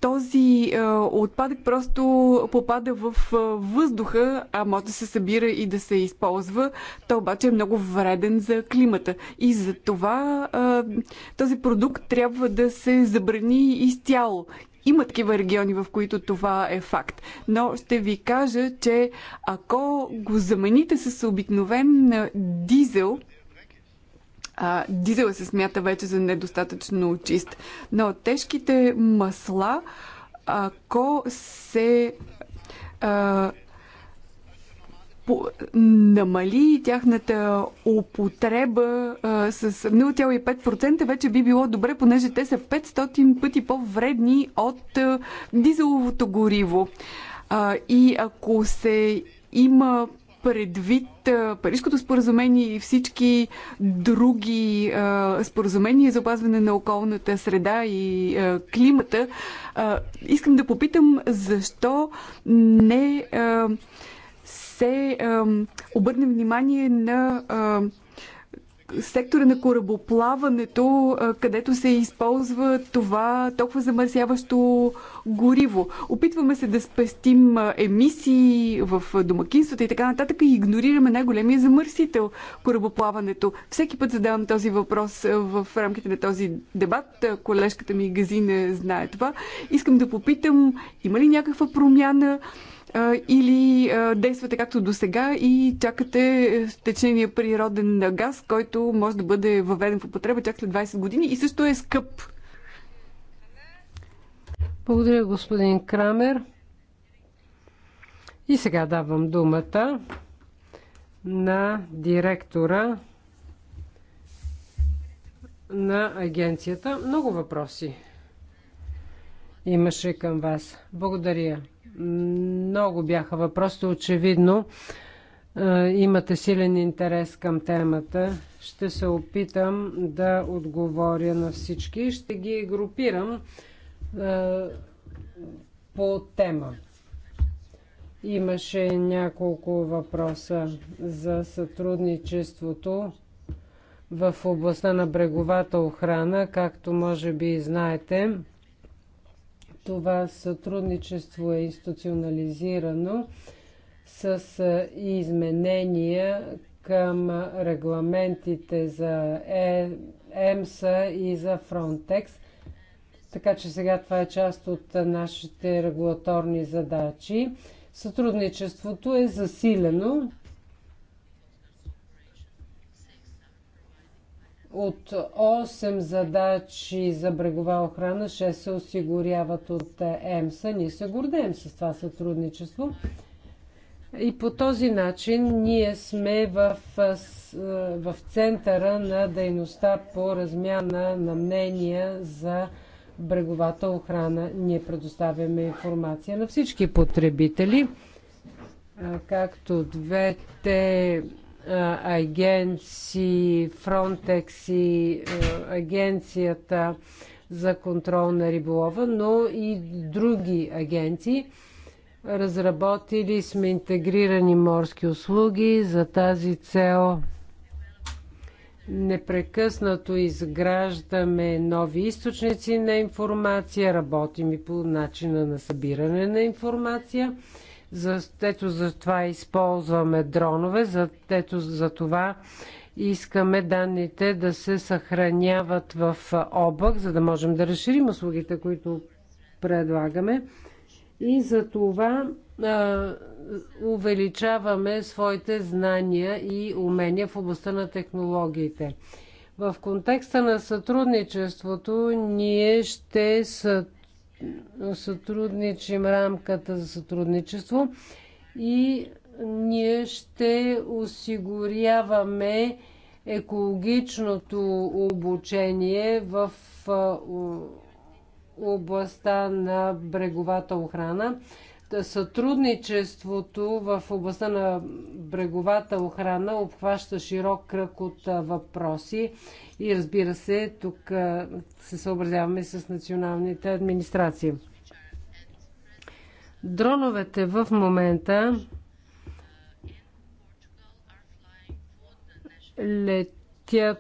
този а, е, отпадък просто попада в а, е, въздуха, а може да се събира и да се използва. Той обаче е много вреден за климата. И за това а, е, този продукт трябва да се забрани изцяло. Има такива региони, в които това е факт. Но ще ви кажа, че ако го замените с обикновен дизел, а, дизела се смята вече за недостатъчно чист. Но тежките масла, ако се а, по, намали тяхната употреба а, с 0,5%, вече би било добре, понеже те са 500 пъти по-вредни от а, дизеловото гориво. А, и ако се има предвид Парижското споразумение и всички други споразумения за опазване на околната среда и климата, искам да попитам защо не се обърне внимание на сектора на корабоплаването, където се използва това толкова замърсяващо гориво. Опитваме се да спестим емисии в домакинството и така нататък и игнорираме най-големия замърсител корабоплаването. Всеки път задавам този въпрос в рамките на този дебат. Колежката ми Газина знае това. Искам да попитам, има ли някаква промяна? или действате както до сега и чакате течения природен газ, който може да бъде въведен в употреба чак след 20 години и също е скъп. Благодаря, господин Крамер. И сега давам думата на директора на агенцията. Много въпроси имаше към вас. Благодаря. Много бяха въпроси, Очевидно е, имате силен интерес към темата. Ще се опитам да отговоря на всички. Ще ги групирам е, по тема. Имаше няколко въпроса за сътрудничеството в областта на бреговата охрана. Както може би знаете, това сътрудничество е институционализирано с изменения към регламентите за е, ЕМСА и за Фронтекс. Така че сега това е част от нашите регулаторни задачи. Сътрудничеството е засилено От 8 задачи за брегова охрана, 6 се осигуряват от ЕМСА. Ние се гордеем с това сътрудничество. И по този начин ние сме в, в центъра на дейността по размяна на мнения за бреговата охрана. Ние предоставяме информация на всички потребители, както двете агенции, Frontex и агенцията за контрол на риболова, но и други агенции. Разработили сме интегрирани морски услуги за тази цел. Непрекъснато изграждаме нови източници на информация, работим и по начина на събиране на информация за, ето за това използваме дронове, за, ето за това искаме данните да се съхраняват в облак, за да можем да разширим услугите, които предлагаме. И за това а, увеличаваме своите знания и умения в областта на технологиите. В контекста на сътрудничеството ние ще сътрудничаме сътрудничим рамката за сътрудничество и ние ще осигуряваме екологичното обучение в областта на бреговата охрана. Сътрудничеството в областта на бреговата охрана обхваща широк кръг от въпроси и разбира се, тук се съобразяваме с националните администрации. Дроновете в момента летят,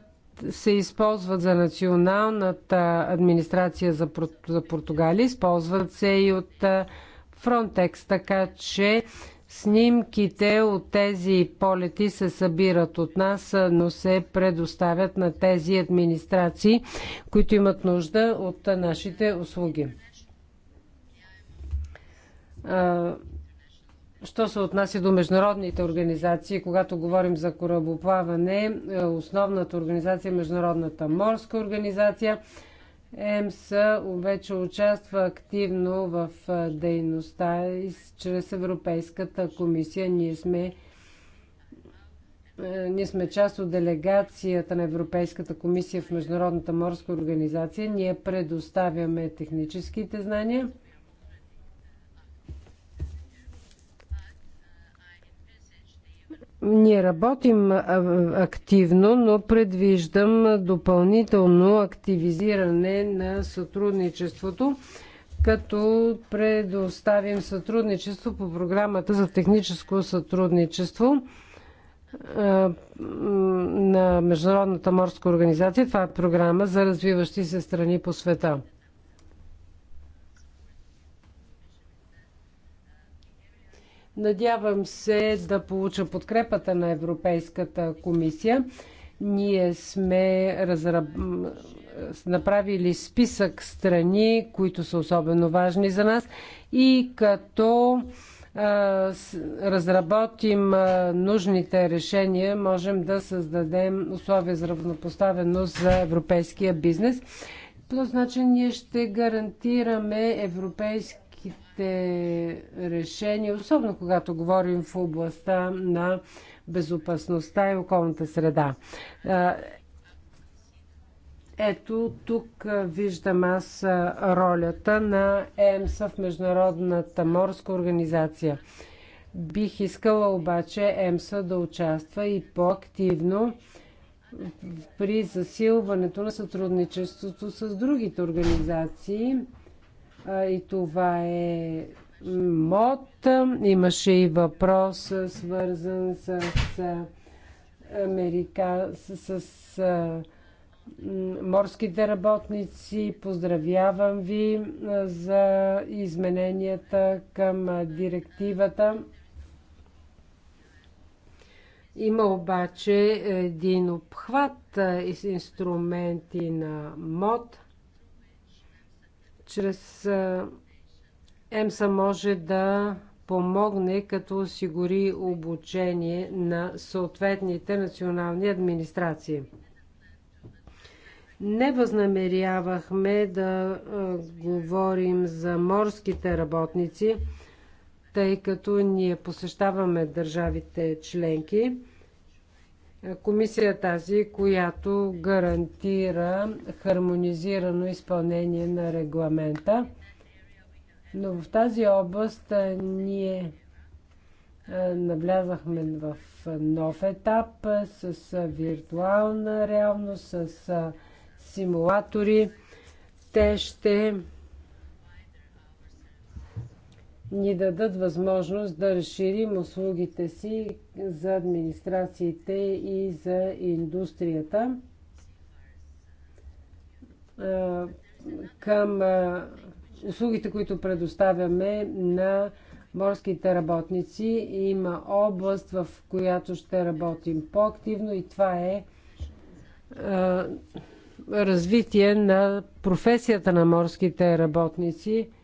се използват за националната администрация за, за Португалия, използват се и от Frontex, така че снимките от тези полети се събират от нас, но се предоставят на тези администрации, които имат нужда от нашите услуги. Що се отнася до международните организации, когато говорим за корабоплаване, е, основната организация е Международната морска организация – ЕМС вече участва активно в дейността и чрез Европейската комисия. Ние сме, ние сме част от делегацията на Европейската комисия в Международната морска организация. Ние предоставяме техническите знания – Ние работим активно, но предвиждам допълнително активизиране на сътрудничеството, като предоставим сътрудничество по програмата за техническо сътрудничество на Международната морска организация. Това е програма за развиващи се страни по света. Надявам се да получа подкрепата на Европейската комисия. Ние сме разраб... направили списък страни, които са особено важни за нас и като разработим нужните решения, можем да създадем условия за равнопоставеност за европейския бизнес. По този начин ние ще гарантираме европейски вашите решения, особено когато говорим в областта на безопасността и околната среда. Ето тук виждам аз ролята на ЕМСА в Международната морска организация. Бих искала обаче ЕМСА да участва и по-активно при засилването на сътрудничеството с другите организации и това е МОД. Имаше и въпрос свързан с, Америка, с, с морските работници. Поздравявам ви за измененията към директивата. Има обаче един обхват с инструменти на МОД – чрез ЕМСА може да помогне като осигури обучение на съответните национални администрации. Не възнамерявахме да говорим за морските работници, тъй като ние посещаваме държавите членки комисия е тази, която гарантира хармонизирано изпълнение на регламента. Но в тази област ние навлязахме в нов етап с виртуална реалност, с симулатори. Те ще ни дадат възможност да разширим услугите си за администрациите и за индустрията към услугите, които предоставяме на морските работници. Има област, в която ще работим по-активно и това е развитие на професията на морските работници –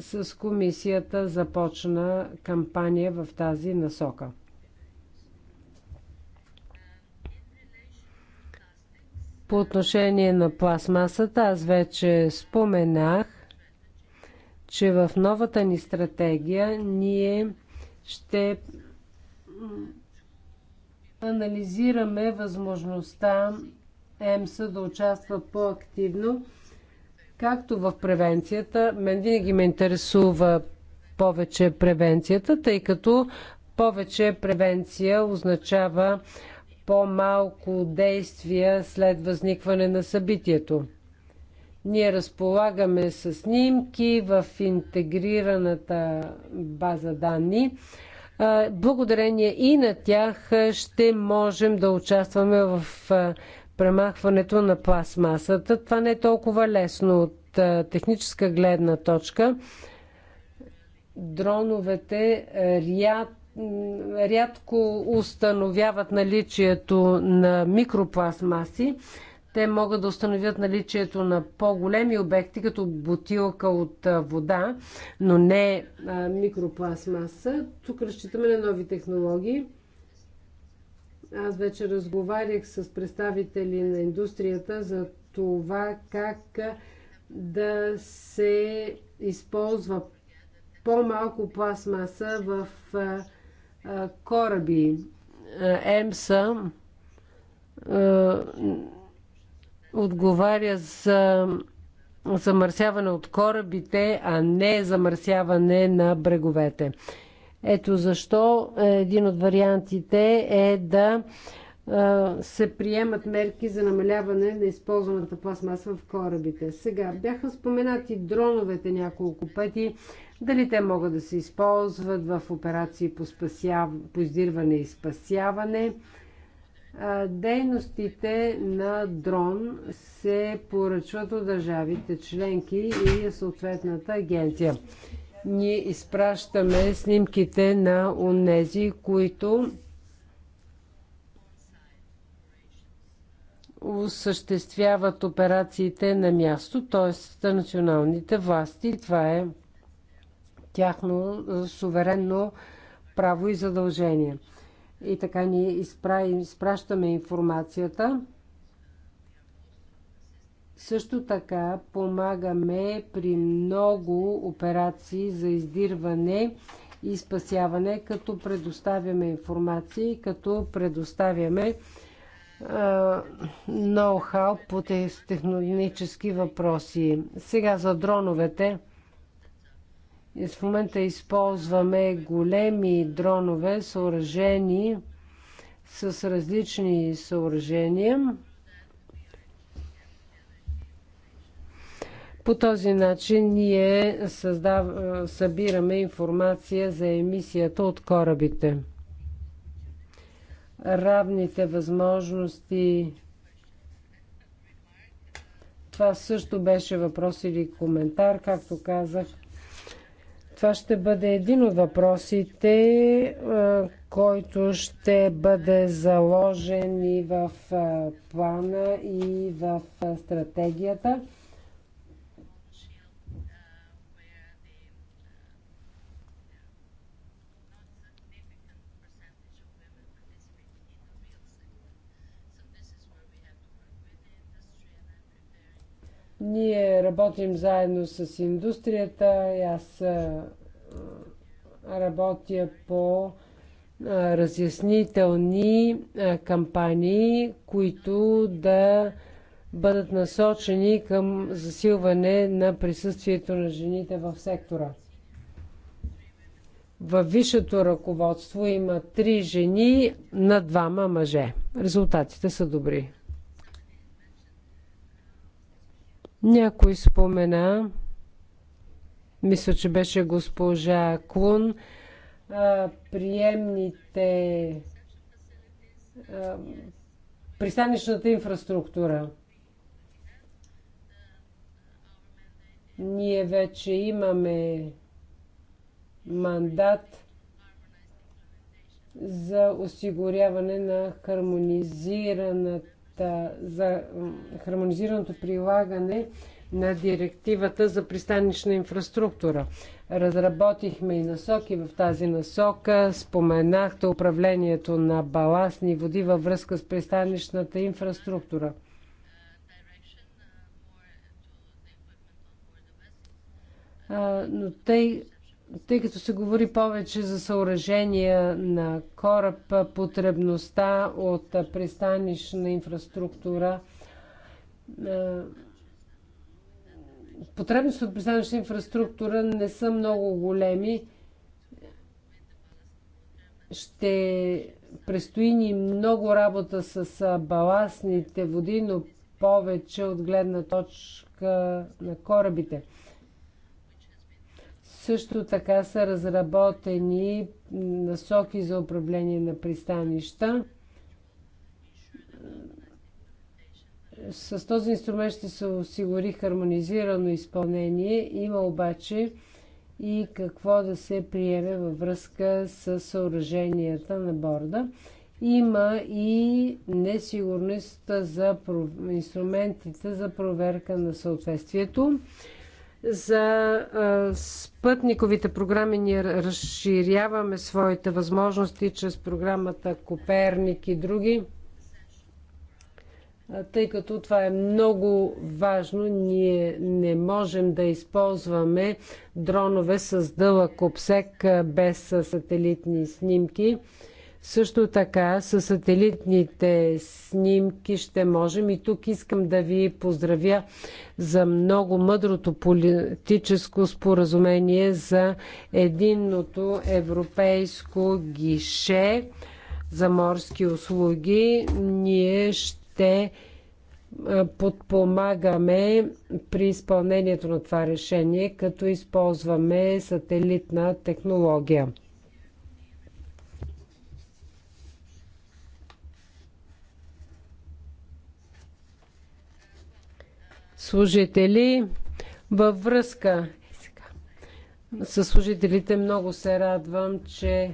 с комисията започна кампания в тази насока. По отношение на пластмасата, аз вече споменах, че в новата ни стратегия ние ще анализираме възможността ЕМСА да участва по-активно Както в превенцията, мен винаги ме интересува повече превенцията, тъй като повече превенция означава по-малко действия след възникване на събитието. Ние разполагаме с снимки в интегрираната база данни. Благодарение и на тях ще можем да участваме в премахването на пластмасата. Това не е толкова лесно от техническа гледна точка. Дроновете е, ряд, рядко установяват наличието на микропластмаси. Те могат да установят наличието на по-големи обекти, като бутилка от вода, но не микропластмаса. Тук разчитаме на нови технологии. Аз вече разговарях с представители на индустрията за това как да се използва по-малко пластмаса в кораби. ЕМСА отговаря за замърсяване от корабите, а не замърсяване на бреговете. Ето защо е, един от вариантите е да се приемат мерки за намаляване на използваната пластмаса в корабите. Сега бяха споменати дроновете няколко пъти. Дали те могат да се използват в операции по, спасяв... по издирване и спасяване? Дейностите на дрон се поръчват от държавите членки и съответната агенция. Ние изпращаме снимките на онези, които осъществяват операциите на място, т.е. националните власти. Това е тяхно е, суверенно право и задължение. И така ние изпращаме информацията. Също така помагаме при много операции за издирване и спасяване, като предоставяме информация и като предоставяме ноу-хау по технически въпроси. Сега за дроновете. В момента използваме големи дронове, съоръжени с различни съоръжения. По този начин ние създав... събираме информация за емисията от корабите. Равните възможности. Това също беше въпрос или коментар, както казах. Това ще бъде един от въпросите, който ще бъде заложен и в плана, и в стратегията. Ние работим заедно с индустрията и аз работя по разяснителни кампании, които да бъдат насочени към засилване на присъствието на жените в сектора. Във висшето ръководство има три жени на двама мъже. Резултатите са добри. Някой спомена, мисля, че беше госпожа Клун, приемните пристанищната инфраструктура. Ние вече имаме мандат за осигуряване на хармонизираната за хармонизираното прилагане на директивата за пристанищна инфраструктура. Разработихме и насоки в тази насока. Споменахте управлението на баластни води във връзка с пристанищната инфраструктура. но тъй тъй като се говори повече за съоръжения на кораб, потребността от пристанищна инфраструктура, е, потребност от пристанищна инфраструктура не са много големи. Ще предстои ни много работа с баластните води, но повече от гледна точка на корабите – също така са разработени насоки за управление на пристанища. С този инструмент ще се осигури хармонизирано изпълнение. Има обаче и какво да се приеме във връзка с съоръженията на борда. Има и несигурност за инструментите за проверка на съответствието. За спътниковите програми ние разширяваме своите възможности чрез програмата Коперник и други, тъй като това е много важно. Ние не можем да използваме дронове с дълъг обсек без сателитни снимки. Също така с сателитните снимки ще можем и тук искам да ви поздравя за много мъдрото политическо споразумение за единното европейско гише за морски услуги. Ние ще подпомагаме при изпълнението на това решение, като използваме сателитна технология. служители във връзка с служителите. Много се радвам, че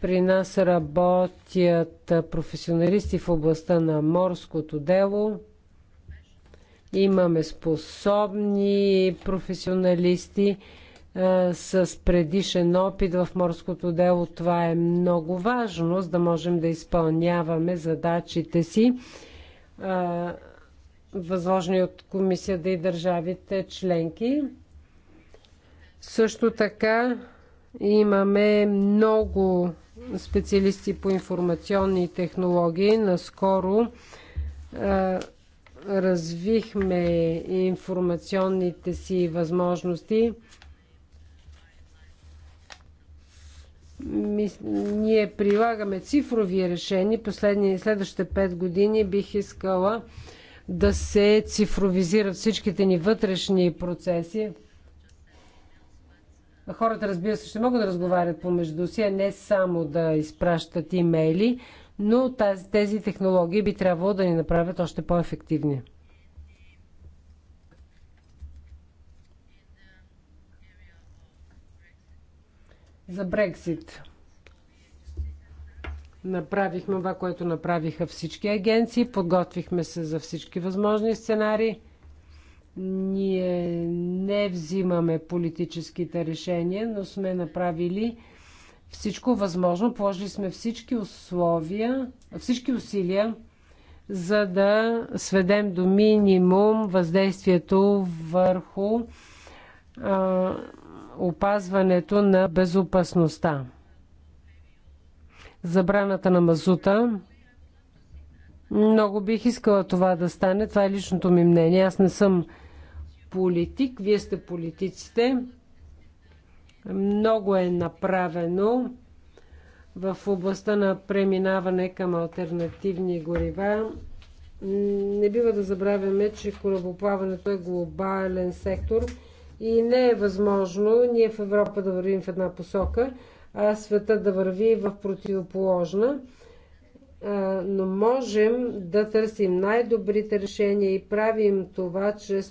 при нас работят професионалисти в областта на морското дело. Имаме способни професионалисти а, с предишен опит в морското дело. Това е много важно, за да можем да изпълняваме задачите си. А, възложени от комисията да и държавите членки. Също така имаме много специалисти по информационни технологии. Наскоро а, развихме информационните си възможности. Ми, ние прилагаме цифрови решения. Последни, следващите 5 години бих искала да се цифровизират всичките ни вътрешни процеси. Хората, разбира се, ще могат да разговарят помежду си, а не само да изпращат имейли, но тази, тези технологии би трябвало да ни направят още по-ефективни. За Брексит. Направихме това, което направиха всички агенции, подготвихме се за всички възможни сценари. Ние не взимаме политическите решения, но сме направили всичко възможно, положили сме всички условия, всички усилия, за да сведем до минимум въздействието върху а, опазването на безопасността забраната на мазута. Много бих искала това да стане. Това е личното ми мнение. Аз не съм политик. Вие сте политиците. Много е направено в областта на преминаване към альтернативни горива. Не бива да забравяме, че корабоплаването е глобален сектор и не е възможно ние в Европа да вървим в една посока, света да върви в противоположна, но можем да търсим най-добрите решения и правим това чрез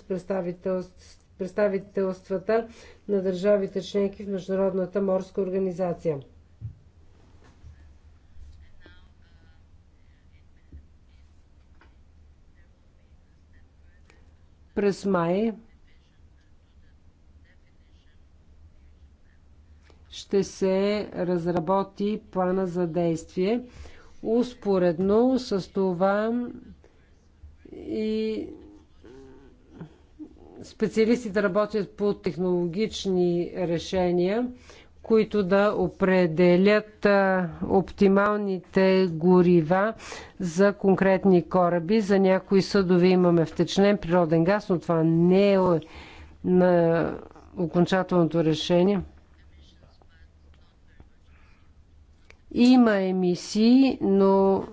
представителствата на държавите членки в Международната морска организация. През май ще се разработи плана за действие. Успоредно с това и специалистите работят по технологични решения, които да определят оптималните горива за конкретни кораби. За някои съдове имаме втечнен природен газ, но това не е на окончателното решение. Има емисии, но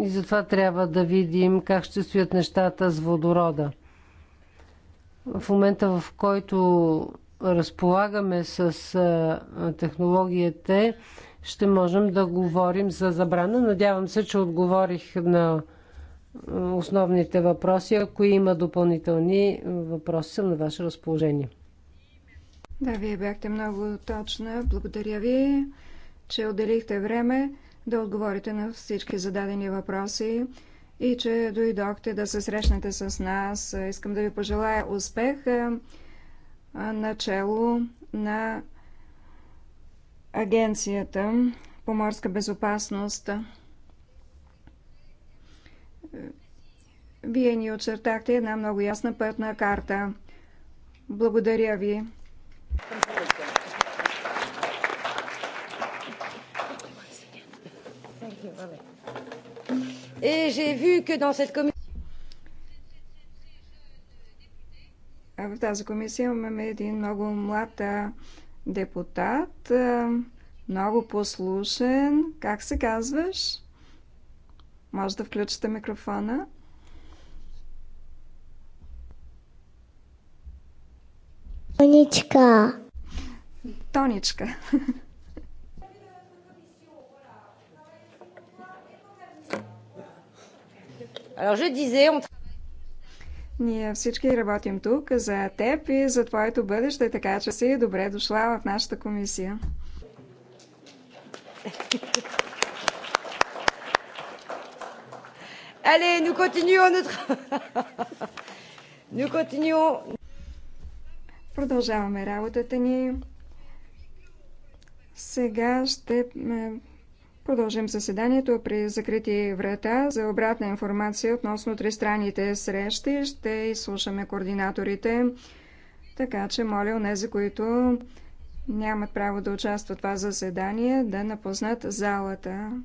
и затова трябва да видим как ще стоят нещата с водорода. В момента, в който разполагаме с технологията, ще можем да говорим за забрана. Надявам се, че отговорих на основните въпроси. Ако има допълнителни въпроси, съм на ваше разположение. Да, вие бяхте много точна. Благодаря ви че отделихте време да отговорите на всички зададени въпроси и че дойдохте да се срещнете с нас. Искам да ви пожелая успех е, начало на Агенцията по морска безопасност. Вие ни очертахте една много ясна пътна карта. Благодаря ви. Thank Et j'ai vu que dans cette commission... В тази комисия имаме един много млад депутат, много послушен. Как се казваш? Може да включите микрофона. Тоничка. Тоничка. Ние всички работим тук за теб и за твоето бъдеще, така че си добре дошла в нашата комисия. Але, nous continuons notre... Ну continuons... Продължаваме работата ни. Сега ще Продължим заседанието при закрити врата. За обратна информация относно тристранните срещи ще изслушаме координаторите, така че моля онези, които нямат право да участват в това заседание, да напуснат залата.